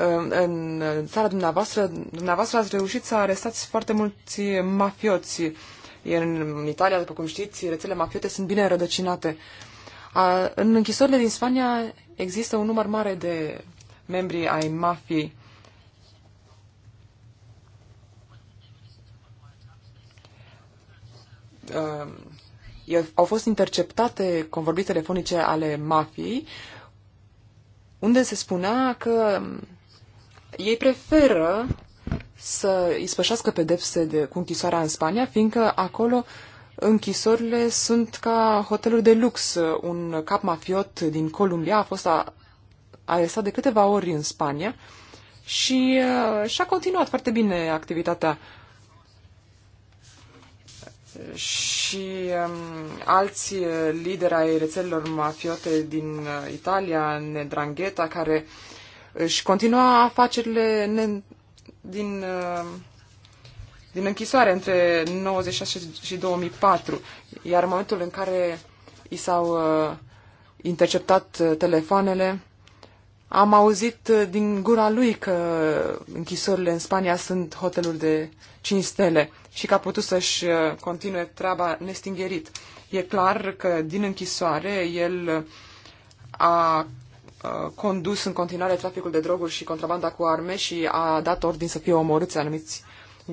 uh, în țara dumneavoastră, dumneavoastră ați reușit să arestați foarte mulți mafioți. Iar în Italia, după cum știți, rețelele mafiote sunt bine rădăcinate. A, în închisorile din Spania există un număr mare de membrii ai mafiei. Uh, au fost interceptate convorbiri telefonice ale mafiei, unde se spunea că ei preferă să ispășească pedepse de, cu închisoarea în Spania, fiindcă acolo închisorile sunt ca hoteluri de lux. Un cap mafiot din Columbia a fost a, arestat de câteva ori în Spania și uh, și-a continuat foarte bine activitatea. Și um, alți uh, lideri ai rețelelor mafiote din uh, Italia, Nedrangheta, care își continua afacerile ne- din uh, din închisoare între 96 și 2004, iar în momentul în care i s-au uh, interceptat uh, telefoanele, am auzit uh, din gura lui că închisorile în Spania sunt hoteluri de 5 stele și că a putut să-și uh, continue treaba nestingherit. E clar că din închisoare el uh, a condus în continuare traficul de droguri și contrabanda cu arme și a dat ordin să fie omorâți anumiți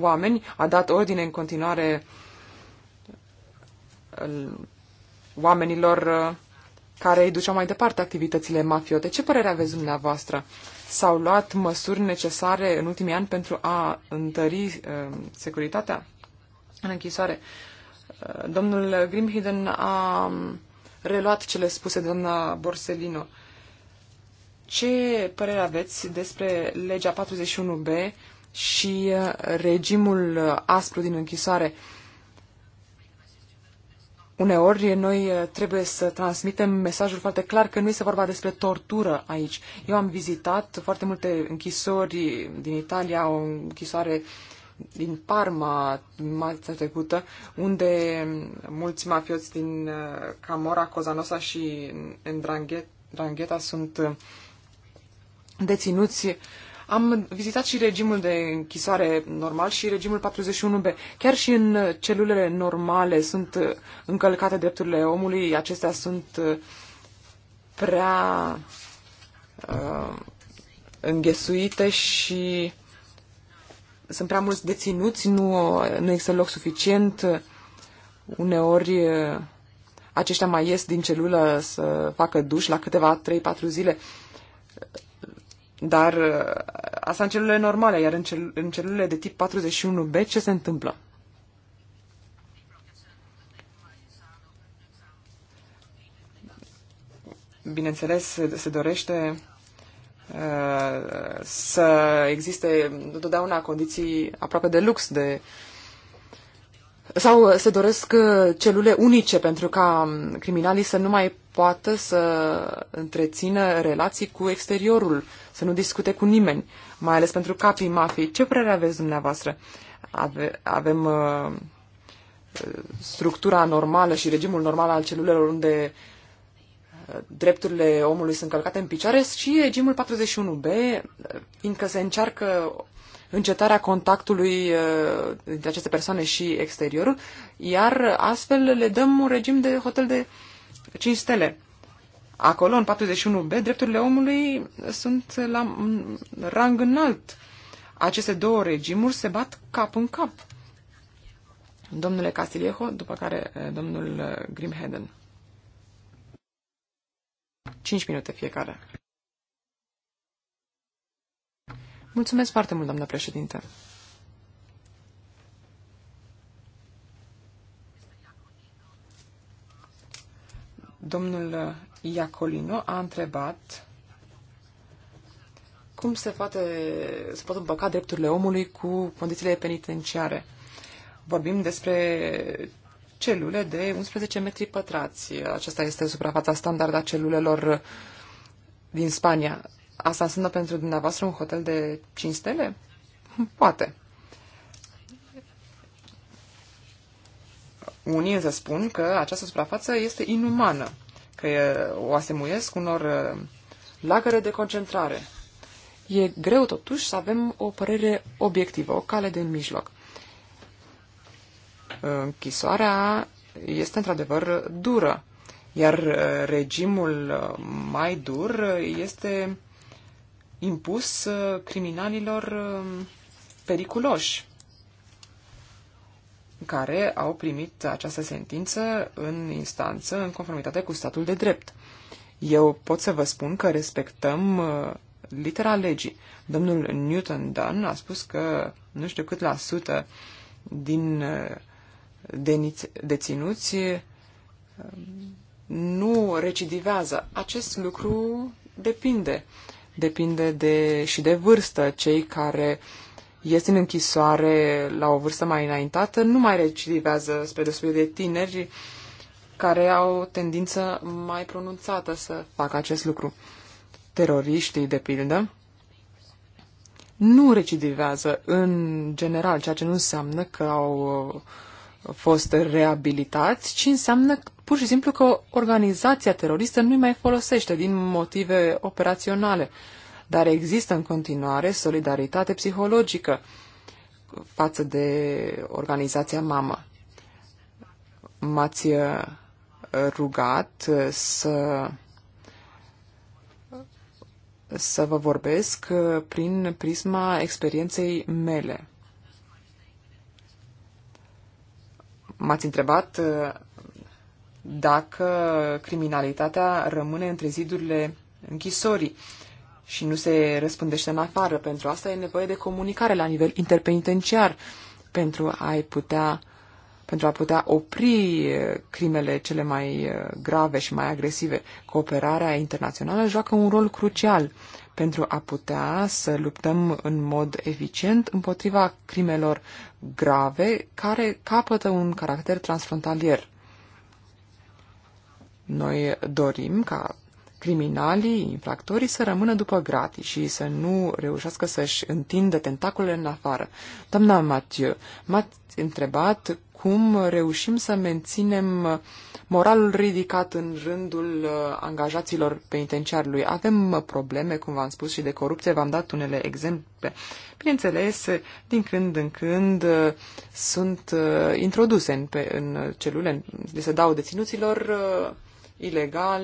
oameni, a dat ordine în continuare oamenilor care îi duceau mai departe activitățile mafiote. Ce părere aveți dumneavoastră? S-au luat măsuri necesare în ultimii ani pentru a întări uh, securitatea în închisoare? Uh, domnul Grimhiden a um, reluat cele spuse de doamna Borsellino. Ce părere aveți despre legea 41B și uh, regimul uh, aspru din închisoare? Uh, Uneori noi eh, trebuie să transmitem mesajul foarte clar că nu este vorba despre tortură aici. Eu am vizitat foarte multe închisori din Italia, o închisoare din Parma, marța trecută, unde mulți mafioți din eh, Camora, Cozanosa și Ndrangheta sunt eh, deținuți am vizitat și regimul de închisoare normal și regimul 41B. Chiar și în celulele normale sunt uh, încălcate drepturile omului, acestea sunt uh, prea uh, înghesuite și sunt prea mulți deținuți, nu, nu există loc suficient. Uneori uh, aceștia mai ies din celulă să facă duș la câteva 3-4 zile dar uh, asta în celulele normale, iar în, cel, în celulele de tip 41B ce se întâmplă? Bineînțeles, se, dorește uh, să existe întotdeauna condiții aproape de lux, de sau se doresc uh, celule unice pentru ca um, criminalii să nu mai poată să întrețină relații cu exteriorul, să nu discute cu nimeni, mai ales pentru capii mafiei. Ce părere aveți dumneavoastră? Ave, avem uh, structura normală și regimul normal al celulelor unde uh, drepturile omului sunt călcate în picioare și regimul 41B, uh, fiindcă se încearcă încetarea contactului uh, dintre aceste persoane și exteriorul, iar astfel le dăm un regim de hotel de uh, 5 stele. Acolo, în 41b, drepturile omului sunt la rang înalt. Aceste două regimuri se bat cap în cap. Domnule Casiliejo, după care eh, domnul eh, Grimheden. 5 minute fiecare. Mulțumesc foarte mult, doamnă președinte. Domnul Iacolino a întrebat cum se, poate, se pot împăca drepturile omului cu condițiile penitenciare. Vorbim despre celule de 11 metri pătrați. Aceasta este suprafața standard a celulelor din Spania. Asta înseamnă pentru dumneavoastră un hotel de 5 stele? Poate. Unii însă spun că această suprafață este inumană, că o asemuiesc unor lagăre de concentrare. E greu totuși să avem o părere obiectivă, o cale de în mijloc. Închisoarea este într-adevăr dură, iar regimul mai dur este impus criminalilor periculoși care au primit această sentință în instanță în conformitate cu statul de drept. Eu pot să vă spun că respectăm uh, litera legii. Domnul Newton Dunn a spus că nu știu cât la sută din uh, deniți, deținuți uh, nu recidivează. Acest lucru depinde. Depinde de, și de vârstă. Cei care uh, este în închisoare la o vârstă mai înaintată, nu mai recidivează spre deosebire de tineri care au o tendință mai pronunțată să facă acest lucru. Teroriștii, de pildă, nu recidivează în general, ceea ce nu înseamnă că au uh, fost reabilitați, ci înseamnă pur și simplu că organizația teroristă nu-i mai folosește din motive operaționale. Uh, dar există în continuare solidaritate psihologică față de organizația mamă. M-ați uh, rugat uh, să să vă vorbesc uh, prin prisma experienței mele. M-ați întrebat dacă criminalitatea rămâne între zidurile închisorii și nu se răspândește în afară. Pentru asta e nevoie de comunicare la nivel interpenitenciar pentru a putea pentru a putea opri eh, crimele cele mai eh, grave și mai agresive. Cooperarea internațională joacă un rol crucial pentru a putea să luptăm în mod eficient împotriva crimelor grave care capătă un caracter transfrontalier. Noi dorim ca criminalii, infractorii să rămână după gratii și să nu reușească să-și întindă tentaculele în afară. Doamna Mathieu, m-ați întrebat cum reușim să menținem moralul ridicat în rândul uh, angajaților penitenciarului. Avem uh, probleme, cum v-am spus, și de corupție. V-am dat unele exemple. Bineînțeles, din când în când uh, sunt introduse în, pe, în celule, le se dau deținuților ilegal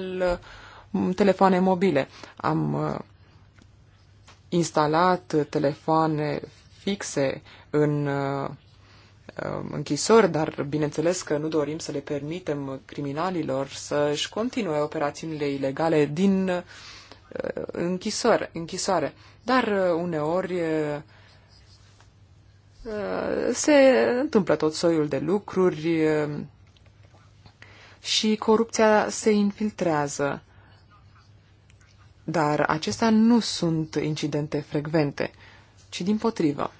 telefoane mobile. Am uh, instalat telefoane fixe în uh, uh, închisori, dar bineînțeles că nu dorim să le permitem criminalilor să-și continue operațiunile ilegale din închisor, închisoare. Dar uneori se întâmplă tot soiul de lucruri și corupția se infiltrează. Dar acestea nu sunt incidente frecvente, ci din potrivă.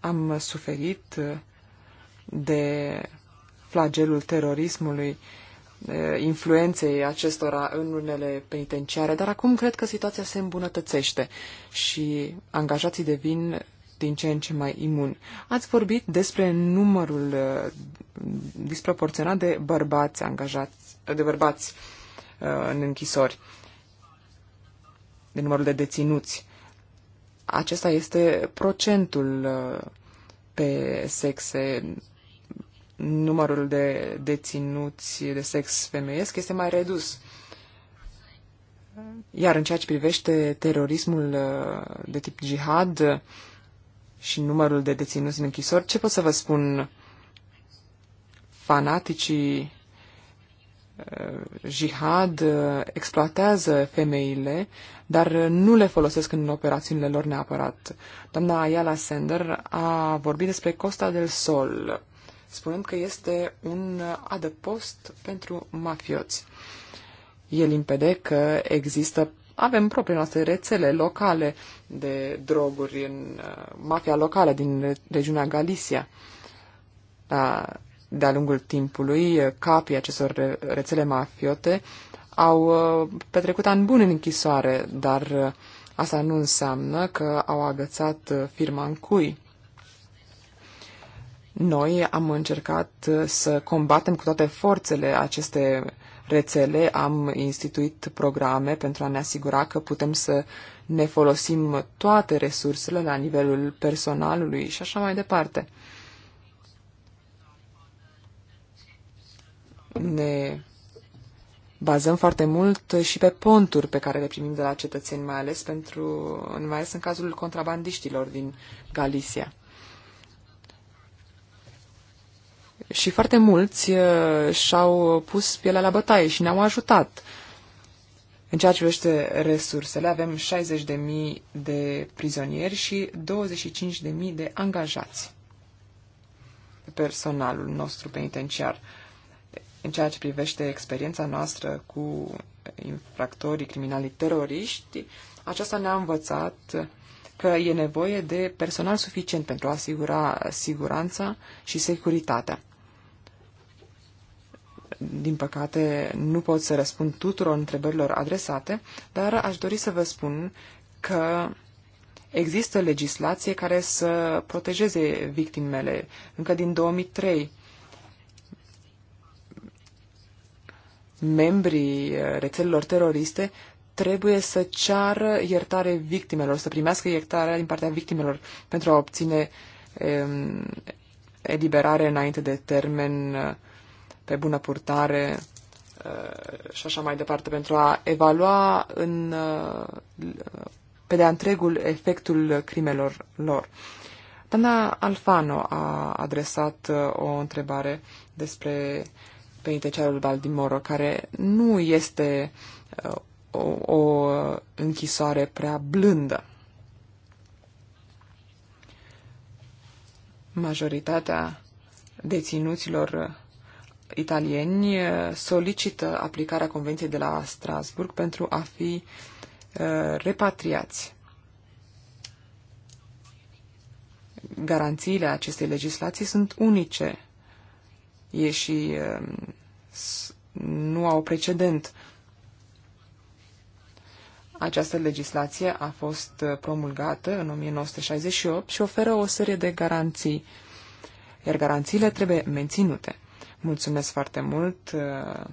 Am suferit uh, de flagelul terorismului, uh, influenței acestora în unele penitenciare, dar acum cred că situația se îmbunătățește și angajații devin din ce în ce mai imuni. Ați vorbit despre numărul uh, disproporționat de bărbați angajați, de bărbați uh, în închisori, de numărul de deținuți. Acesta este procentul uh, pe sexe. Numărul de deținuți de sex femeiesc este mai redus. Iar în ceea ce privește terorismul de tip jihad, și numărul de deținuți în închisori, ce pot să vă spun? Fanaticii uh, jihad uh, exploatează femeile, dar nu le folosesc în operațiunile lor neapărat. Doamna Ayala Sender a vorbit despre Costa del Sol, spunând că este un adăpost pentru mafioți. E limpede că există avem propriile noastre rețele locale de droguri în uh, mafia locală din regiunea Galicia. Da, de-a lungul timpului, uh, capii acestor rețele mafiote au uh, petrecut ani buni în închisoare, dar asta nu înseamnă că au agățat firma în cui. Noi am încercat să combatem cu toate forțele aceste rețele, am instituit programe pentru a ne asigura că putem să ne folosim toate resursele la nivelul personalului și așa mai departe. Ne bazăm foarte mult și pe ponturi pe care le primim de la cetățeni, mai ales pentru, mai ales în cazul contrabandiștilor din Galicia. și foarte mulți uh, și-au pus pielea la bătaie și ne-au ajutat. În ceea ce privește resursele, avem 60.000 de prizonieri și 25.000 de angajați personalul nostru penitenciar. În ceea ce privește experiența noastră cu infractorii criminali teroriști, aceasta ne-a învățat că e nevoie de personal suficient pentru a asigura siguranța și securitatea din păcate, nu pot să răspund tuturor întrebărilor adresate, dar aș dori să vă spun că există legislație care să protejeze victimele încă din 2003. Membrii eh, rețelelor teroriste trebuie să ceară iertare victimelor, să primească iertarea din partea victimelor pentru a obține eliberare înainte de termen eh, pe bună purtare uh, și așa mai departe, pentru a evalua în, uh, pe de întregul efectul crimelor lor. Doamna Alfano a adresat uh, o întrebare despre penitenciarul Baldimoro, care nu este o, o închisoare prea blândă. Majoritatea deținuților italieni eh, solicită aplicarea Convenției de la Strasburg pentru a fi eh, repatriați. Garanțiile acestei legislații sunt unice e și eh, nu au precedent. Această legislație a fost promulgată în 1968 și oferă o serie de garanții, iar garanțiile trebuie menținute. Mulțumesc foarte mult, uh,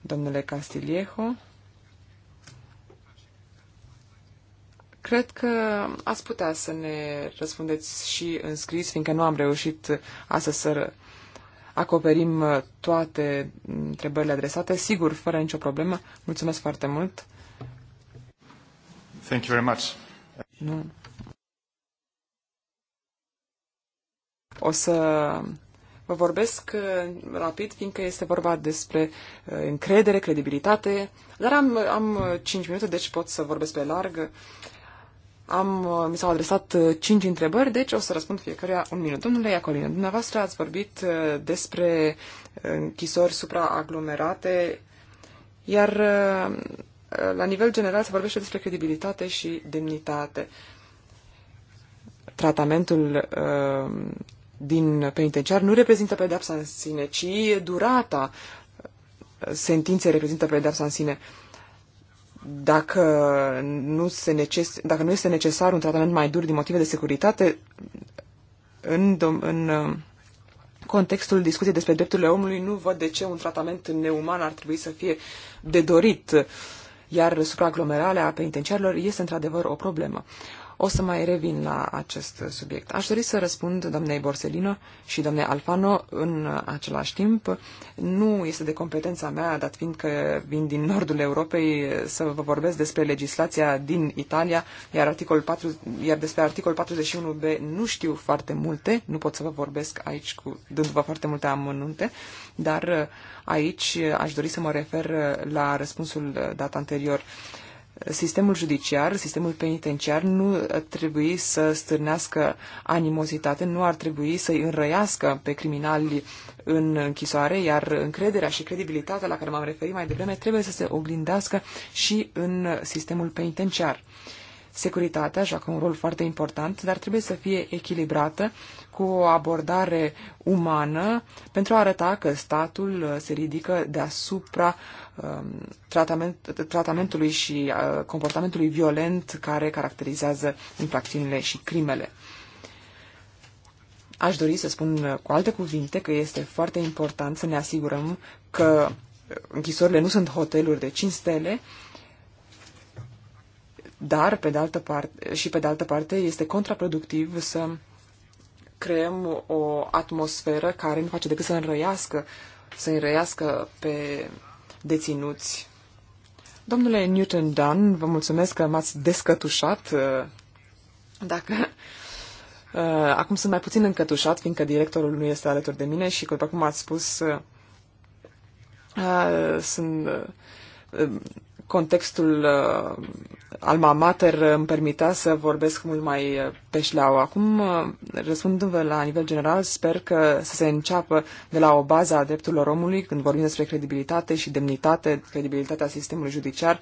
domnule Castiliejo. Cred că ați putea să ne răspundeți și în scris, fiindcă nu am reușit astăzi să acoperim toate întrebările adresate, sigur, fără nicio problemă. Mulțumesc foarte mult. Thank you very much. Nu. O să Vă vorbesc uh, rapid, fiindcă este vorba despre uh, încredere, credibilitate, dar am, am 5 uh, minute, deci pot să vorbesc pe larg. Am, mi s-au adresat 5 întrebări, deci o să răspund fiecarea un minut. Domnule Iacolino, dumneavoastră ați vorbit despre închisori supraaglomerate, iar la nivel general se vorbește despre credibilitate și demnitate tratamentul uh, din penitenciar nu reprezintă pedeapsa în sine, ci durata sentinței reprezintă pedeapsa în sine. Dacă nu, se neces- dacă nu este necesar un tratament mai dur din motive de securitate, în, în uh, contextul discuției despre drepturile omului, nu văd de ce un tratament neuman ar trebui să fie de dorit, iar supraaglomerarea penitenciarilor este într-adevăr o problemă. O să mai revin la acest subiect. Aș dori să răspund doamnei Borsellino și doamnei Alfano în același timp. Nu este de competența mea, dat fiind că vin din nordul Europei, să vă vorbesc despre legislația din Italia, iar, articol 4, iar despre articol 41b nu știu foarte multe, nu pot să vă vorbesc aici cu, dându-vă foarte multe amănunte, dar aici aș dori să mă refer la răspunsul dat anterior. Uh, sistemul judiciar, sistemul penitenciar nu ar trebui să stârnească animozitate, nu ar trebui să îi înrăiască pe criminali în închisoare, iar încrederea și credibilitatea la care m-am referit mai devreme trebuie să se oglindească și în sistemul penitenciar. Securitatea joacă un rol foarte important, dar trebuie să fie echilibrată cu o abordare umană pentru a arăta că statul uh, se ridică deasupra um, tratament, tratamentului și uh, comportamentului violent care caracterizează infracțiunile și crimele. Aș dori să spun uh, cu alte cuvinte că este foarte important să ne asigurăm că uh, închisorile nu sunt hoteluri de 5 stele, dar pe de altă parte, și pe de altă parte este contraproductiv să creăm o atmosferă care nu face decât să înrăiască, să înrăiască pe deținuți. Domnule Newton Dunn, vă mulțumesc că m-ați descătușat. Uh, dacă uh, Acum sunt mai puțin încătușat, fiindcă directorul nu este alături de mine și, după cum ați spus, uh, sunt, contextul uh, alma mater îmi permitea să vorbesc mult mai uh, pe șleau. Acum, uh, răspundându-vă la nivel general, sper că să se înceapă de la o bază a drepturilor omului, când vorbim despre credibilitate și demnitate, credibilitatea sistemului judiciar.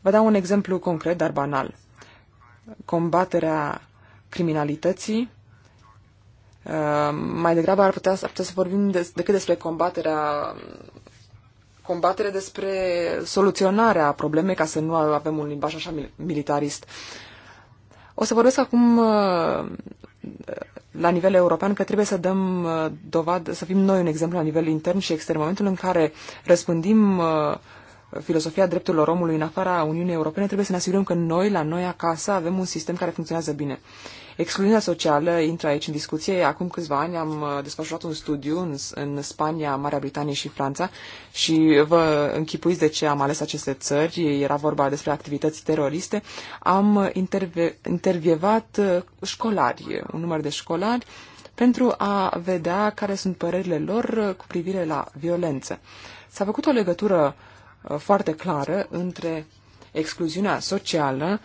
Vă dau un exemplu concret, dar banal. Combaterea criminalității Uh, mai degrabă ar putea, ar putea să vorbim de, decât despre combaterea combatere, despre soluționarea problemei, ca să nu avem un limbaj așa militarist. O să vorbesc acum uh, la nivel european că trebuie să dăm uh, dovadă, să fim noi un exemplu la nivel intern și extern. momentul în care răspândim uh, filosofia drepturilor omului în afara Uniunii Europene, trebuie să ne asigurăm că noi, la noi acasă, avem un sistem care funcționează bine. Excluziunea socială intră aici în discuție. Acum câțiva ani am uh, desfășurat un studiu în, în Spania, Marea Britanie și Franța și vă închipuiți de ce am ales aceste țări. Era vorba despre activități teroriste. Am interve, intervievat uh, școlari, un număr de școlari, pentru a vedea care sunt părerile lor uh, cu privire la violență. S-a făcut o legătură foarte clară între excluziunea socială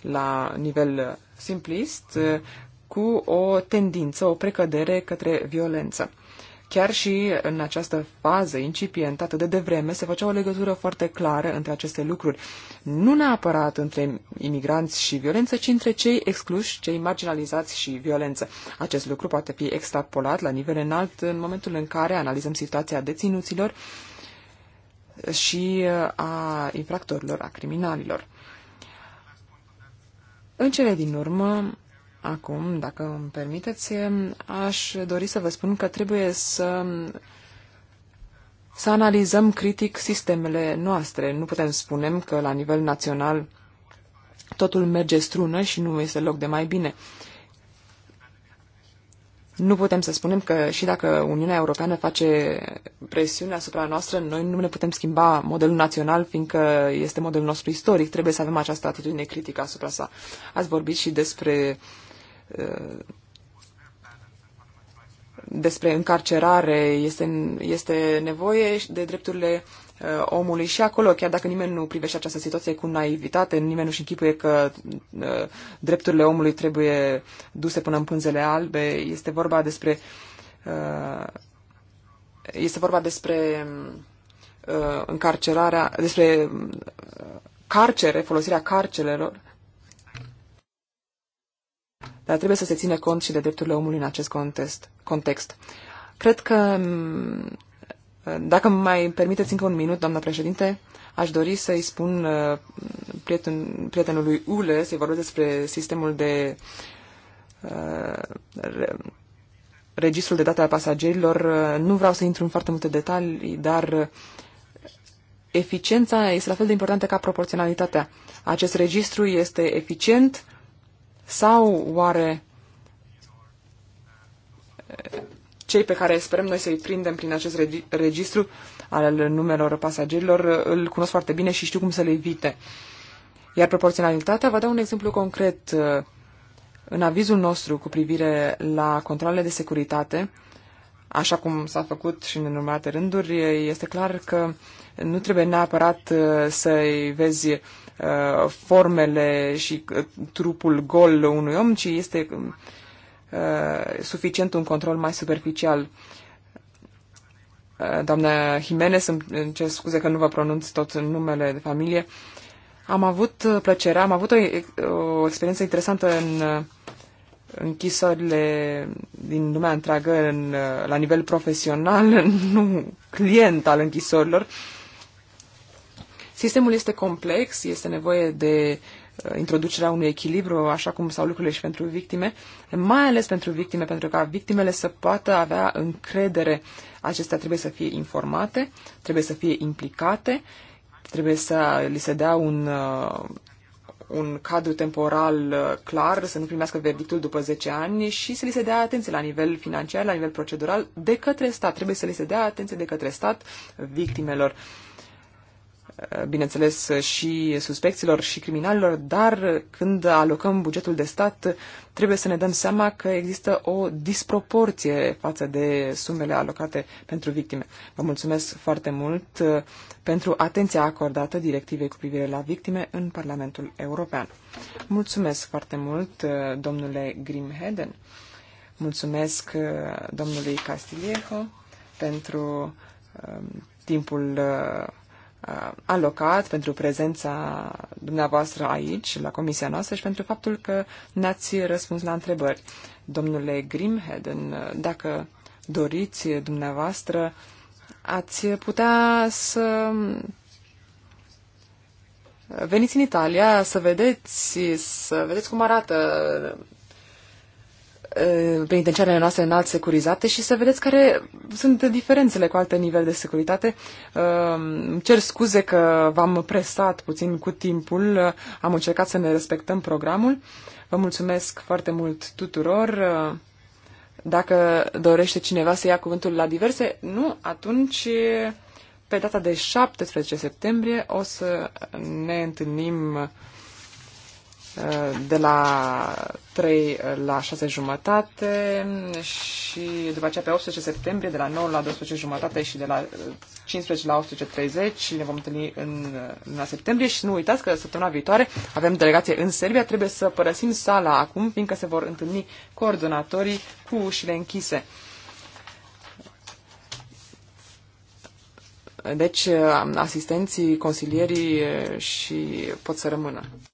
la nivel simplist, uh, cu o tendință, o precădere către violență. Chiar și în această fază incipientă, atât de devreme, se făcea o legătură foarte clară între aceste lucruri. Nu neapărat între imigranți și violență, ci între cei excluși, cei marginalizați și violență. Acest lucru poate fi extrapolat la nivel înalt în momentul în care analizăm situația deținuților și a infractorilor, a criminalilor. În cele din urmă, acum, dacă îmi permiteți, aș dori să vă spun că trebuie să să analizăm critic sistemele noastre. Nu putem spune că la nivel național totul merge strună și nu este loc de mai bine. Uh, nu putem să spunem că și dacă Uniunea Europeană face presiune asupra noastră, noi nu ne putem schimba modelul național, fiindcă este modelul nostru istoric. Trebuie să avem această atitudine critică asupra sa. Ați vorbit și despre uh, despre încarcerare, este, este nevoie de drepturile Uh, omului și acolo, chiar dacă nimeni nu privește această situație cu naivitate, nimeni nu-și închipuie că uh, drepturile omului trebuie duse până în pânzele albe, este vorba despre uh, este vorba despre încarcerarea, despre carcere, folosirea carcelelor, dar trebuie să se ține cont și de drepturile omului în acest context. context. Cred că mm, dacă mai permiteți încă un minut, doamna președinte, aș dori să-i spun uh, prieten, prietenului Ule să-i vorbesc despre sistemul de uh, registrul de date a pasagerilor. Uh, nu vreau să intru în foarte multe detalii, dar eficiența este la fel de importantă ca proporționalitatea. Acest registru este eficient sau oare cei pe care sperăm noi să-i prindem prin acest registru al numelor pasagerilor îl cunosc foarte bine și știu cum să le evite. Iar proporționalitatea, vă dau un exemplu concret. Uh, în avizul nostru cu privire la controlele de securitate, așa cum s-a făcut și în urmate rânduri, este clar că nu trebuie neapărat uh, să-i vezi uh, formele și trupul gol unui om, ci este um, Uh, suficient un control mai superficial. Uh, doamna Jimenez, îmi cer scuze că nu vă pronunț tot numele de familie. Am avut uh, plăcerea, am avut o, o experiență interesantă în închisorile din lumea întreagă în, la nivel profesional, nu client al închisorilor. Sistemul este complex, este nevoie de uh, Uh, introducerea unui echilibru, așa cum s-au lucrurile și pentru victime, mai ales pentru victime, pentru ca victimele să poată avea încredere. Acestea trebuie să fie informate, trebuie să fie implicate, trebuie să li se dea un, uh, un cadru temporal uh, clar, să nu primească verdictul după 10 ani și să li se dea atenție la nivel financiar, la nivel procedural, de către stat. Trebuie să li se dea atenție de către stat victimelor bineînțeles, și suspecților și criminalilor, dar când alocăm bugetul de stat, trebuie să ne dăm seama că există o disproporție față de sumele alocate pentru victime. Vă mulțumesc foarte mult uh, pentru atenția acordată directivei cu privire la victime în Parlamentul European. Mulțumesc foarte mult, uh, domnule Grimheden. Mulțumesc uh, domnului Castiliejo pentru um, timpul alocat pentru prezența dumneavoastră aici, la comisia noastră, și pentru faptul că ne-ați răspuns la întrebări. Domnule Grimhead, dacă doriți dumneavoastră, ați putea să veniți în Italia să vedeți, să vedeți cum arată Uh, penitenciarele noastre înalt securizate și să vedeți care sunt diferențele cu alte nivel de securitate. Îmi uh, cer scuze că v-am presat puțin cu timpul, uh, am încercat să ne respectăm programul. Vă mulțumesc foarte mult tuturor. Dacă dorește cineva să ia cuvântul la diverse, nu, atunci pe data de 17 septembrie o să ne întâlnim de la 3 la 6 jumătate și după aceea pe 18 septembrie de la 9 la 12 jumătate și de la 15 la 18.30 și ne vom întâlni în, luna septembrie și nu uitați că săptămâna viitoare avem delegație în Serbia, trebuie să părăsim sala acum, fiindcă se vor întâlni coordonatorii cu ușile închise. Deci asistenții, consilierii eh, și pot să rămână.